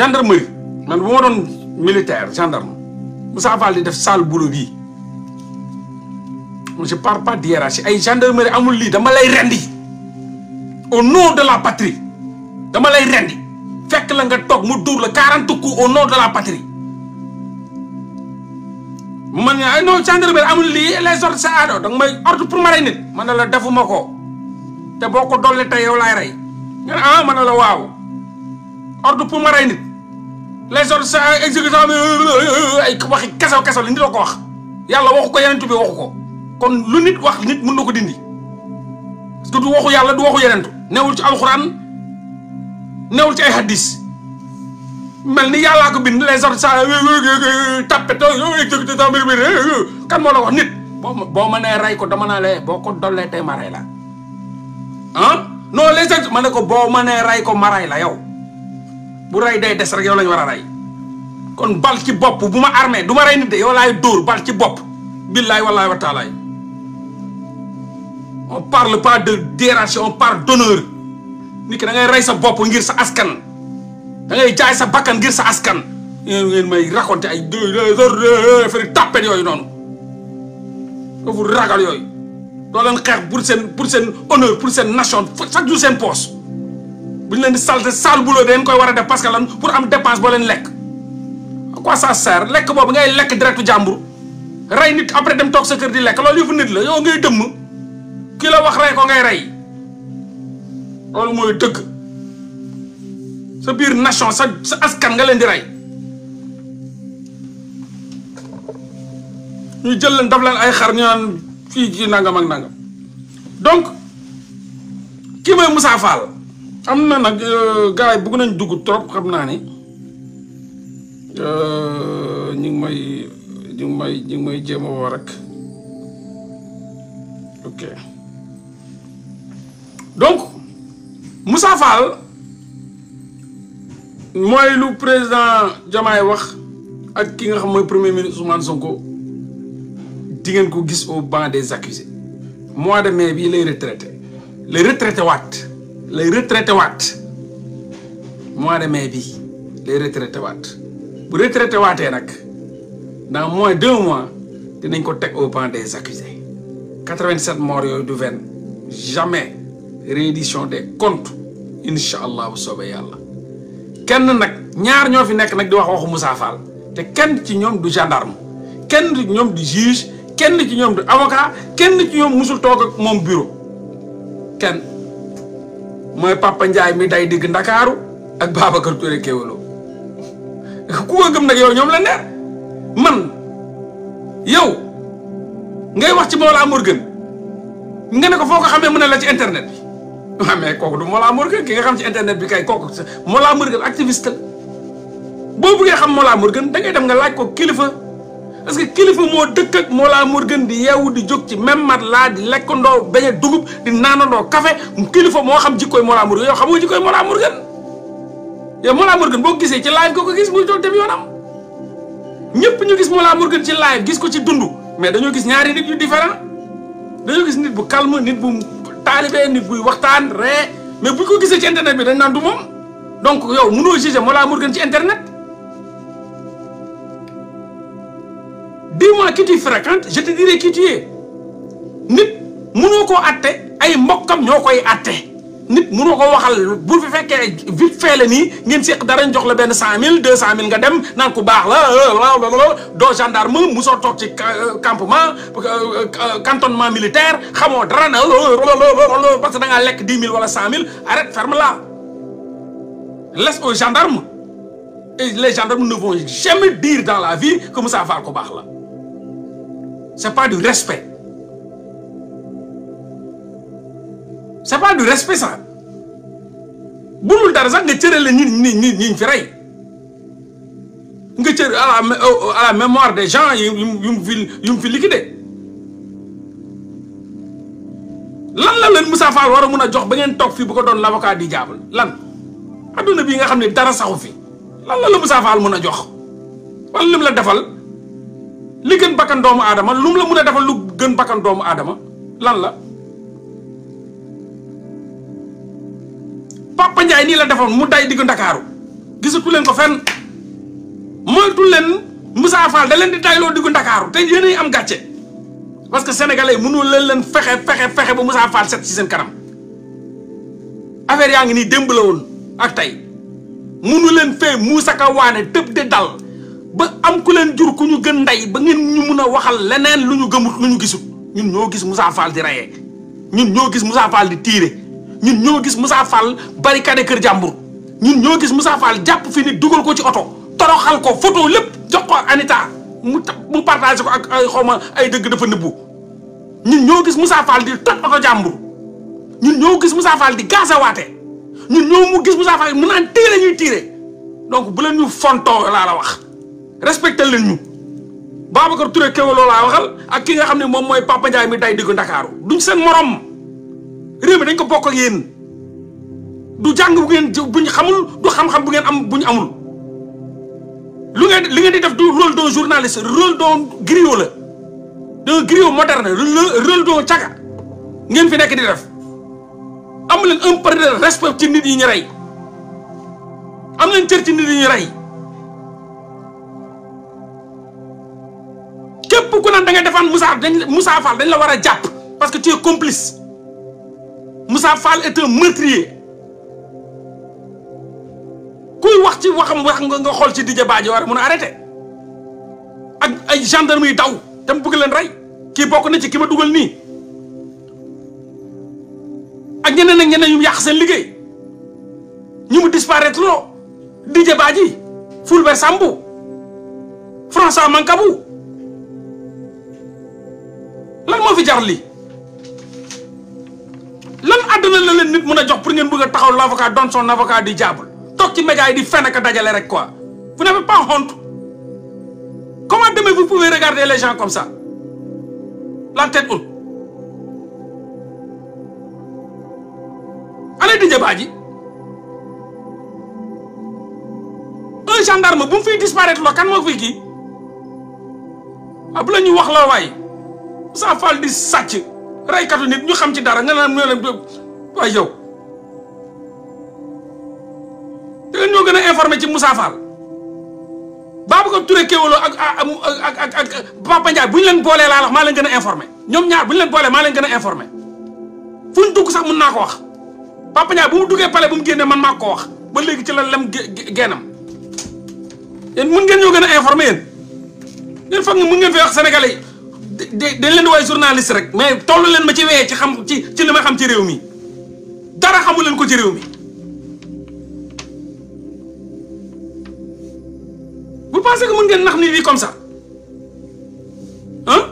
gendarmerie man bu doon militaire gendarme Moussa Fall di def sale boulot bii par parle pas d'hiérarchie ay gendarmerie amul lii dama lay rendi au nom de la patrie dama lay rendi fekk la nga toog mu dóor la quarante coups au de la patrie man ne ay ah non gendarmerie amul lii les ordres sa aado danga may ordre pour ma rey nit man ne la defuma ko te boo ko dolli tey yow laay rey nga ne ah, man a la waaw ordre pour ma rey nit les ordres sa exécution ay waxi kesew kesew li nit la ko wax yàlla waxu ko yeneen bi waxu ko kon lu nit wax nit mën na ko dindi parce que du waxu yàlla du waxu yeneen newul ci alxuraan newul ci ay hadis mel ni yàllaa ko bind les ordres saa tapé kan moo la wax nit. boo ma boo ma nee rey ko dama naa lee boo ko dollee tey ma rey la ah non les ordres ma ne ko boo ma nee rey ko ma rey la yow bu rey day des rek yow lañu war a rey kon bal ci bopp bu ma armé du ma rey nit de yow laay dóor bal ci bopp billaay wallaay wa taalaay on le pas de dérangé on parle d'honneur nit ki da rey sa bopp ngir sa askan da ngay jaay sa bakkan ngir sa askan ngeen may raconté ay affaire tàppet yooyu noonu dafu ragal yooyu doo leen xeex pour seen pour seen honneur pour seen nation chaque jour seen poche bu ñu leen di salte sale boulot dañ koy war a def parce que lan pour am dépense boo leen lekk à quoi sa sert lekk boobu ngay lekk directu jàmbur rey nit après dem toog sa kër di lekk loolu yëfu nit la yow ngay dëmm ki la wax rey ko ngay rey loolu mooy dëgg sa biir nation sa sa askan nga leen di rey ñu jël leen daf leen ay xar ñu fii ci nangam nangam donc kii mooy Moussa am na nag euh, gars yi bëgg nañ dugg trop xam naa ni euh, ñu ngi may ñu jéem woo rek donc Moussa Fall mooy lu président Diomaye wax ak ki nga xam mooy premier ministre Ousmane Sonko di ngeen ko gis au banc des accusés mois de mai bii lay retraité lay retraité waat lay retraité waat mois de mai bi lay retraité waat bu retraité waatee nag dans mois deux mois dinañ ko teg au banc des accusés 87 morts yooyu du ven jamais reddition de comptes incha allah bu soobee yàlla kenn nag ñaar ñoo fi nekk nag di wax waxu Moussa Fall te kenn ci ñoom du gendarme kenn ci ñoom du juge kenn ci ñoom du avocat kenn ci ñoom musul toog ak moom bureau kenn mooy Papa Ndiaye mi day digg Ndakaaru ak Babacar Touré Kewelo ku ko gëm nag yow ñoom la neer man yow ngay wax ci Mollah Morgun nga ne ko foo ko xamee mu ne la ci internet waaw ah, mais kooku du ki nga xam ci internet bi kay kooku Mollah Morgun activiste la boo buggee xam Mollah Morgun da dem nga laaj ko kilifa parce que kilifa moo dëkk ak Mollah Morgun di yeewu di jóg ci même mat laa di lekkandoo bañ a dugub di naanandoo café kilifa moo xam jikkooy Mollah Morgun yow xamoo jikkooy Mollah Morgun yow Mollah Morgun boo gisee ci live ko ko gis muy doon dem yoonam ñëpp ñu gis laa Morgun ci live gis ko ci dund mais dañoo gis ñaari nit yu différent dañoo gis nit bu calme nit bu. taalibe nit buy waxtaan ree mais bu ko gisee ci internet bi dañ naan du moom donc yow mënoo juger Mollah Morgun ci internet dis-moi qui tu fréquentes je te dirai qui tu nit mënoo koo atte ay mbokkam ñoo koy atte nit mënoo ko waxal bu fi fekkee vite fait la nii ngeen seq dara ñu jox la benn cent mille deux cent mille nga dem naan ku baax la euh, doo gendarme musoo toog ci euh, campement euh, cantonnement militaire xamoo dara na parce que da lekk dix mille wala cent mille arrête ferme là laisse aux gendarmes et les gendarmes ne vont jamais dire dans la vie que Moussa Fall ku baax la c'est pas du respect c'est pas du respect ça bunul dara sax nga cërale ñi ñi ñi ñi fi rey nga cër à la à la mémoire des gens yu yu mu fi yu mu fi liquidé lan la leen Moussa Fall war a mun a jox ba ngeen toog fii bu ko doon l'avocat di jaabul lan adduna bii nga xam ne dara saxu fi lan la la Moussa Fall mun a jox wala lim la defal li gën bakkan doomu aadama lu mu la mun a defal lu gën bakkan doomu aadama lan la. Papa Ndiaye nii la defoon mu day diggu Ndakaaru gisatu leen ko fenn moytu leen Moussa Fall da leen di dayloo diggu Ndakaaru te yéenay am gàcce parce que sénégalais yi leen leen fexe fexe fexe ba Moussa Fall set ci seen kanam affaire yaa ngi nii démb ak tey mënu leen fee Moussa Ka waane tëb di dal ba am ku leen jur ku ñu gën ndey ba ngeen ñu mun a waxal leneen lu ñu gëmut lu ñu gisut ñun ñoo gis Moussa Fall di rayee ñun ñoo gis Moussa di tiire ñun ñoo gis Moussa Fall barricade kër jàmbur ñun ñoo gis Moussa Fall jàpp fi nit dugal ko ci oto toroxal ko photo lépp jox ko Anita mu mu partagé ko ak ay xawma ay dëgg dafa nëbbu ñun ñoo gis Moussa Fall di toj oto jàmbur ñun ñoo gis Moussa Fall di gaasawaate ñun ñoo mu gis Moussa Fall mu naan tiire ñuy tiire donc bu leen ñu fontoo laa la wax respecté leen ñu Babacar Touré Kewel laa waxal ak ki nga xam ne moom mooy Papa Ndiaye mi day diggu Ndakaaru duñ seen morom. réew mi dañ ko bokk ak yéen du jàng bu ngeen buñ xamul du xam-xam bu ngeen am bu ñu amul lu ngeen li ngeen di def du rôle d'un journaliste rôle d'un griot la d'un griot moderne rôle d'un caga ngeen fi nekk di def am leen respect ci nit yi ñu rey am leen cër ci nit yi ñu rey képp ku naan da nga defaan Moussa dañ Moussa Fall dañ la war a jàpp parce que tu es complice Moussa Fall est meurtrier kuy wax ci waxam wax nga nga xool ci Didier Badji war a mun a arrêté ak ay gendarme yi daw te mu bëgg leen rey kii bokk na ci ki ma dugal nii ak ñeneen ak ñeneen ñu yàq seen liggéey ñu mu disparaître loo Didier Badji Fulbert François Mancabou lan moo fi jar lii lan àddina la leen nit mën a jox pour ngeen bëgg a taxaw l' avocat donne son avocat du diable toog ci média yi di fenn ak dajale rek quoi vous n'avez pas honte comment demain vous pouvez regarder les gens comme ça la tête haute. allez Didier Badji un gendarme bu mu fiy disparaître loo kan moo fiy kii ah bu la ñu wax la waay saa fal di sàcc. raykatu nit ñu xam ci dara nga naan ñoo leen waay yow te ñoo gën a informé ci Moussa Fall Babacar Touré Kewelo ak ak ak ak Papa Ndiaye bu ñu leen boolee laa maa leen gën a informé ñoom ñaar bu ñu leen boolee maa leen gën a informé fu ñu dugg sax mën naa ko wax Papa Ndiaye bu mu duggee pale bu mu génnee man maa ko wax ba léegi ci la lem gennam yéen ngeen ñoo gën a informé yéen yéen foog nga mën ngeen fee wax dañ leen di woowee journaliste rek mais tollu leen ma ci wee ci xam ci ci li ma xam ci réew mi dara xamu ko ci réew mi. vous pensez que mën ngeen nax nit yi comme ça ah.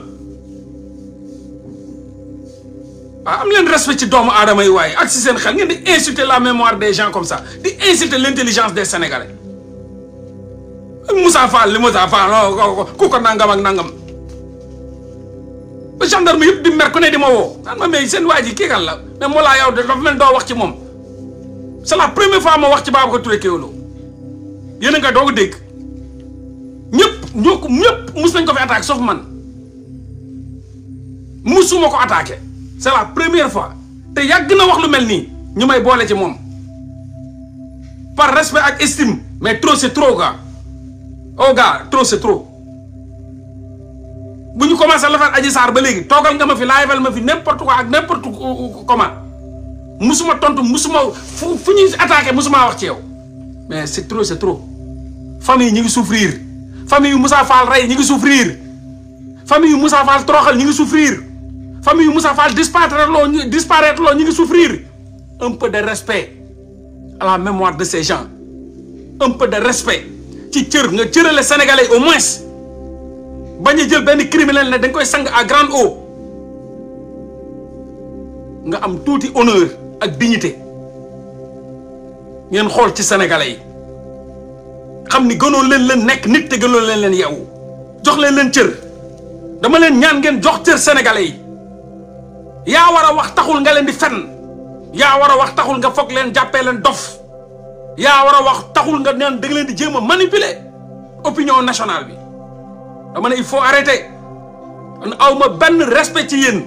am leen respect ci doomu adama yi waaye ak si seen xel ngeen di insulter la mémoire des gens comme ça di insulter l'intelligence des sénégalais musa Fall li Moussa Fall oh, ku ko nangam ak nangam. ba gendarme yëpp di mer ko ne di ma woo naan ma mais seen waa ji kii kan la mais moo laa yow dafa mel doo wax ci moom c'est la première fois moo wax ci Babacar Touré Kéwoulo yéen a nga doog a dégg ñëpp ñoo ko ñëpp mus nañ ko fi attaqué sauf man musuma ko attaqué c'est la première fois te yàgg na wax lu mel nii ñu may boole ci moom par respect ak estime mais trop c'est trop gars oh trop c'est trop bu ñu commencé lafal aji saar ba léegi toogal nga ma fi laajal ma fi n'importe quoi ak n'importe comment musuma tontu musuma fu fu ñuy attaqué musuma wax ci yow mais c'est trop c'est trop famille ñi ngi souffrir famille yu Moussa Fall rey ñi ngi souffrir famille yu Moussa Fall toroxal ñi ngi souffrir famille yu Moussa Fall disparaître loo ñu disparaître loo ngi souffrir un peu de respect à la mémoire de ces gens un peu de respect ci cër nga cërale sénégalais au moins. bañ a jël benn criminel la dañ koy sang à grande eau nga am tuuti honneur ak dignité ngeen xool ci sénégalais yi xam ni gënoon leen leen nekk nit te gënoon leen leen yeewu jox leen leen cër dama leen ñaan ngeen jox cër sénégalais yi yaa war a wax taxul nga leen di fenn yaa war a wax taxul nga foog leen jàppee leen dof yaa war a wax taxul nga neen da leen di jéem a manipuler opinion nationale bi dama ne il faut arrêter man aw ma benn respect ci yéen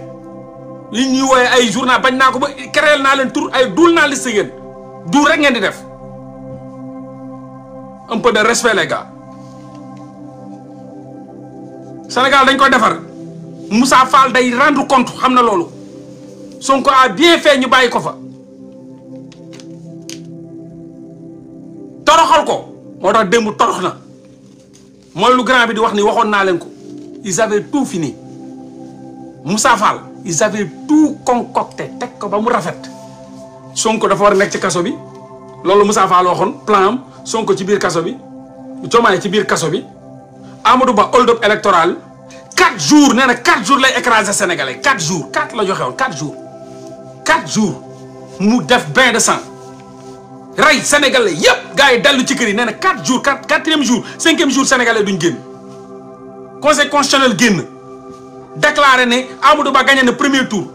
li ñuy wooye ay journal bañ naa ko ba kereel naa leen tur ay duul naa liste yéen duul rek ngeen di def un peu de respect les Sénégal dañ ko defar Moussa Fall day rendre compte xam na loolu Sonko a bien fait ñu bàyyi ko fa toroxal ko moo tax démb torox na mooy lu grand bi di wax ni waxoon naa leen ko ils avaient tout fini Moussa Fall ils avaient tout concocté teg ko ba mu rafet Sonko dafa war a nekk ci kaso bi loolu Moussa Fall waxoon plan am Sonko ci biir kaso bi Diomaye ci biir kaso bi Amadou Ba hold up électoral quatre jours nee na quatre jours lay écraser sénégalais quatre jours quatre la joxe woon quatre jours quatre mu def bain de sang rey sénégalais yëpp gars yi dellu ci kër yi nee na quatre jours quatre quatrième jour cinquième jour sénégalais duñ génn conseil constitutionnel génn déclaré ne Amadou Ba gagné na premier tour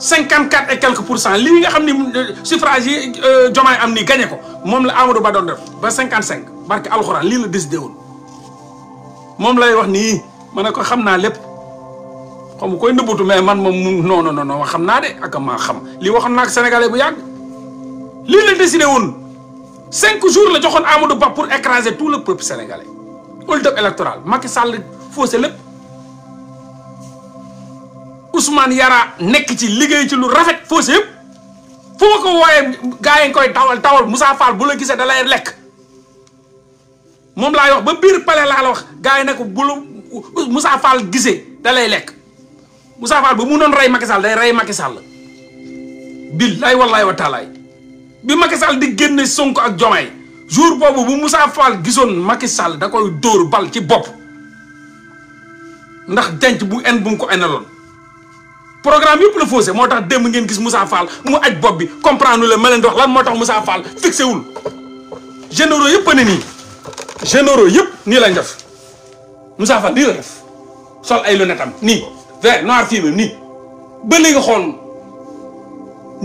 cinquante quatre et quelques pour cent lii nga xam ni euh, suffrage yi euh, Diomaye am ni gagné ko moom la Amadou Ba doon def ba cinquante cinq barke alxuraan lii la décidé moom lay wax nii ma ne ko xam naa lépp xamu koy nëbbutu mais man moom non non non xam naa de ak maa xam lii waxoon naa ak bu yàgg. lii la décidé woon cinq jours la joxoon Amadou Ba pour écraser tout le peuple sénégalais hold-up électoral Macky Sall faussé lépp Ousmane Yara nekk ci liggéey ci lu rafet faussé yëpp foo ko wooyee gars yi koy tawal tawal Moussa Fall bu la gisee da lay lekk moom laay ba biir palais la wax gars yi ne ko bu gisee da lay lekk Moussa Fall mu noon rey Macky Sall day rey Macky Sall billaay wallaay wa bi Macky Sall di génne Sonko ak Diomaye jour boobu bu Moussa Fall gisoon Macky Sall da koy dóor bal ci bopp ndax denc bu en bu mu ko enaloon programme yëpp la faussé moo tax démb ngeen gis Moussa Fall mu aj bopp bi comprendre le ma leen di wax lan moo tax Moussa Fall fixé wul yëpp nii généraux yëpp nii lañ def Moussa Fall nii la def sol ay lunette nii vert noir fii nii ba léegi xool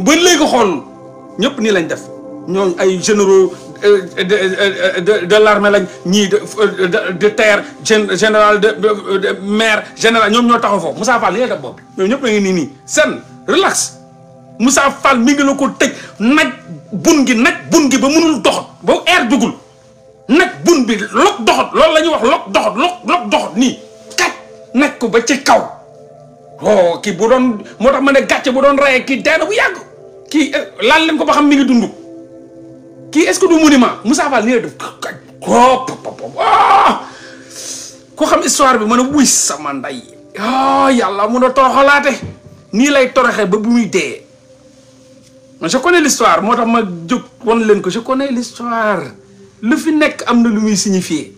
ba léegi xool. ñépp nii lañ def ñooñu ay généraux euh, euh, euh, de de l'armée lañ ñii de terre général de maire général ñoom ñoo taxaw foofu Moussa Fall li ngay def boobu ñoom ñëpp la ngi nii nii seen relax Moussa Fall mi ngi la ko tëj naj bun gi naj bun gi ba mënul doxat ba air dugul naj bun bi lok doxat loolu la ñuy wax lok doxat lok lok doxat nii kat naj ko ba ci kaw oh kii bu doon moo tax ma ne gàcce bu doon rayee kii dee na bu yàgg kii eh, laal leen ko ba xam mi ngi dund kii est-ce que du monument Moussa Fall nii lay def ko oh, ah! ko xam histoire bi mën a wuy sama nday ah yàlla mun a toroxalaate nii lay toroxee ba bu muy dee man je connais l'histoire moo tax ma jóg won leen ko je connais l'histoire lu fi nekk am na lu muy signifier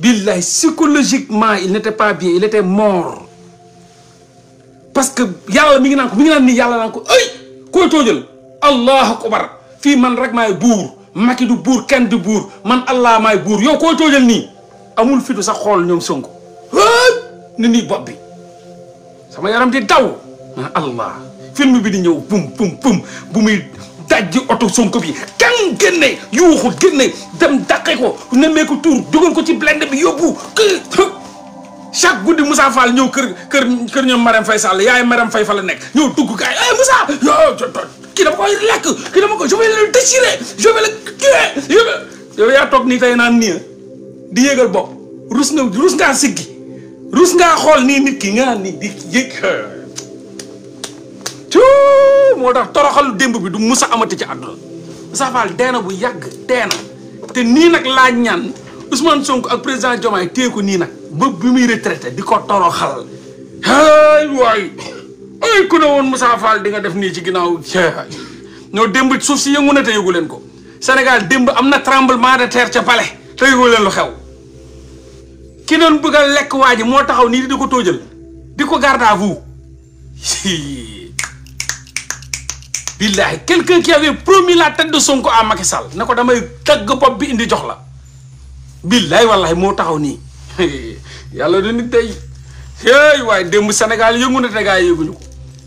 billahi psychologiquement il n'était pas bien il était mort parce que yàlla mi ngi naan ko mi ngi naan nii yàlla naan ko ay koy toojal allahu akbar fii man rek maay buur Macky du buur kenn du buur man allah maay buur yow koy toojal nii amul fitu sax xool ñoom Sonko ni nii bopp sama yaram di daw ma allah film bi di ñëw bum bum bum bu muy dajji oto Sonko bi kan génne yuuxu génne dem daqe ko nemmee tuur dugal ko ci blende bi yóbbu chaque guddi Moussa Fall ñëw kër kër kër ñoom Marème Faye Sall yaay Marème fay fa la nekk ñëw dugg gars yi eh Moussa yow kii dama koy lekk kii dama ko je vais le déchirer je vais le tuer toog nii tey naan nii ah, di yéegal bopp rus nga rus ngaa rus ngaa xool nii nit ki nga ni di yëg tuut moo tax toroxalu démb bi du Moussa amati ci àdduna Moussa Fall dee na bu yàgg dee na te nii nag laa ñaan Ousmane sonk ak président Diomaye téye ko nii nag. ba bi muy retraité di ko toroxal ay waay ay ku ne woon Moussa Fall di def nii ci ginnaaw ñoo démb suuf si yëngu na te yëgu leen ko Sénégal démb am na tremblement de terre ca palais te yëgu leen lu xew ki doon bëgg a lekk waa ji moo taxaw nii di ko tóojal di ko garde à vous billahi quelqu'un ki avait promis la tête de Sonko à Macky Sall ne ko damay tagg bopp bi indi jox la billahi wallahi moo taxaw nii yàlla du nit tey hey waaye démb Sénégal yëngu na te gaa yëguñu ko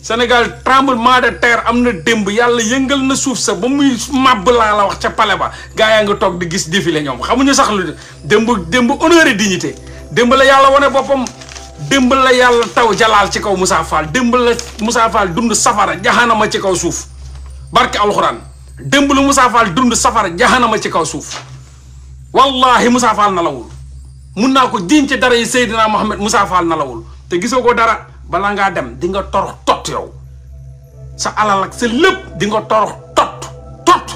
Sénégal tremblement de terre am na démb yàlla yëngal na suuf sax ba muy màbb laa la wax ca pale ba gaa yaa ngi toog di gis défilé ñoom xamuñu sax lu démb démb honneur et dignité démb la yàlla wane boppam démb la yàlla taw jalaal ci kaw Moussa Fall démb la Moussa Fall dund safara jaxanama ci kaw suuf barke alxuraan démb lu Moussa Fall dund safara jaxanama ci kaw suuf wallahi Moussa Fall na lawul mun naa ko jiñ ci dara yi Seydina Mohamed Moussa Fall nalawul te gisoo ko dara balaa ngaa dem dinga nga torox tot yow sa alal ak sa lépp di nga torox tot tot.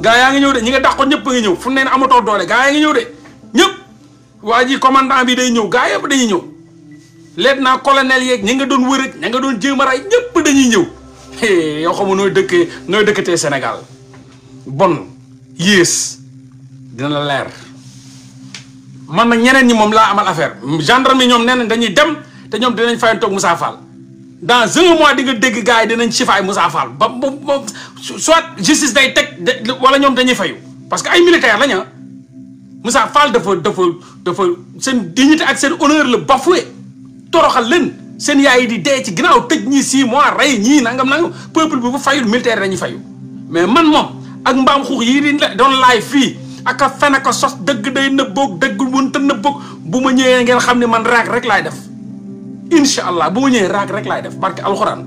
gaa yaa ngi ñëw de ñi nga dàqoon ñëpp a ngi ñëw fu ne amatoo doole gaa ngi ñëw de ñëpp waa ji commandant bi day ñëw gaa yëpp dañuy ñëw. leet naa colonel yeeg ña nga doon wër ak nga doon jéem a dañuy ñëw yow xamu nooy dëkkee nooy dëkkatee senegal bon yées dina la leer. man nag ñeneen ñi moom laa amal affaire gendarme yi ñoom nee nañ dañuy dem te ñoom dinañ fayantoog Moussa Fall dans un mois di nga dégg gars yi dinañ sifaay Moussa Fall ba ba soit justice day teg wala ñoom dañuy fayu parce que ay militaire lañ ah Moussa Fall dafa dafa dafa seen dignité ak seen honneur la bafoué toroxal leen seen yaay yi di dee ci ginnaaw tëj ñii six mois rey ñii nangam nangam peuple bi bu fayul militaire dañuy fayu mais man moom ak mbaam xuux yi di doon laay fii aka fen aka sos dëgg day nëbboog dëgg wunta nëbboog bu ma ñëwee ngeen xam ne man raag rek laay def incha allah bu ma ñëwee raag rek laay def barke alxuraan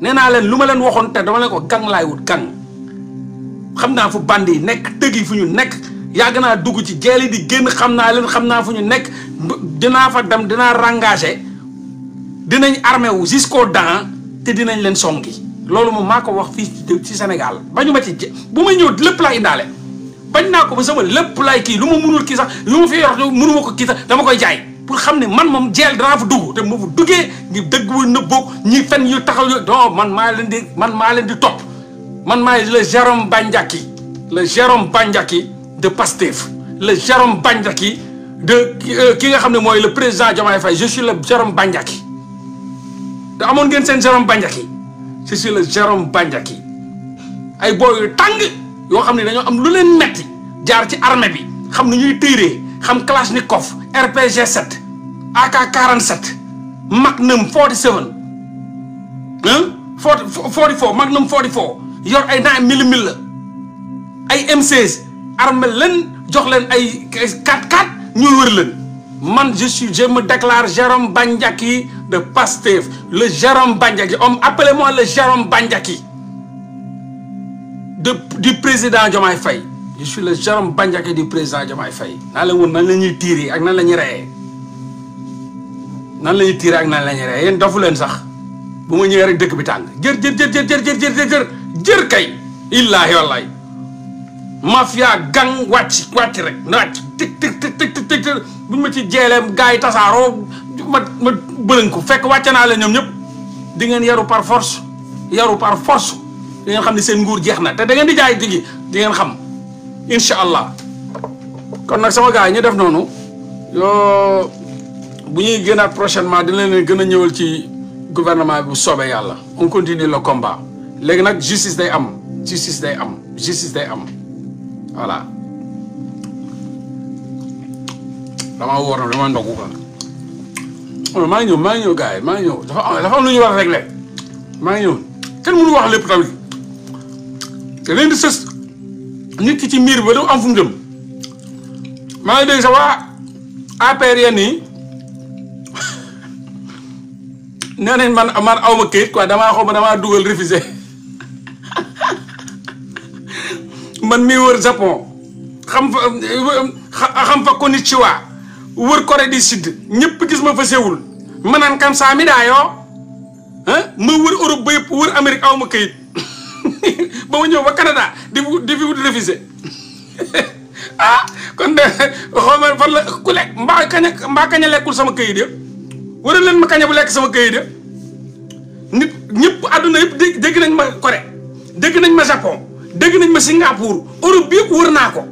nee naa leen lu ma leen waxoon te dama leen ko gang laay wut gang xam naa fu band yi nekk dëgg yi fu ñu nekk yàgg naa dugg ci jeel yi di génn xam naa leen xam naa fu ñu nekk dinaa fa dem danaa rengagé dinañ armé wu jusqu'aux dents te dinañ leen songi loolu moom maa ko wax fii ci Sénégal bañu ma ci ma ñëw lépp laa indaale bañ naa ko ba sama lépp laay kii lu ma mënul kii sax lu ma fi yor mënu ma ko kii sax dama koy jaay pour xam ne man moom jeel danaa fa dugg te ma fa duggee ngi dëgg wa nëbboog ñi fen yu taxaw yo non man maa leen di man maa leen di topp man maay le Jérôme Bandiaki le Jérôme Bandiaki de Pastef le Jérôme Bandiaki de euh, ki nga xam ne mooy le président Diomaye Faye je suis le Jérôme Bandiaki te amoon ngeen seen Jérôme Bandiaki je suis le Jérôme Bandiaki ay booy tàng yoo xam ne dañoo am lu leen metti jaar ci armée bi xam nu ñuy téyree xam kalachnikov RPG 7 AK 47 Magnum 47 ah 44 Magnum 44 yor ay naan milimil la ay M16 armée leen jox leen ay 4-4 ñuy wër leen man je suis je me déclare Jérôme Bandiaki de Pastef le Jérôme Bandiaki on appelez-moi le Jérôme Bandiaki de du président Diomaye Faye je suis le mu Bandiaké du président Diomaye fay naa leen woon nan la ñuy tiiree ak nan la ñuy reyee nan la ñuy tiiree ak nan la ñuy reyee yéen dafu leen sax bu ma ñëwee rek dëkk bi tàng jër jër jër jër jër jër jër jër jër kay illaahi wallaahi mafia gang wàcc wàcc rek wàcc tëg tëg tëg tëg bu ñu ma ci jeeleem gars yi tasaaroo ma ma bëlëng ko fekk wàcce naa leen ñoom ñëpp di ngeen yaru par force yaru par force di xam ne seen nguur jeex na te da ngeen di jaay digi di ngeen xam incha allah kon nag sama gars yi ñu def noonu yoo bu ñuy gënaat prochainement dina leen gën a ñëwal ci gouvernement bi soobee yàlla on continue le combat léegi nag justice day am justice day am justice day am voilà damaa wóor na dama ndogu quoi oh, maa ngi ñëw maa ngi ñëw yi maa ngi ñëw dafa am dafa am lu ñu war a régler maa ngi ñëw kenn munu wax lépp tamit te leen di sës nit ki ci miir ba dafa am fu jëm maa ngi dégg sax waa APR yenn yi nee nañ man man ma këyit quoi damaa xaw ma damaa dugal refusé man mii wër Japon xam fa xam fa konnichiwa wër Corée du Sud ñëpp gis ma fa sewul manaan kam saa mi daa wër Europe ba yëpp wër Amérique aw ma këyit ba ma ñëw ba Canada di di fi wut refusé ah kon de xaw ma fan la ku lekk mbaa kañ mbaa kañ lekkul sama këyit ya waral leen ma kañ bu lekk sama këyit ya nit ñëpp àdduna yëpp dégg nañ ma Corée dégg nañ ma Japon dégg nañ ma Singapour Europe bi yëpp wër naa ko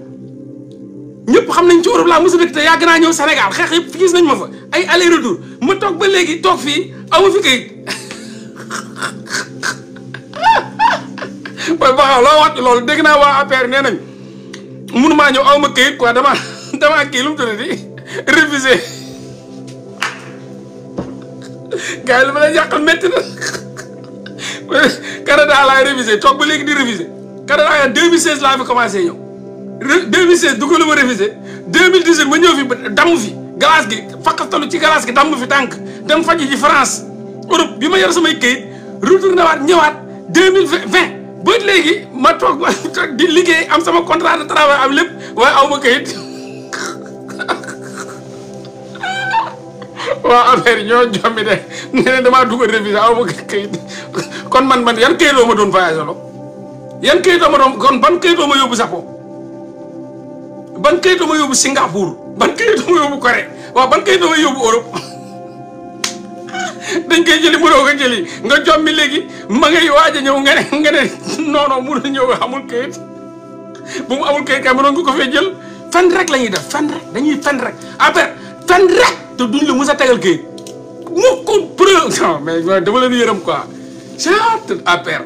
ñëpp xam nañ ci Europe laa mos a dëkk te yàgg naa ñëw Sénégal xeex yëpp gis nañ ma fa ay aller retour ma toog ba léegi toog fii amu fi këyit waaye waaw loo wax ci loolu dégg a waa APR nee nañ mënumaa ñëw aw ma këyit quoi dama dama kii lu mu di révisé gars yi li ma leen yàqal métti na laay révisé toog ba léegi di révisé Canada yaa 2016 laa fi commencé ñëw 2016 dugg la ma révisé 2018 ma ñëw fi damm fi glace gi fakkastalu ci glace gi damm fi tànk dem faji ji France Europe bi ma yor samay këyit retourné waat ñëwaat ba léegi ma toog ma toog di liggéey am sama contrat de travail am lépp waaye aw ma kayit waaw affaire ñoo jommi de ne ne damaa dugg révision aw ma kayit kon man man yan kayitoo ma doon voyage lo yan kayitoo ma doon kon ban kayitoo ma yóbbu Japon ban kayitoo ma yóbbu Singapour ban kayitoo ma yóbbu Corée waaw ban kayitoo ma yóbbu Europe dañ koy jëli mënoo ko jëli nga jommi léegi ma ngay waaj a ñëw nga ne nga ne non non ñëw amul kayit bu mu amul kayit kay mënoon nga ko fee jël fen rek la ñuy def fen rek dañuy fen rek après fen rek te duñ la mus a tegal kayit mu ko mais dama leen yërëm quoi c'est APR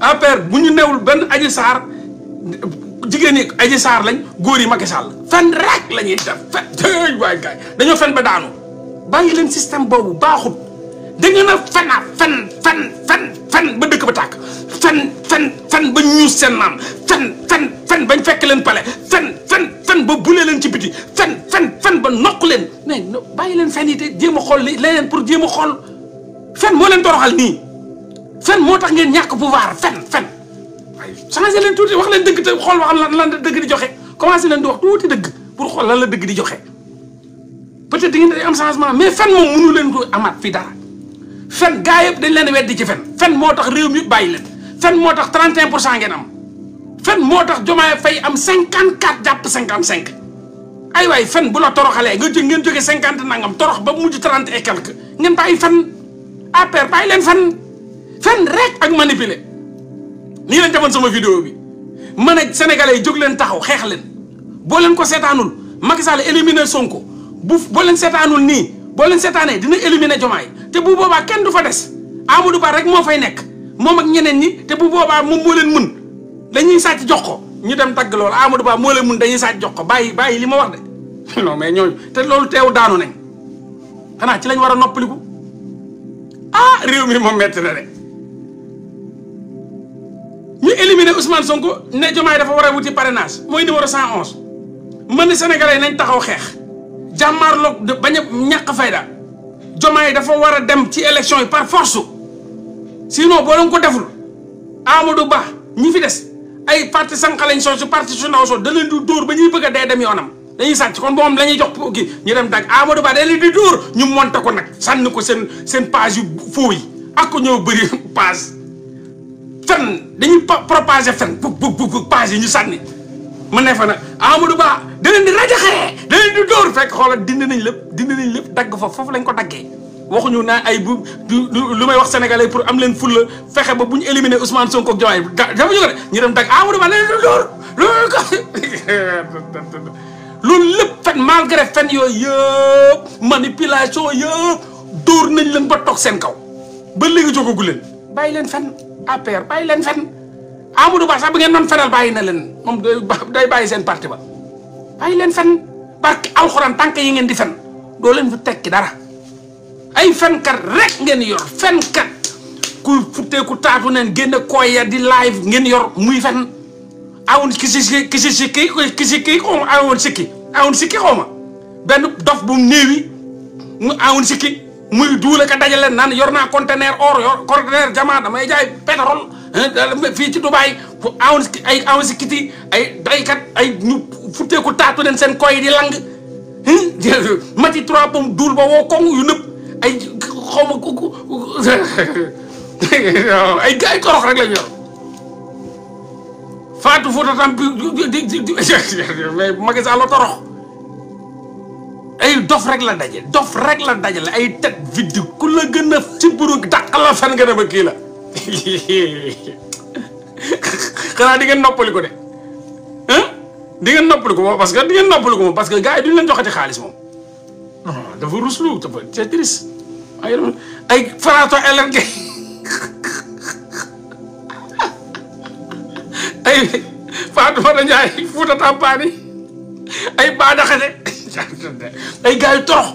APR bu ñu newul benn Adji Sarr jigéen ñi Adji lañ góor yi Macky Sall la ñuy def fen waay gaay dañoo fen ba daanu bàyyi boobu baaxut da na a fen a fen fen fen ba dëkk ba tàkk fen fen fen ba ñuus seen maam fen fen fen bañ fekk leen pale fen fen fen ba bulee leen ci biti fen fen fen ba nokk leen ba bàyyi leen fen yi te jéem a xool li leneen pour jéem a xool fen moo leen toroxal nii fen moo tax ngeen ñàkk pouvoir fen fen waaye changé leen tuuti wax leen dëgg te xool waxam lan lan la dëgg di joxe commencé leen di wax tuuti dëgg pour xool lan la dëgg di joxe peut-être da ngeen di am changement mais fen moom mënu leen ko amaat fii dara fen gaa yëpp dañ leen weddi ci fen fen moo tax réew mi bàyyi leen fen moo tax 31 pour cent ngeen am fen moo tax Diomaye Faye am cinquante 54 jàpp cinq ay waay fen bu la toroxalee nga jóg ngeen jóge 50 nangam torox ba mujj 30 et quelque ngeen bàyyi fen APR bàyyi leen fen fen rek ak manipuler nii lañ defoon sama video bi ma ne sénégalais yi jóg leen taxaw xeex leen boo leen ko seetaanul Macky Sall éliminer Sonko bu boo leen seetaanul nii boo leen seetaanee dina éliminer Diomaye te bu boobaa kenn du fa des Amadou Ba rek moo fay nekk moom ak ñeneen ñi te bu boobaa moom moo leen mën dañuy sàcc jox ko ñu dem dagg loolu Amadou Ba moo leen mën dañuy sàcc jox ko bàyyi bàyyi li ma wax de non mais ñooñu te loolu teew daanu nañ xanaa ci lañ war a noppaliku ah réew mi moom metti na de ñu éliminer Ousmane Sonko ne Diomaye dafa war a wuti parrainage mooy numéro 111 man ni sénégalais nañ taxaw xeex jàmmaarloog bañ a ñàkk fayda Diomaye dafa war a dem ci élection yi par force sinon boo leen ko deful Amadou Ba ñi fi des ay parti sànq lañ soosu parti su ndaw soo da leen dóor ba ñuy bëgg a dee dem yoonam dañuy sàcc kon moom la ñuy jox pour gi ñu dem daaj Amadou Ba da leen di dóor ñu ko nag sànni ko seen seen page yu faux ak ko ñëw bëri page fen dañuy propager fen bu bu bu page yi ñu sànni. mu ne fa nag Amadou Ba da leen di rajaxee da leen di dóor fekk xoolal dindi nañ lépp dindi nañ lépp dagg fa foofu lañ ko daggee waxuñu naa ay bu lu may wax sénégalais pour am leen fulla fexe ba bu ñu éliminer Ousmane Sonko ak Diomaye dafa ñu ko de ñu dem dagg Amadou Ba da leen di loolu ko loolu lépp fen malgré fen yooyu yëpp manipulation yëpp dóor nañ leen ba toog seen kaw ba léegi jógagu leen bàyyi leen fen APR bàyyi leen fen Amadou Ba sax bu ngeen doon fenal bàyyi na leen moom day bàyyi seen parti ba bàyyi leen fen barki alxuraan tank yi ngeen di fen doo leen fi tekki dara ay fenkat rek ngeen yor fenkat ku futteeku taatu neen génn kooya di live ngeen yor muy fen awun ki kisi sikki kisi kii xawma awun siki awun sikki xawma benn dof bu néewi mu awun sikki muy duula ka dajale naan yor naa conteneur or yor conteneur jamaa damay jaay pétrole fii ci Dubaay fu awoon ay awoon si kiti ay daykat ay ñu futteeku taatu leen seen koy di lang mati trois pom duul ba woo koŋ yu nëpp ay xaw ma ay ay torox rek la ñu yor Fatou Fouta tam mais Macky Sall la torox ay dof rek la daje dof rek la dajale ay tête vide ku la gën a ci buru la fen nga ne ma kii la xanaa di ngeen noppali ko de di ngeen noppali ko moom parce que di ngeen moom parce que gars yi duñ leen joxati xaalis moom non dafa ruslu dafa c'est triste ay ay faraato LNG ay Fatoumata Ndiaye Fouta Tampani ay Ba Daxate ay gars yu torox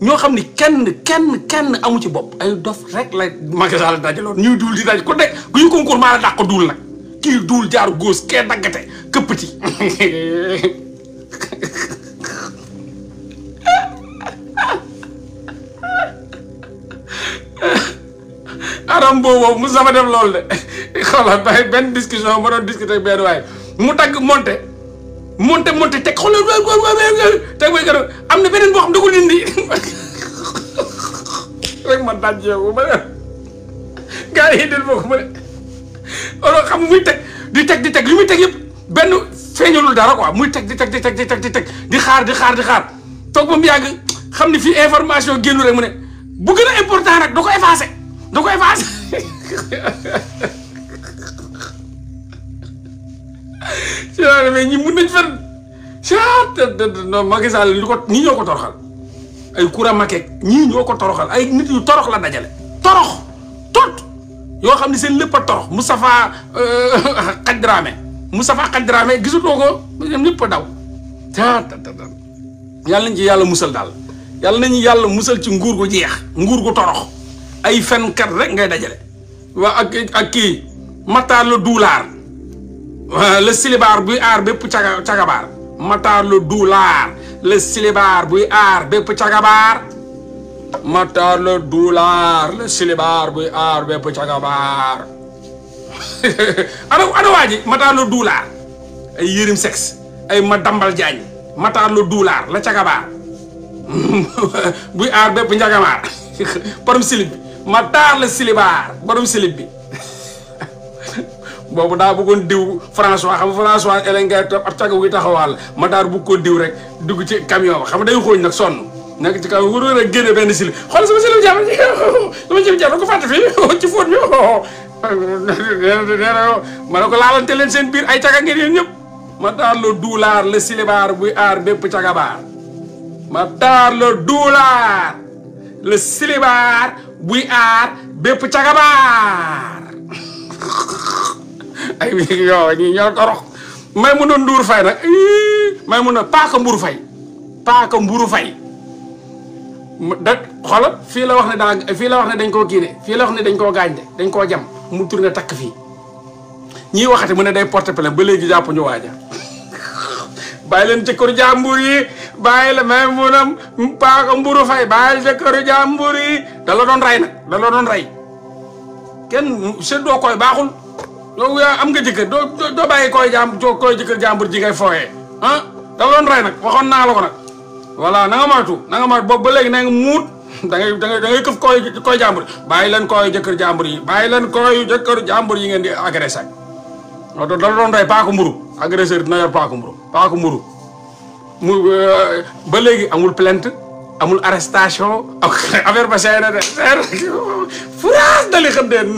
ñoo xam ni kenn kenn kenn amu ci bopp ay dof rek la Macky Sall dajaloon ñuy duul di daj ku nekk ku ñu concours maa la dàq ko duul nag kii duul jaaru góos kee daggate këpp ci aram boobu mu sama def loolu de xoolal benn discussion ma doon discuter benn waaye mu dagg monte monté monté teg xoolal teg mooy gërëm am na beneen boo xam da ko dindi rek ma daaj yow ma ne gars yi del ne alors xam muy teg di teg di teg li muy teg yëpp benn feeñalul dara quoi muy teg di teg di teg di teg di xaar di xaar di xaar toog ba mu yàgg xam ni fii information génnu rek mu ne bu gën a important nag da ko effacé da ko effacé ci laa mais ñi mun nañ fen caa non Macky Sall lu ko ñii ñoo ko toroxal ay Koura Macky ñii ñoo ko toroxal ay nit yu torox la dajale. torox tot yoo xam ne seen lépp a torox Moustapha Xaj euh, Dramé Moustapha Xaj Dramé gisutoo ko ñoom lépp a daw caa yàlla nañ ci yàlla musal daal yàlla nañu yàlla musal ci nguur gu jeex nguur gu torox ay fenkat rek ngay dajale waa ak ak kii Matar le Doulard Euh, le silibaar buy aar bépp caga cagabaar mataar le dollar le silibaar buy aar bépp cagabaar mataar le dollar le silibaar buy ana ana mataar le dollar ay yërim sexe ay ma dambal jaañ mataar le dollar la cagabaar buy aar bépp njagamaar borom silib bi mataar le silibaar borom silib bi boobu daa bëggoon diw François xam François Hélène Guèye ab càgg gi taxawaal ma daar bëgg ko diw rek dugg ci camion xam day xooñ nag sonn nekk ci kaw wër génne benn sil xool sama silim jàmm sama silim jàmm ko fii ma seen biir ay caga ngeen yéen ñëpp daar la duulaar la silibaar buy buy aar bépp cagabaar ay yo ñi ñoo torox may mu na nduur fay nag may mu a paaka mburu fay paaka mburu fay da xoolal fii la wax ne daa fii la wax ne dañ koo kii de fii la wax ne dañ koo gaañ dañ koo jam mu tourné takk fii ñiy waxati mu ne day porte plainte ba léegi jàpp ñu waaja bàyyi leen jëkkëru jàmbur yi bàyyi la may munam paaka mburu fay bàyyi jëkkëru jàmbur yi da la doon rey na da la doon rey kenn seddoo koy baaxul yow yaa am nga jëkkër doo doo bàyyi koy jaam doo koy jëkkër ji ngay fooyee ah dafa doon rey nag waxoon naa la ko nag voilà na nga moytu na nga moytu boobu ba léegi na nga muut da ngay da ngay këf koy koy jàmbur bàyyi leen koy jëkkër jàmbur yi bàyyi leen koy jëkkër yi ngeen di agressé ak da doon rey paaku mburu agresseur dina yor paaku mburu paaku mburu mu euh, ba léegi amul plainte amul arrestation affaire ba seey na de France dali xam den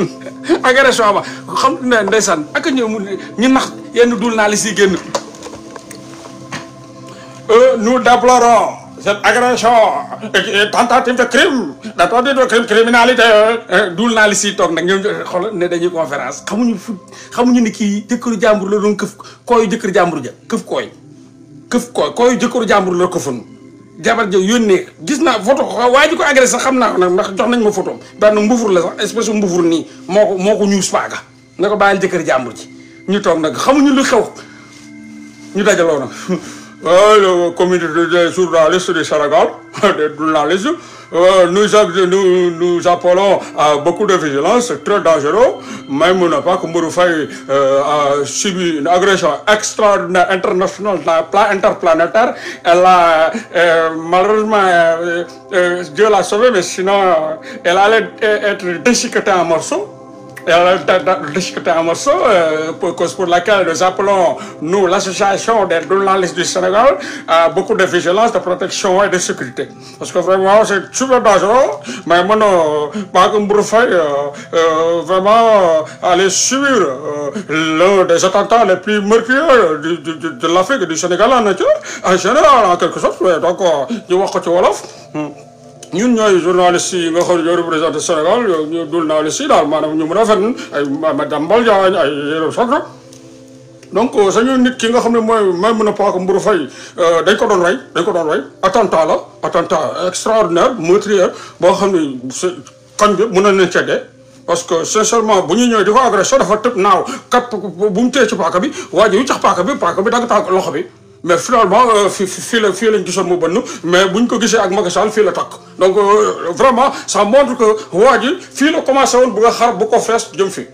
agression ba xam ne ndeysaan ak ñu nax yenn dul naa li si génn euh, nous déplorons cette agression tentative de crime tentative de crime criminalité euh, euh, dul naa li si toog nag ñoom xool ne dañuy conférence xamuñu fu xamuñu ni kii jëkkëru jàmbur la doon këf kooyu jëkkër jàmbur ja këf kooy këf kooy kooyu jëkkëru jàmbur la këfun jabar ja yónnee gis naa photo waa ji ko agressé sax xam naa ndax jox nañ ma photo benn mbufur la sax espèce mbufur nii moo ko moo ko ñuus paaga na ko bàyyil jëkkër jàmbur ji ñu toog nag xamuñu lu xew ñu dajaloo nag. waaw le comité de journaliste du Sénégal des journalistes Euh, nous, nu nous appelons à beaucoup de vigilance, très dangereux. Même n'a pas que Mouroufaï euh, a subi une agression extraordinaire internationale, interplanétaire. Elle a euh, malheureusement, Dieu l'a sauvée, mais sinon, elle allait être déchiquetée en morceaux. discuter un morceau euh, pour cause pour laquelle nous appelons nous l'association des journalistes du Sénégal à beaucoup de vigilance de protection et de sécurité parce que vraiment c'est super dangereux mais man Bakh Mbour Faye euh, euh, vraiment aller suivre l'un des attentats les plus meurtriers du de l'Afrique du Sénégal en nature en général en quelque sorte donc ñu wax ko ci wolof hmm. ñun ñooy journaliste yi nga xam ne ñoo représenté Sénégal ñu journaliste yi daal maanaam ñu mën a fen ay madame Baldiagne ay yéen donc euh, sañu nit ki nga xam ne mooy may mën a paaka mburu fay euh, dañ ko doon rey dañ ko doon rey attentat la attentat extraordinaire meurtrier boo xam ne kañ bi mën na leen ceddee parce que sincèrement bu ñu ñëwee di ko agressé dafa tëb naaw kat bu mu téye ci paaka bi waa ji yu cax paaka bi paaka bi dagg tàgg loxo bi mais finalement euh, fii fii la fii lañ gisoon mu bënn mais buñ ko gisee ak Macky Sall fii la takk donc euh, vraiment ça montre que waa ji fii la commencé woon bu nga xar bu ko fees jëm fii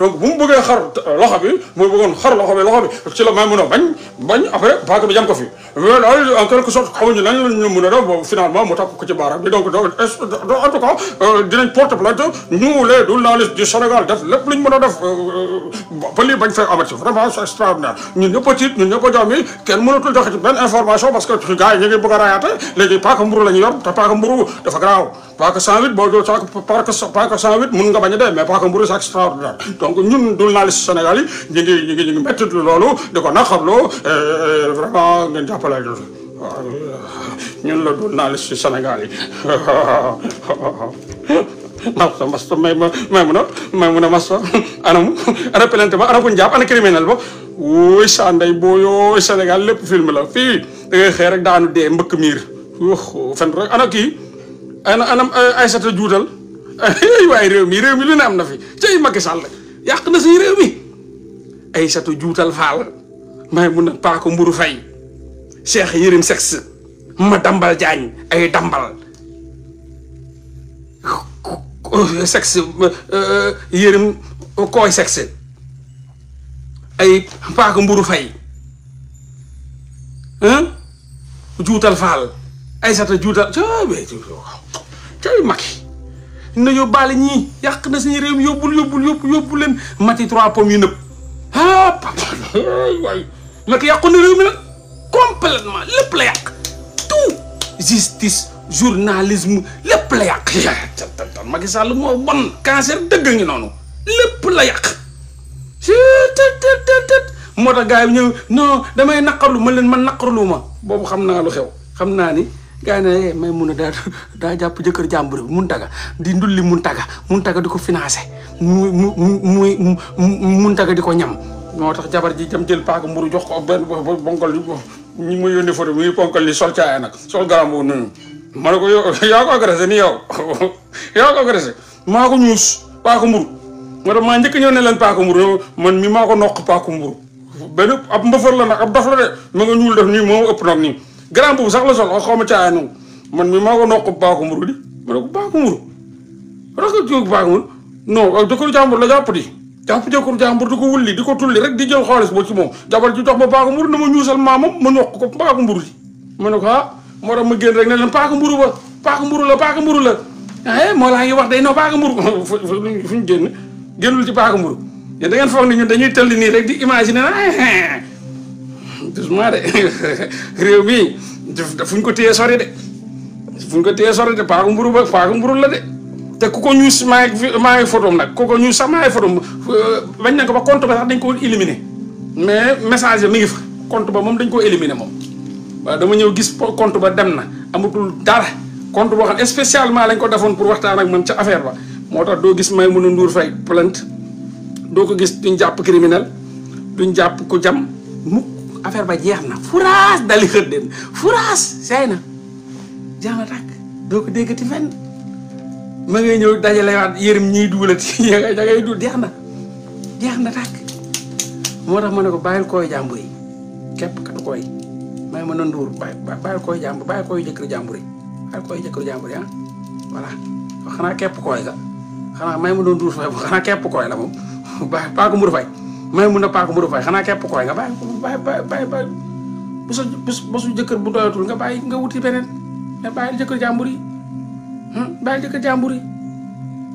donc bu mu bëggee xar euh, loxo bi muy bëggoon xar loxo bi loxo bi ci la may mun a bañ bañ après paaka bi jam ko fi mais daal en quelque sorte xamuñu nañ lañu mun a def boobu finalement mu takk ko ci baaraam bi donc en tout cas euh, dinañ porte plainte ñu les journalistes du Sénégal def lépp luñ mën a def euh, ba lii bañ fee amati vraiment c'est extraordinaire ñun ñëpp a tiit ñun ñëpp a jàmm yi kenn mënatul joxe ci benn information parce que gars yi ñu ngi bëgg a raayaate léegi paaka mburu la ñu yor te paaka mburu dafa garaaw paaka 108 boo doo paaka 108 mun nga bañ a dee mais paaka mburu c'est extraordinaire donc ñun journaliste Sénégal yi ñu ngi ñu ngi ñu ngi métti loolu di ko naqarloo euh, euh, vraiment ngeen jàppale ñu waaw ñun la journaliste Sénégal yi masta masta may mun a may mun a ana pelante ba ana kuñ jàpp ana criminel ba wóoy sa ndey boo yooy Sénégal lépp film la fii da ngay xëy rek daanu dee mbëkk miir fen rek ana kii ana anam Aïssata Juutal waaye réew mi réew mi lu ne am na fi cay Macky Sall yàq na si réew mi ay satu juutal faal may mun a paako mburu fay Cheikh Yérim Seck ma dambal jaañ ay dambal sexe euh, yërim kooy sexe ay paaka mburu fay juutal faal ay sata juutal ca cay Macky na baale ñii yàq na suñu réew mi yóbbul yóbbul yóbbu leen mati trois pom yu nëb ah papa waay na nag complètement lépp la yàq tout justice lépp la yàq yaa Macky Sall moo bon cancer dëgg ngi noonu lépp la yàq moo tax gars ñëw non damay naqarlu ma leen man naqarlu ma boobu xam naa lu xew xam naa ni gars yi ne may mun a daa daa jàpp jëkkër jàmbur bi mun taga di ndulli mun taga mun taga di ko financé mu mu mu mun taga di ko ñam. moo tax jabar ji jam jël paaka mburu jox ko benn bonkal ñi ma yónnee photo muy ponkal li sol caaya nag sol garam boobu noonu ma ko yow a ko agressé ni yow yaa ko agressé maa ko ñuus paaka mburu moo maa njëkk ñëw ne leen paaka mburu man mi maa ko noq paaka mburu benn ab mbëfër la nag ab dof la de ma nga ñuul def nii moo ëpp nag nii grand boobu sax la sol oh, xaw ma caa noonu man mi maa ko noq baaku mburu di ma ne ko baaku mburu ma ne ko baaku mburu non jëkkëru jàmbur la jàpp di jàpp di ko wulli rek di jël xaalis ba ci moom jabar ji jox ma baaku mburu na ma ñuusal maamam ma ñoq ko baaku mburu di ma ne ko ah moo tax ma génn rek ne leen baaku mburu ba baaku mburu la baaku mburu la ah moo laa ngi wax day noo baaku mburu fu ñu génn génnul ci baaku mburu yéen da ngeen foog ne ñun dañuy tëlli nii rek di imaginer eh, eh, doucement de réew mii fu ñu ko téye sori de fu ñu ko téye sori de paaku mburu ba paaku la de te ku ko ñuus maa ngi maa ngi photom nag ku ko ñuus sax maa ngi euh, ko ba compte ba sax mais message mi ngi fa compte moom dañ ko éliminer moom waaw dama ñëw gis compte ba dem na amatul dara compte boo xam ne lañ ko defoon pour waxtaan ak man ca affaire ba moo tax doo gis may mën a nduur fay plainte doo ko gis duñ jàpp criminel duñ jàpp ko jam affaire ba jeex na furaas dali xëddeen furaas seey na jeex na tàkk doo ko déggati fenn ma ngay ñëw dajale waat yërëm ñiy jeex na jeex na tàkk moo tax ma ne ko bàyyil kooy jàmbur yi ka kat kooy may ma noonu duur bàyyil kooy jàmbur bàyyil kooy jëkkër jàmbur yi bàyyil jëkkër jàmbur ah voilà xanaa képp kooy la ma noonu duur fay xanaa képp moom bàyyi paa ko mu fay may mun a paaka mu fay xanaa képp koy nga bàyyi bàyyi bàyyi bàyyi bu su jëkkër bu doyatul nga bàyyi nga wuti beneen mais bàyyi jëkkër jàmbur yi hmm? bàyyi jëkkër jàmbur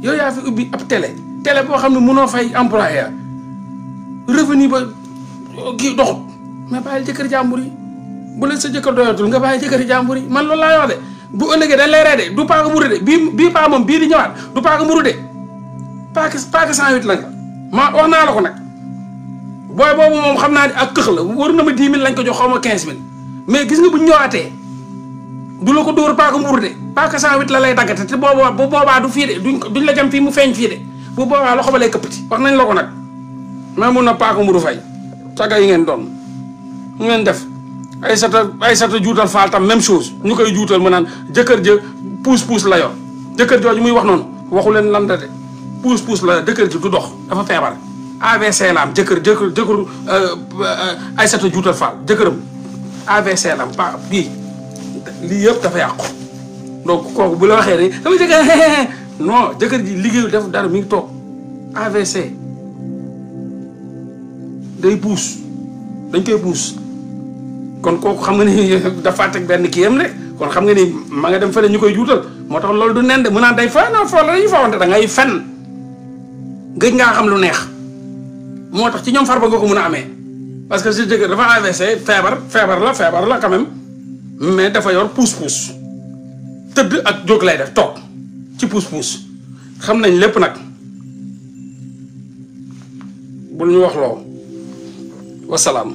yaa fi ubbi ab télé télé boo xam ne mënoo fay employé revenu ba kii doxut mais bàyyi jëkkër sa jëkkër doyatul nga bàyyi jëkkër jàmbur yi man loolu laa wax de bu ëllëgee dañ lay de du paaka mburu de bii bii paa moom bii di ñëwaat du paaka mburu de paaka paaka 108 la nga ma wax naa la ko nag booy boobu moom xam naa ne ak këx la war na ma 10 000 lañ ko jox xaw ma 15 000 mais gis nga bu ñu ñëwaatee du la ko dóor paaka mbuur de paaka 108 la lay daggate te boobaa bu boobaa du fii de duñ duñ la jam fii mu feeñ fii de bu boobaa loxo ba lay këppati wax nañ la ko nag mais mun na paaka mburu fay saga yi ngeen doon mu ngeen def ay sat ay a juutal faal tam même chose ñu koy juutal mu naan jëkkër ja puus puus la yor jëkkër jooju muy wax noonu waxu leen lan la de puus puus la dëkkër ji du dox dafa feebar AVC la am jëkkër jëkkër jëkkër euh, euh, Aïssata Juutal Fall jëkkëram AVC la am bii lii yëpp dafa yàqu donc kooku bu la waxee ne sama jëkkër non jëkkër ji liggéeyul def dara mi ngi toog AVC day puus dañ koy puus kon kooku xam nga ni dafa teg benn kii am de kon xam nga ni ma nga dem fële ñu koy juutal moo tax loolu du nen de mu day fa na foo la da ngay fen gëj ngaa xam lu neex moo tax ci ñoom far Farba nga ko mun a amee parce que si dëgg dafa AVC feebar feebar la feebar la quand même mais dafa yor puus-puus tëdd ak jóg lay def toog ci puus-puus xam nañ lépp nag bul ñu wax loo wasalaam